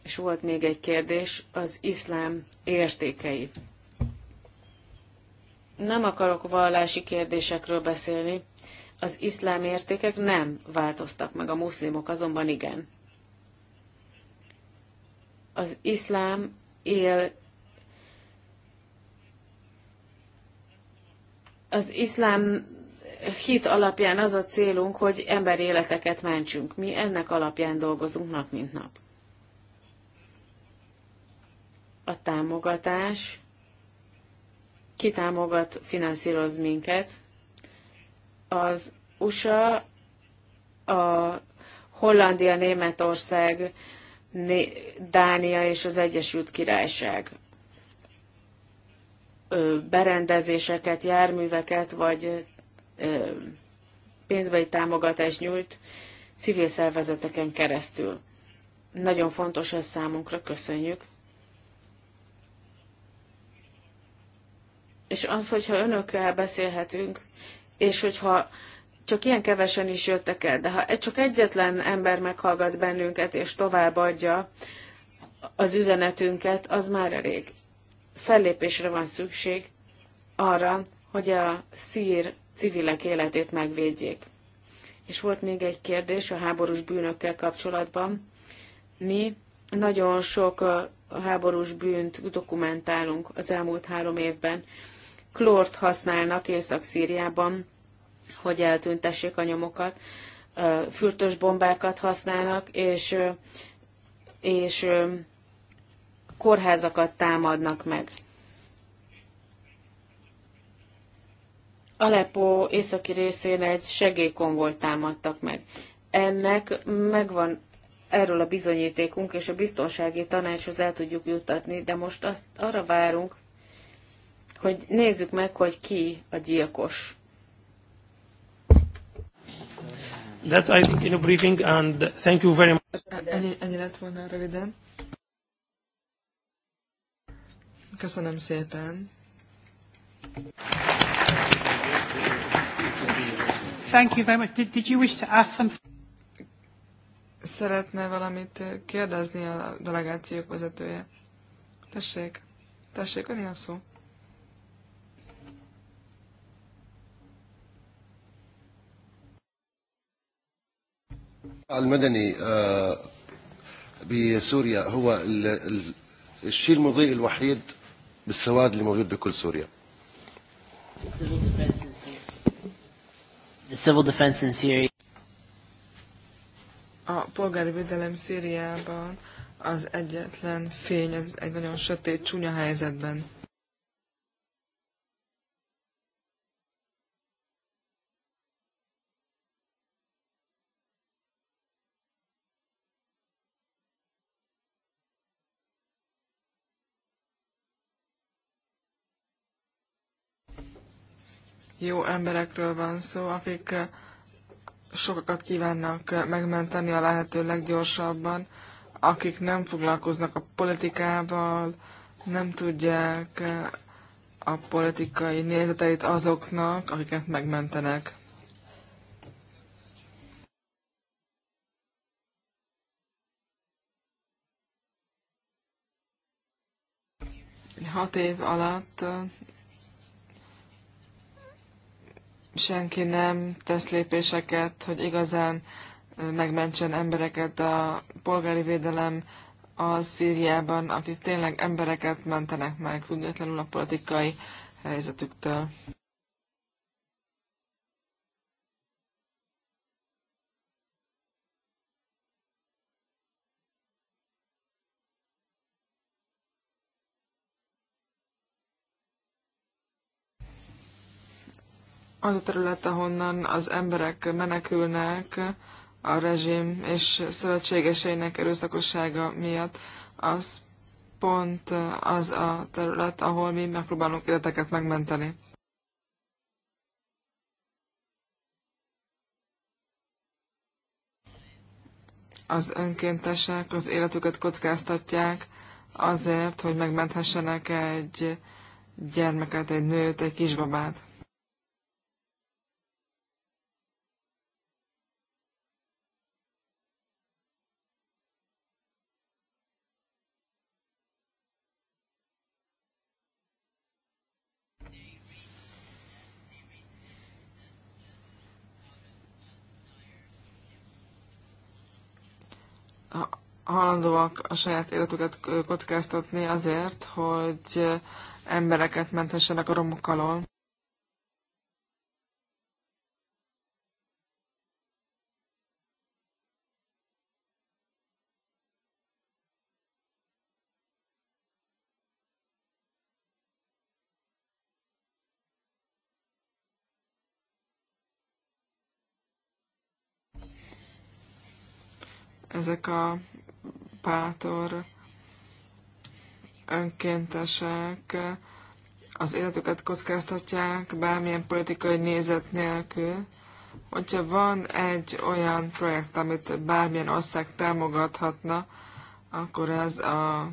És volt még egy kérdés, az iszlám értékei. Nem akarok vallási kérdésekről beszélni, az iszlám értékek nem változtak meg, a muszlimok azonban igen az iszlám él az iszlám hit alapján az a célunk, hogy emberéleteket mentsünk. Mi ennek alapján dolgozunk nap mint nap. A támogatás kitámogat, finanszíroz minket. Az USA, a Hollandia, Németország, Dánia és az Egyesült Királyság berendezéseket, járműveket vagy pénzbeli támogatást nyújt civil szervezeteken keresztül. Nagyon fontos ez számunkra, köszönjük. És az, hogyha önökkel beszélhetünk, és hogyha csak ilyen kevesen is jöttek el, de ha e- csak egyetlen ember meghallgat bennünket és továbbadja az üzenetünket, az már elég. Fellépésre van szükség arra, hogy a szír civilek életét megvédjék. És volt még egy kérdés a háborús bűnökkel kapcsolatban. Mi nagyon sok háborús bűnt dokumentálunk az elmúlt három évben. Klort használnak Észak-Szíriában, hogy eltüntessék a nyomokat. Fürtös bombákat használnak, és, és kórházakat támadnak meg. Aleppo északi részén egy segélykonvolt támadtak meg. Ennek megvan erről a bizonyítékunk, és a biztonsági tanácshoz el tudjuk juttatni, de most azt, arra várunk, hogy nézzük meg, hogy ki a gyilkos.
That's, I think, in a briefing, and thank you very much.
Ennyi, ennyi lett volna röviden. Köszönöm szépen. Thank you very much. Did, did you wish to ask something? Szeretne valamit kérdezni a delegációk vezetője? Tessék, tessék, ön a szó.
المدني بسوريا هو
الشيء المضيء الوحيد بالسواد اللي موجود بكل سوريا. The civil defense in Syria.
A polgári védelem Szíriában az egyetlen fény, ez egy nagyon sötét, csúnya helyzetben. jó emberekről van szó, akik eh, sokakat kívánnak eh, megmenteni a lehető leggyorsabban, akik nem foglalkoznak a politikával, nem tudják eh, a politikai nézeteit azoknak, akiket megmentenek. Hat év alatt senki nem tesz lépéseket, hogy igazán megmentsen embereket a polgári védelem a Szíriában, akik tényleg embereket mentenek meg, függetlenül a politikai helyzetüktől. az a terület, ahonnan az emberek menekülnek a rezsim és szövetségeseinek erőszakossága miatt, az pont az a terület, ahol mi megpróbálunk életeket megmenteni. Az önkéntesek az életüket kockáztatják azért, hogy megmenthessenek egy gyermeket, egy nőt, egy kisbabát. halandóak a saját életüket kockáztatni azért, hogy embereket menthessenek a romok alól. ezek a pátor önkéntesek az életüket kockáztatják bármilyen politikai nézet nélkül. Hogyha van egy olyan projekt, amit bármilyen ország támogathatna, akkor ez a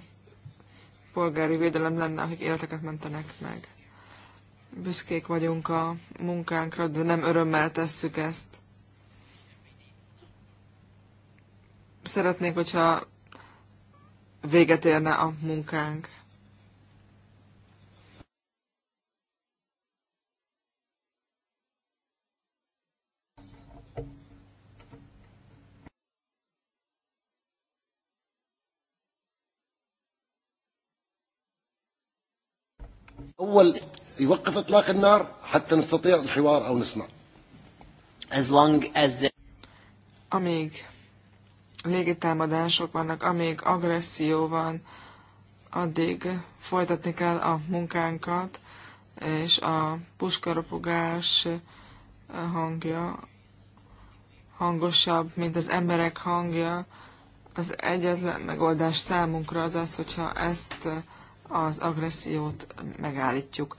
polgári védelem lenne, akik életeket mentenek meg. Büszkék vagyunk a munkánkra, de nem örömmel tesszük ezt. szeretnék, hogyha véget érne a munkánk.
أول يوقف إطلاق النار
حتى نستطيع الحوار أو نسمع. As long as the...
Amíg légitámadások vannak, amíg agresszió van, addig folytatni kell a munkánkat, és a puskaropogás hangja hangosabb, mint az emberek hangja. Az egyetlen megoldás számunkra az az, hogyha ezt az agressziót megállítjuk.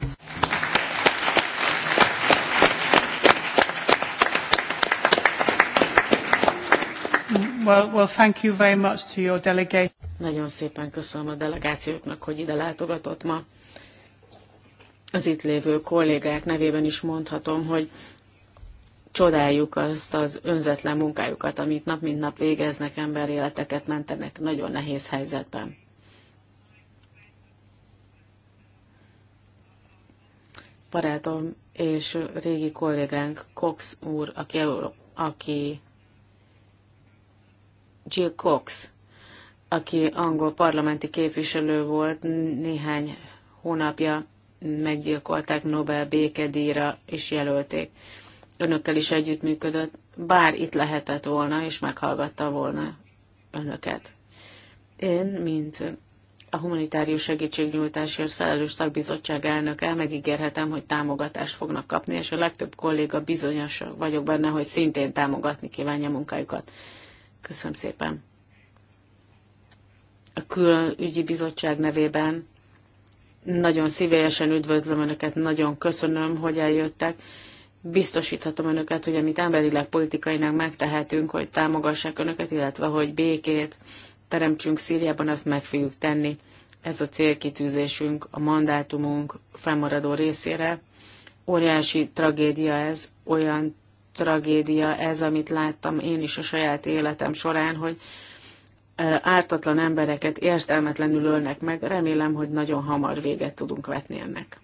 Well, well, thank you very much to your Nagyon szépen köszönöm a delegációknak, hogy ide látogatott ma. Az itt lévő kollégák nevében is mondhatom, hogy csodáljuk azt az önzetlen munkájukat, amit nap mint nap végeznek, emberéleteket mentenek nagyon nehéz helyzetben. Barátom és régi kollégánk Cox úr, aki, aki Jill Cox, aki angol parlamenti képviselő volt néhány hónapja, meggyilkolták Nobel békedíjra és jelölték. Önökkel is együttműködött, bár itt lehetett volna, és meghallgatta volna önöket. Én, mint a humanitárius segítségnyújtásért felelős szakbizottság elnöke, megígérhetem, hogy támogatást fognak kapni, és a legtöbb kolléga bizonyos vagyok benne, hogy szintén támogatni kívánja munkájukat. Köszönöm szépen. A külügyi bizottság nevében nagyon szívélyesen üdvözlöm Önöket, nagyon köszönöm, hogy eljöttek. Biztosíthatom Önöket, hogy amit emberileg politikainak megtehetünk, hogy támogassák Önöket, illetve hogy békét teremtsünk Szíriában, azt meg fogjuk tenni. Ez a célkitűzésünk, a mandátumunk fennmaradó részére. Óriási tragédia ez, olyan tragédia ez, amit láttam én is a saját életem során, hogy e, ártatlan embereket értelmetlenül ölnek meg. Remélem, hogy nagyon hamar véget tudunk vetni ennek.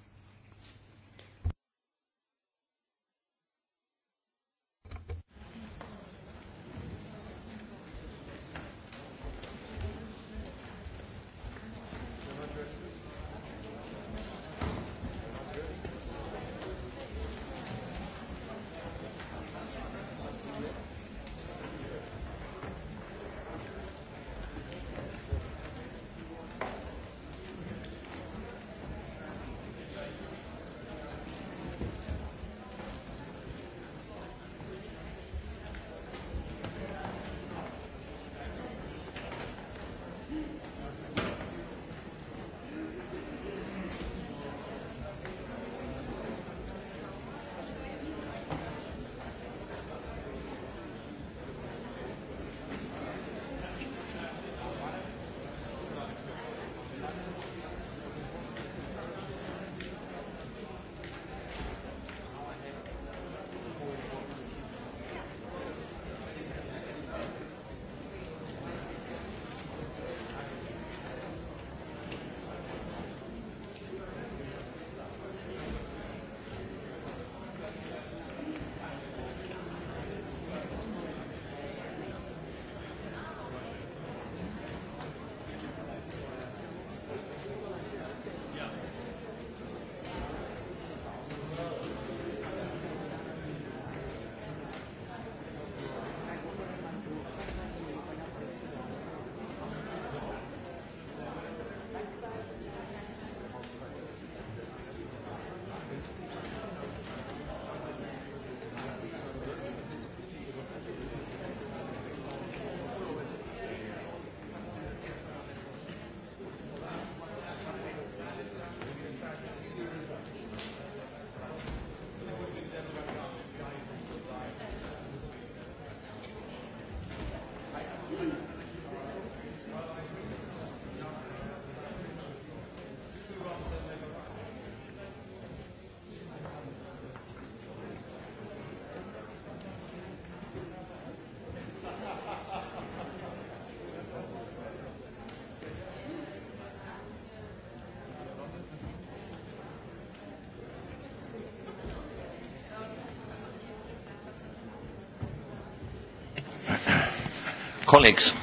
colleagues,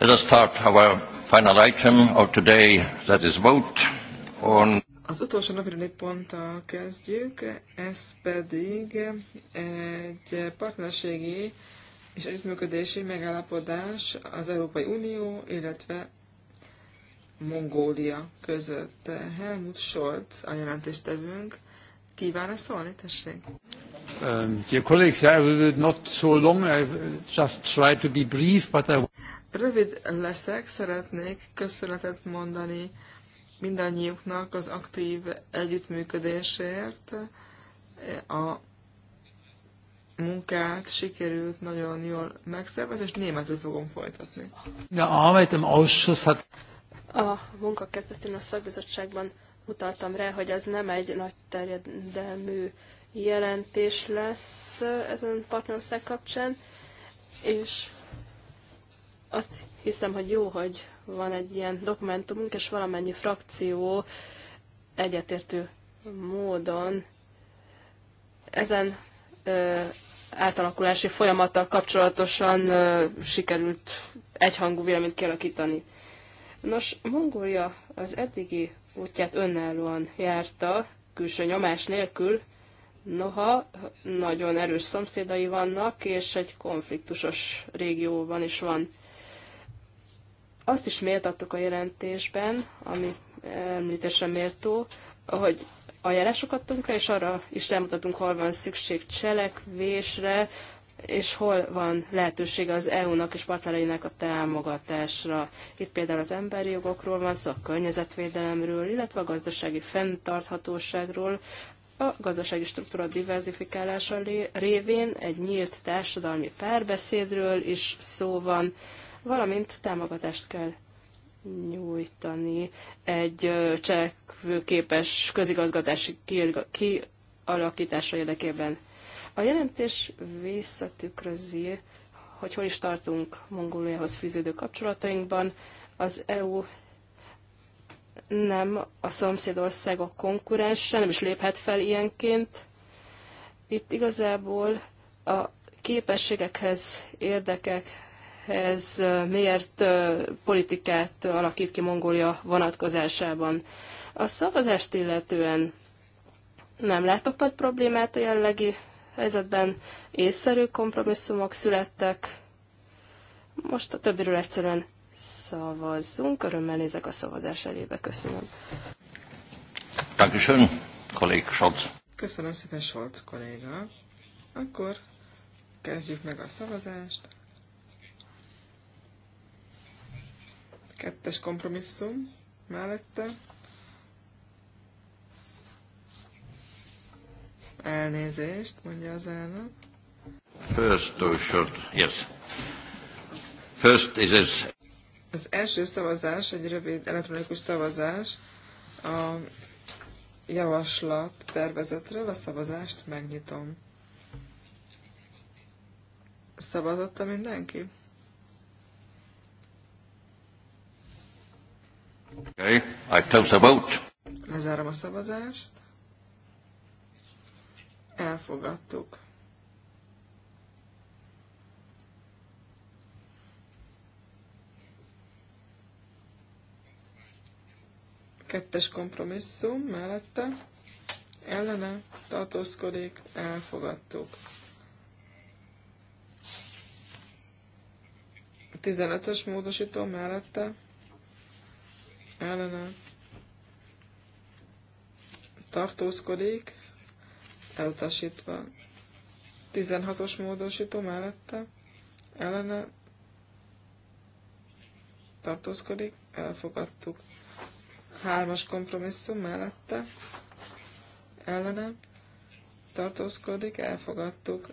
let us start our final item of today, that is vote on...
Az utolsó napirendi ponttal kezdjük, ez pedig egy partnerségi és együttműködési megállapodás az Európai Unió, illetve Mongólia között. Helmut Scholz a jelentéstevőnk. Kíván-e szólni, tessék? Um, Rövid leszek, szeretnék köszönetet mondani mindannyiuknak az aktív együttműködésért. A munkát sikerült nagyon jól megszervezni, és németül fogom folytatni.
A munka kezdetén a szakbizottságban utaltam rá, hogy ez nem egy nagy terjedelmű jelentés lesz eh, ezen partnerország kapcsán, és azt hiszem, hogy jó, hogy van egy ilyen dokumentumunk, és valamennyi frakció egyetértő módon ezen ö, eh, átalakulási folyamattal kapcsolatosan ö, eh, sikerült egyhangú véleményt kialakítani. Nos, Mongólia az eddigi útját önállóan járta, külső nyomás nélkül, Noha nagyon erős szomszédai vannak, és egy konfliktusos régióban is van. Azt is méltattuk a jelentésben, ami említésre méltó, hogy ajánlásokat tunkra, és arra is rámutatunk, hol van szükség cselekvésre, és hol van lehetősége az EU-nak és partnereinek a támogatásra. Itt például az emberi jogokról van szó, a környezetvédelemről, illetve a gazdasági fenntarthatóságról, a gazdasági struktúra diversifikálása révén egy nyílt társadalmi párbeszédről is szó van, valamint támogatást kell nyújtani egy cselekvőképes közigazgatási kialakítása érdekében. A jelentés visszatükrözi, hogy hol is tartunk Mongóliához fűződő kapcsolatainkban. Az EU nem a szomszédországok konkurense, nem is léphet fel ilyenként. Itt igazából a képességekhez, érdekekhez miért politikát alakít ki Mongólia vonatkozásában. A szavazást illetően nem látok nagy problémát a jellegi helyzetben, észszerű kompromisszumok születtek, most a többiről egyszerűen szavazzunk. Örömmel nézek a szavazás elébe. Köszönöm.
Dankeschön, kollég Scholz.
Köszönöm szépen, Scholz kolléga. Akkor kezdjük meg a szavazást. Kettes kompromisszum mellette. Elnézést, mondja az elnök.
First, oh, short, yes. First is
az első szavazás egy rövid elektronikus szavazás a javaslat tervezetről. A szavazást megnyitom. Szavazotta mindenki?
Okay, I close the vote.
Lezárom a szavazást. Elfogadtuk. Kettes kompromisszum mellette ellene tartózkodik, elfogadtuk. 15-ös módosító mellette ellene tartózkodik, elutasítva. 16-os módosító mellette ellene tartózkodik, elfogadtuk hármas kompromisszum mellette ellene tartózkodik, elfogadtuk.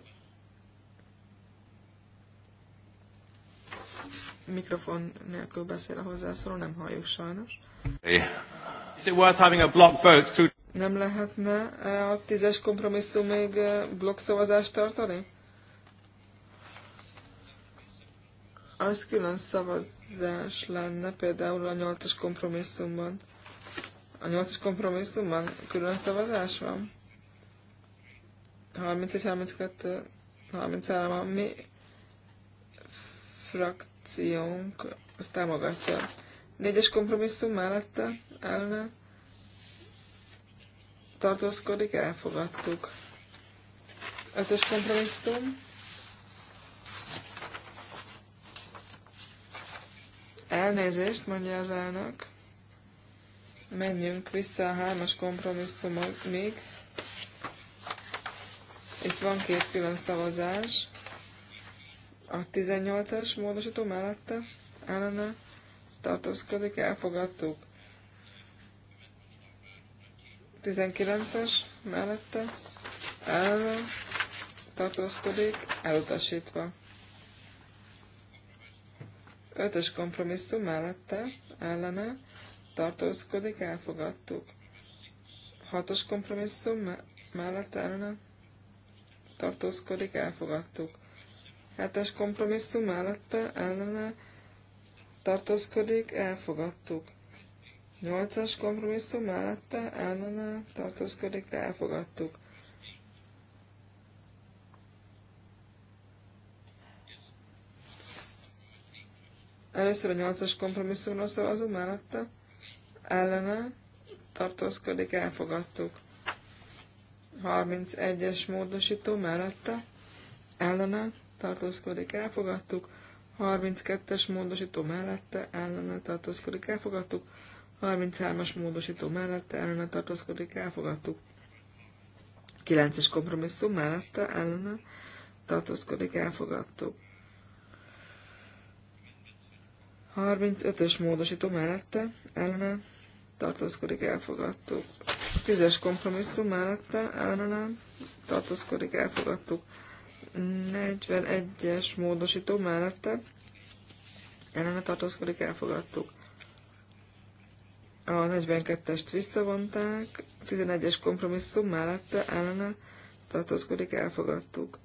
Mikrofon nélkül beszél a hozzászóló, nem halljuk sajnos.
Is it worth having a block vote through...
Nem lehetne e, a tízes kompromisszum még e, blokkszavazást tartani? Az külön szavazás lenne például a nyolcas kompromisszumban. A nyolcas kompromisszumban külön szavazás van? 31, 32, 33, a mi frakciónk azt támogatja. Négyes kompromisszum mellette elne tartózkodik, elfogadtuk. Ötös kompromisszum. Elnézést, mondja az elnök menjünk vissza a hármas kompromisszumot még. Itt van két külön szavazás. A 18-as módosító mellette ellene tartózkodik, elfogadtuk. 19-es mellette ellene tartózkodik, elutasítva. 5 es kompromisszum mellette ellene tartózkodik, elfogadtuk. Hatos kompromisszum mellett ellene tartózkodik, elfogadtuk. Hetes kompromisszum mellett ellene tartózkodik, elfogadtuk. Nyolcas kompromisszum mellett ellene tartózkodik, elfogadtuk. Először a nyolcas kompromisszumra szavazunk mellette ellene tartózkodik, elfogadtuk. 31-es módosító mellette ellene tartózkodik, elfogadtuk. 32-es módosító mellette ellene tartózkodik, elfogadtuk. 33-as módosító mellette ellene tartózkodik, elfogadtuk. 9-es kompromisszum mellette ellene tartózkodik, elfogadtuk. 35-ös módosító mellette ellene tartózkodik, elfogadtuk. Tízes kompromisszum mellette ellenem tartózkodik, elfogadtuk. 41-es módosító mellette ellene tartózkodik, elfogadtuk. A 42-est visszavonták, 11-es kompromisszum mellette ellene tartózkodik, elfogadtuk.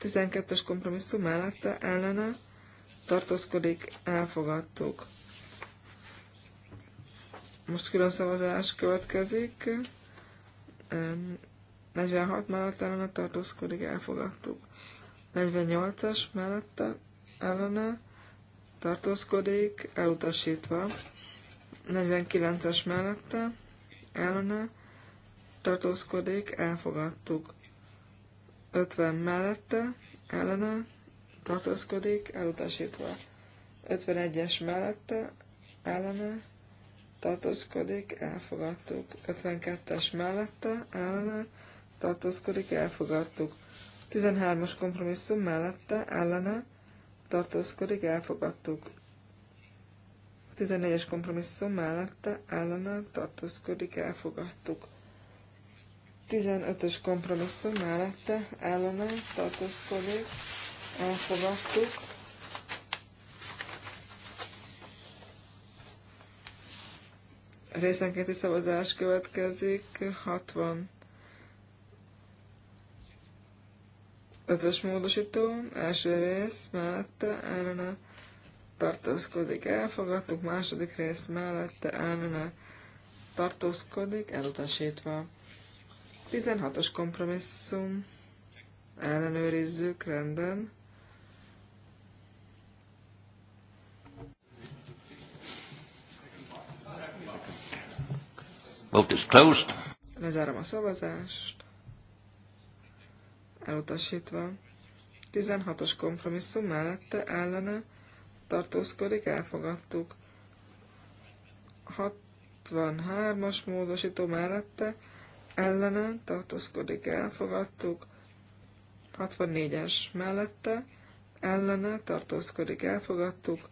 12-es kompromisszum mellette ellene tartózkodik, elfogadtuk. Most külön szavazás következik. 46 mellett ellene tartózkodik, elfogadtuk. 48-as mellette ellene tartózkodik, elutasítva. 49-es mellette ellene tartózkodik, elfogadtuk. 50 mellette ellene tartózkodik, elutasítva. 51-es mellette ellene tartózkodik, elfogadtuk. 52-es mellette, ellene, tartózkodik, elfogadtuk. 13-as kompromisszum mellette, ellene, tartózkodik, elfogadtuk. 14-es kompromisszum mellette, ellene, tartózkodik, elfogadtuk. 15-ös kompromisszum mellette, ellene, tartózkodik, elfogadtuk. részenkéti szavazás következik, 60 ötös módosító, első rész mellette ellene tartózkodik, elfogadtuk, második rész mellette ellene tartózkodik, elutasítva. 16-os kompromisszum, ellenőrizzük, rendben.
Vote is closed.
Lezárom a szavazást. Elutasítva. 16-os kompromisszum mellette ellene tartózkodik, elfogadtuk. 63-as módosító mellette ellene tartózkodik, elfogadtuk. 64-es mellette ellene tartózkodik, elfogadtuk.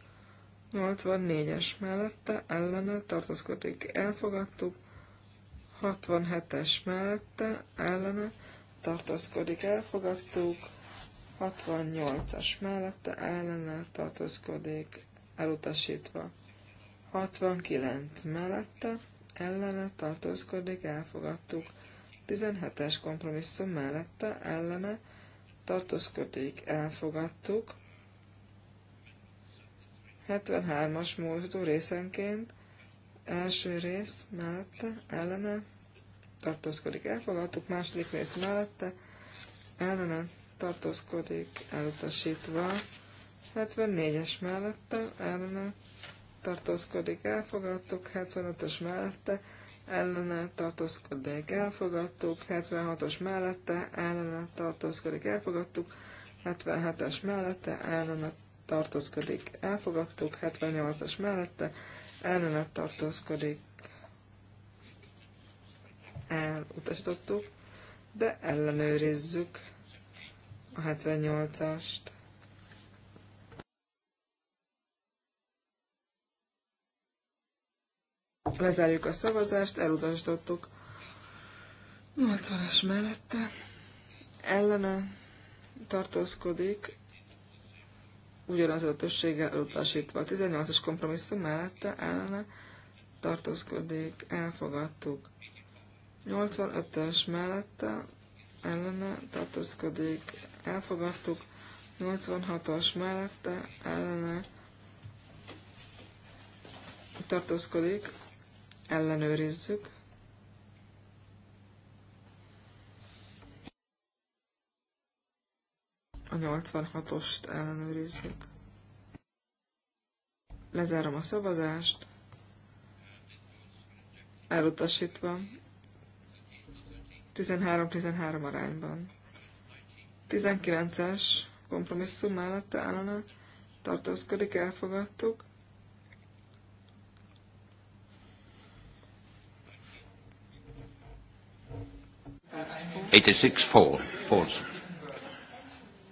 84-es mellette ellene tartózkodik, elfogadtuk. 67-es mellette ellene tartózkodik, elfogadtuk. 68-as mellette ellene tartózkodik, elutasítva. 69 mellette ellene tartózkodik, elfogadtuk. 17-es kompromisszum mellette ellene tartózkodik, elfogadtuk. 73-as módú részenként Első rész mellette, ellene, tartózkodik, elfogadtuk. Második rész mellette, ellene, tartózkodik, elutasítva. 74-es mellette, ellene, tartózkodik, elfogadtuk. 75-ös mellette, ellene tartózkodik, elfogadtuk, 76-os mellette ellene tartózkodik, elfogadtuk, 77-es mellette ellene tartózkodik, elfogadtuk, 78-as mellette ellenet tartózkodik, elutasítottuk, de ellenőrizzük a 78-ast. Lezárjuk a szavazást, elutasítottuk 80-as mellette. Ellene tartózkodik, ugyanaz a többséggel elutasítva. 18-as kompromisszum mellette ellene tartózkodik, elfogadtuk. 85-ös mellette ellene tartózkodik, elfogadtuk. 86-os mellette ellene tartózkodik, ellenőrizzük. 86-ost ellenőrizzük. Lezárom a szavazást. Elutasítva. 13-13 arányban. 19-es kompromisszum mellette állana. tartózkodik, elfogadtuk.
Eighty-six four, four.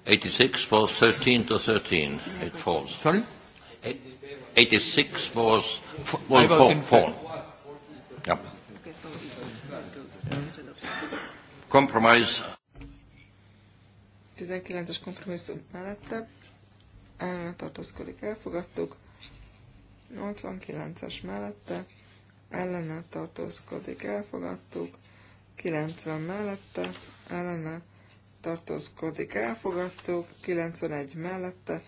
86 was 13 to 13. It falls. Sorry? 86 was, well, was fall. fall. Yeah. Compromise.
19-es kompromisszum mellette elme tartózkodik, elfogadtuk. 89-es mellette ellene tartózkodik, elfogadtuk. 90 mellette ellene tartózkodik, elfogadtuk, 91 mellette,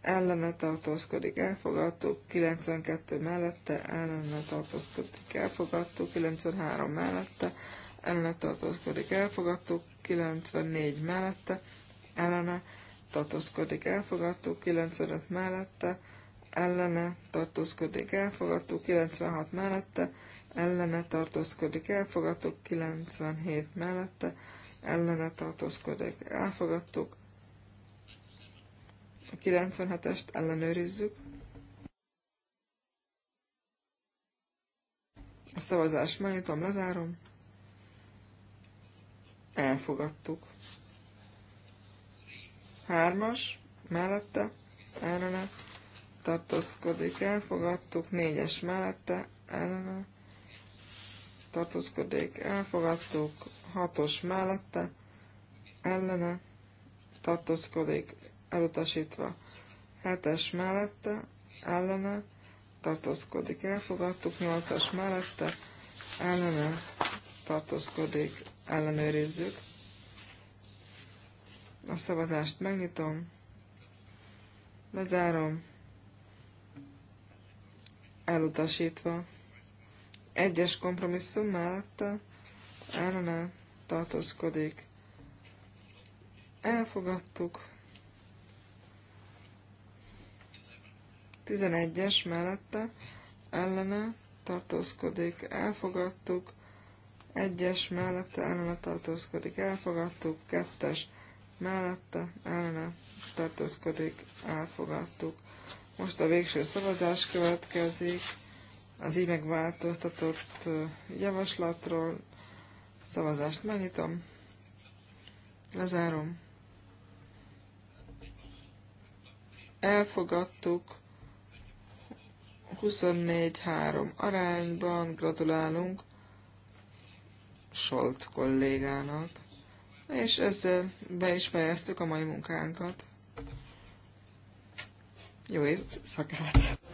ellene tartózkodik, elfogadtuk, 92 mellette, ellene tartózkodik, elfogadtuk, 93 mellette, ellene tartózkodik, elfogadtuk, 94 mellette, ellene tartózkodik, elfogadtuk, 95 mellette, ellene tartózkodik, elfogadtuk, 96 mellette, ellene tartózkodik, elfogadtuk, 97 mellette, ellene tartózkodik. Elfogadtuk. A 97-est ellenőrizzük. A szavazást megnyitom, lezárom. Elfogadtuk. Hármas, mellette, ellene, tartózkodik, elfogadtuk. Négyes mellette, ellene, tartózkodik, elfogadtuk hatos mellette ellene tartózkodik elutasítva. Hetes mellette ellene tartózkodik elfogadtuk. Nyolcas mellette ellene tartózkodik ellenőrizzük. A szavazást megnyitom, lezárom, elutasítva. Egyes kompromisszum mellette ellene tartózkodik. Elfogadtuk. 11-es mellette ellene tartózkodik. Elfogadtuk. 1-es mellette ellene tartózkodik. Elfogadtuk. 2-es mellette ellene tartózkodik. Elfogadtuk. Most a végső szavazás következik az így megváltoztatott javaslatról Szavazást megnyitom. Lezárom. Elfogadtuk 24-3 arányban. Gratulálunk Solt kollégának. És ezzel be is fejeztük a mai munkánkat. Jó éjszakát!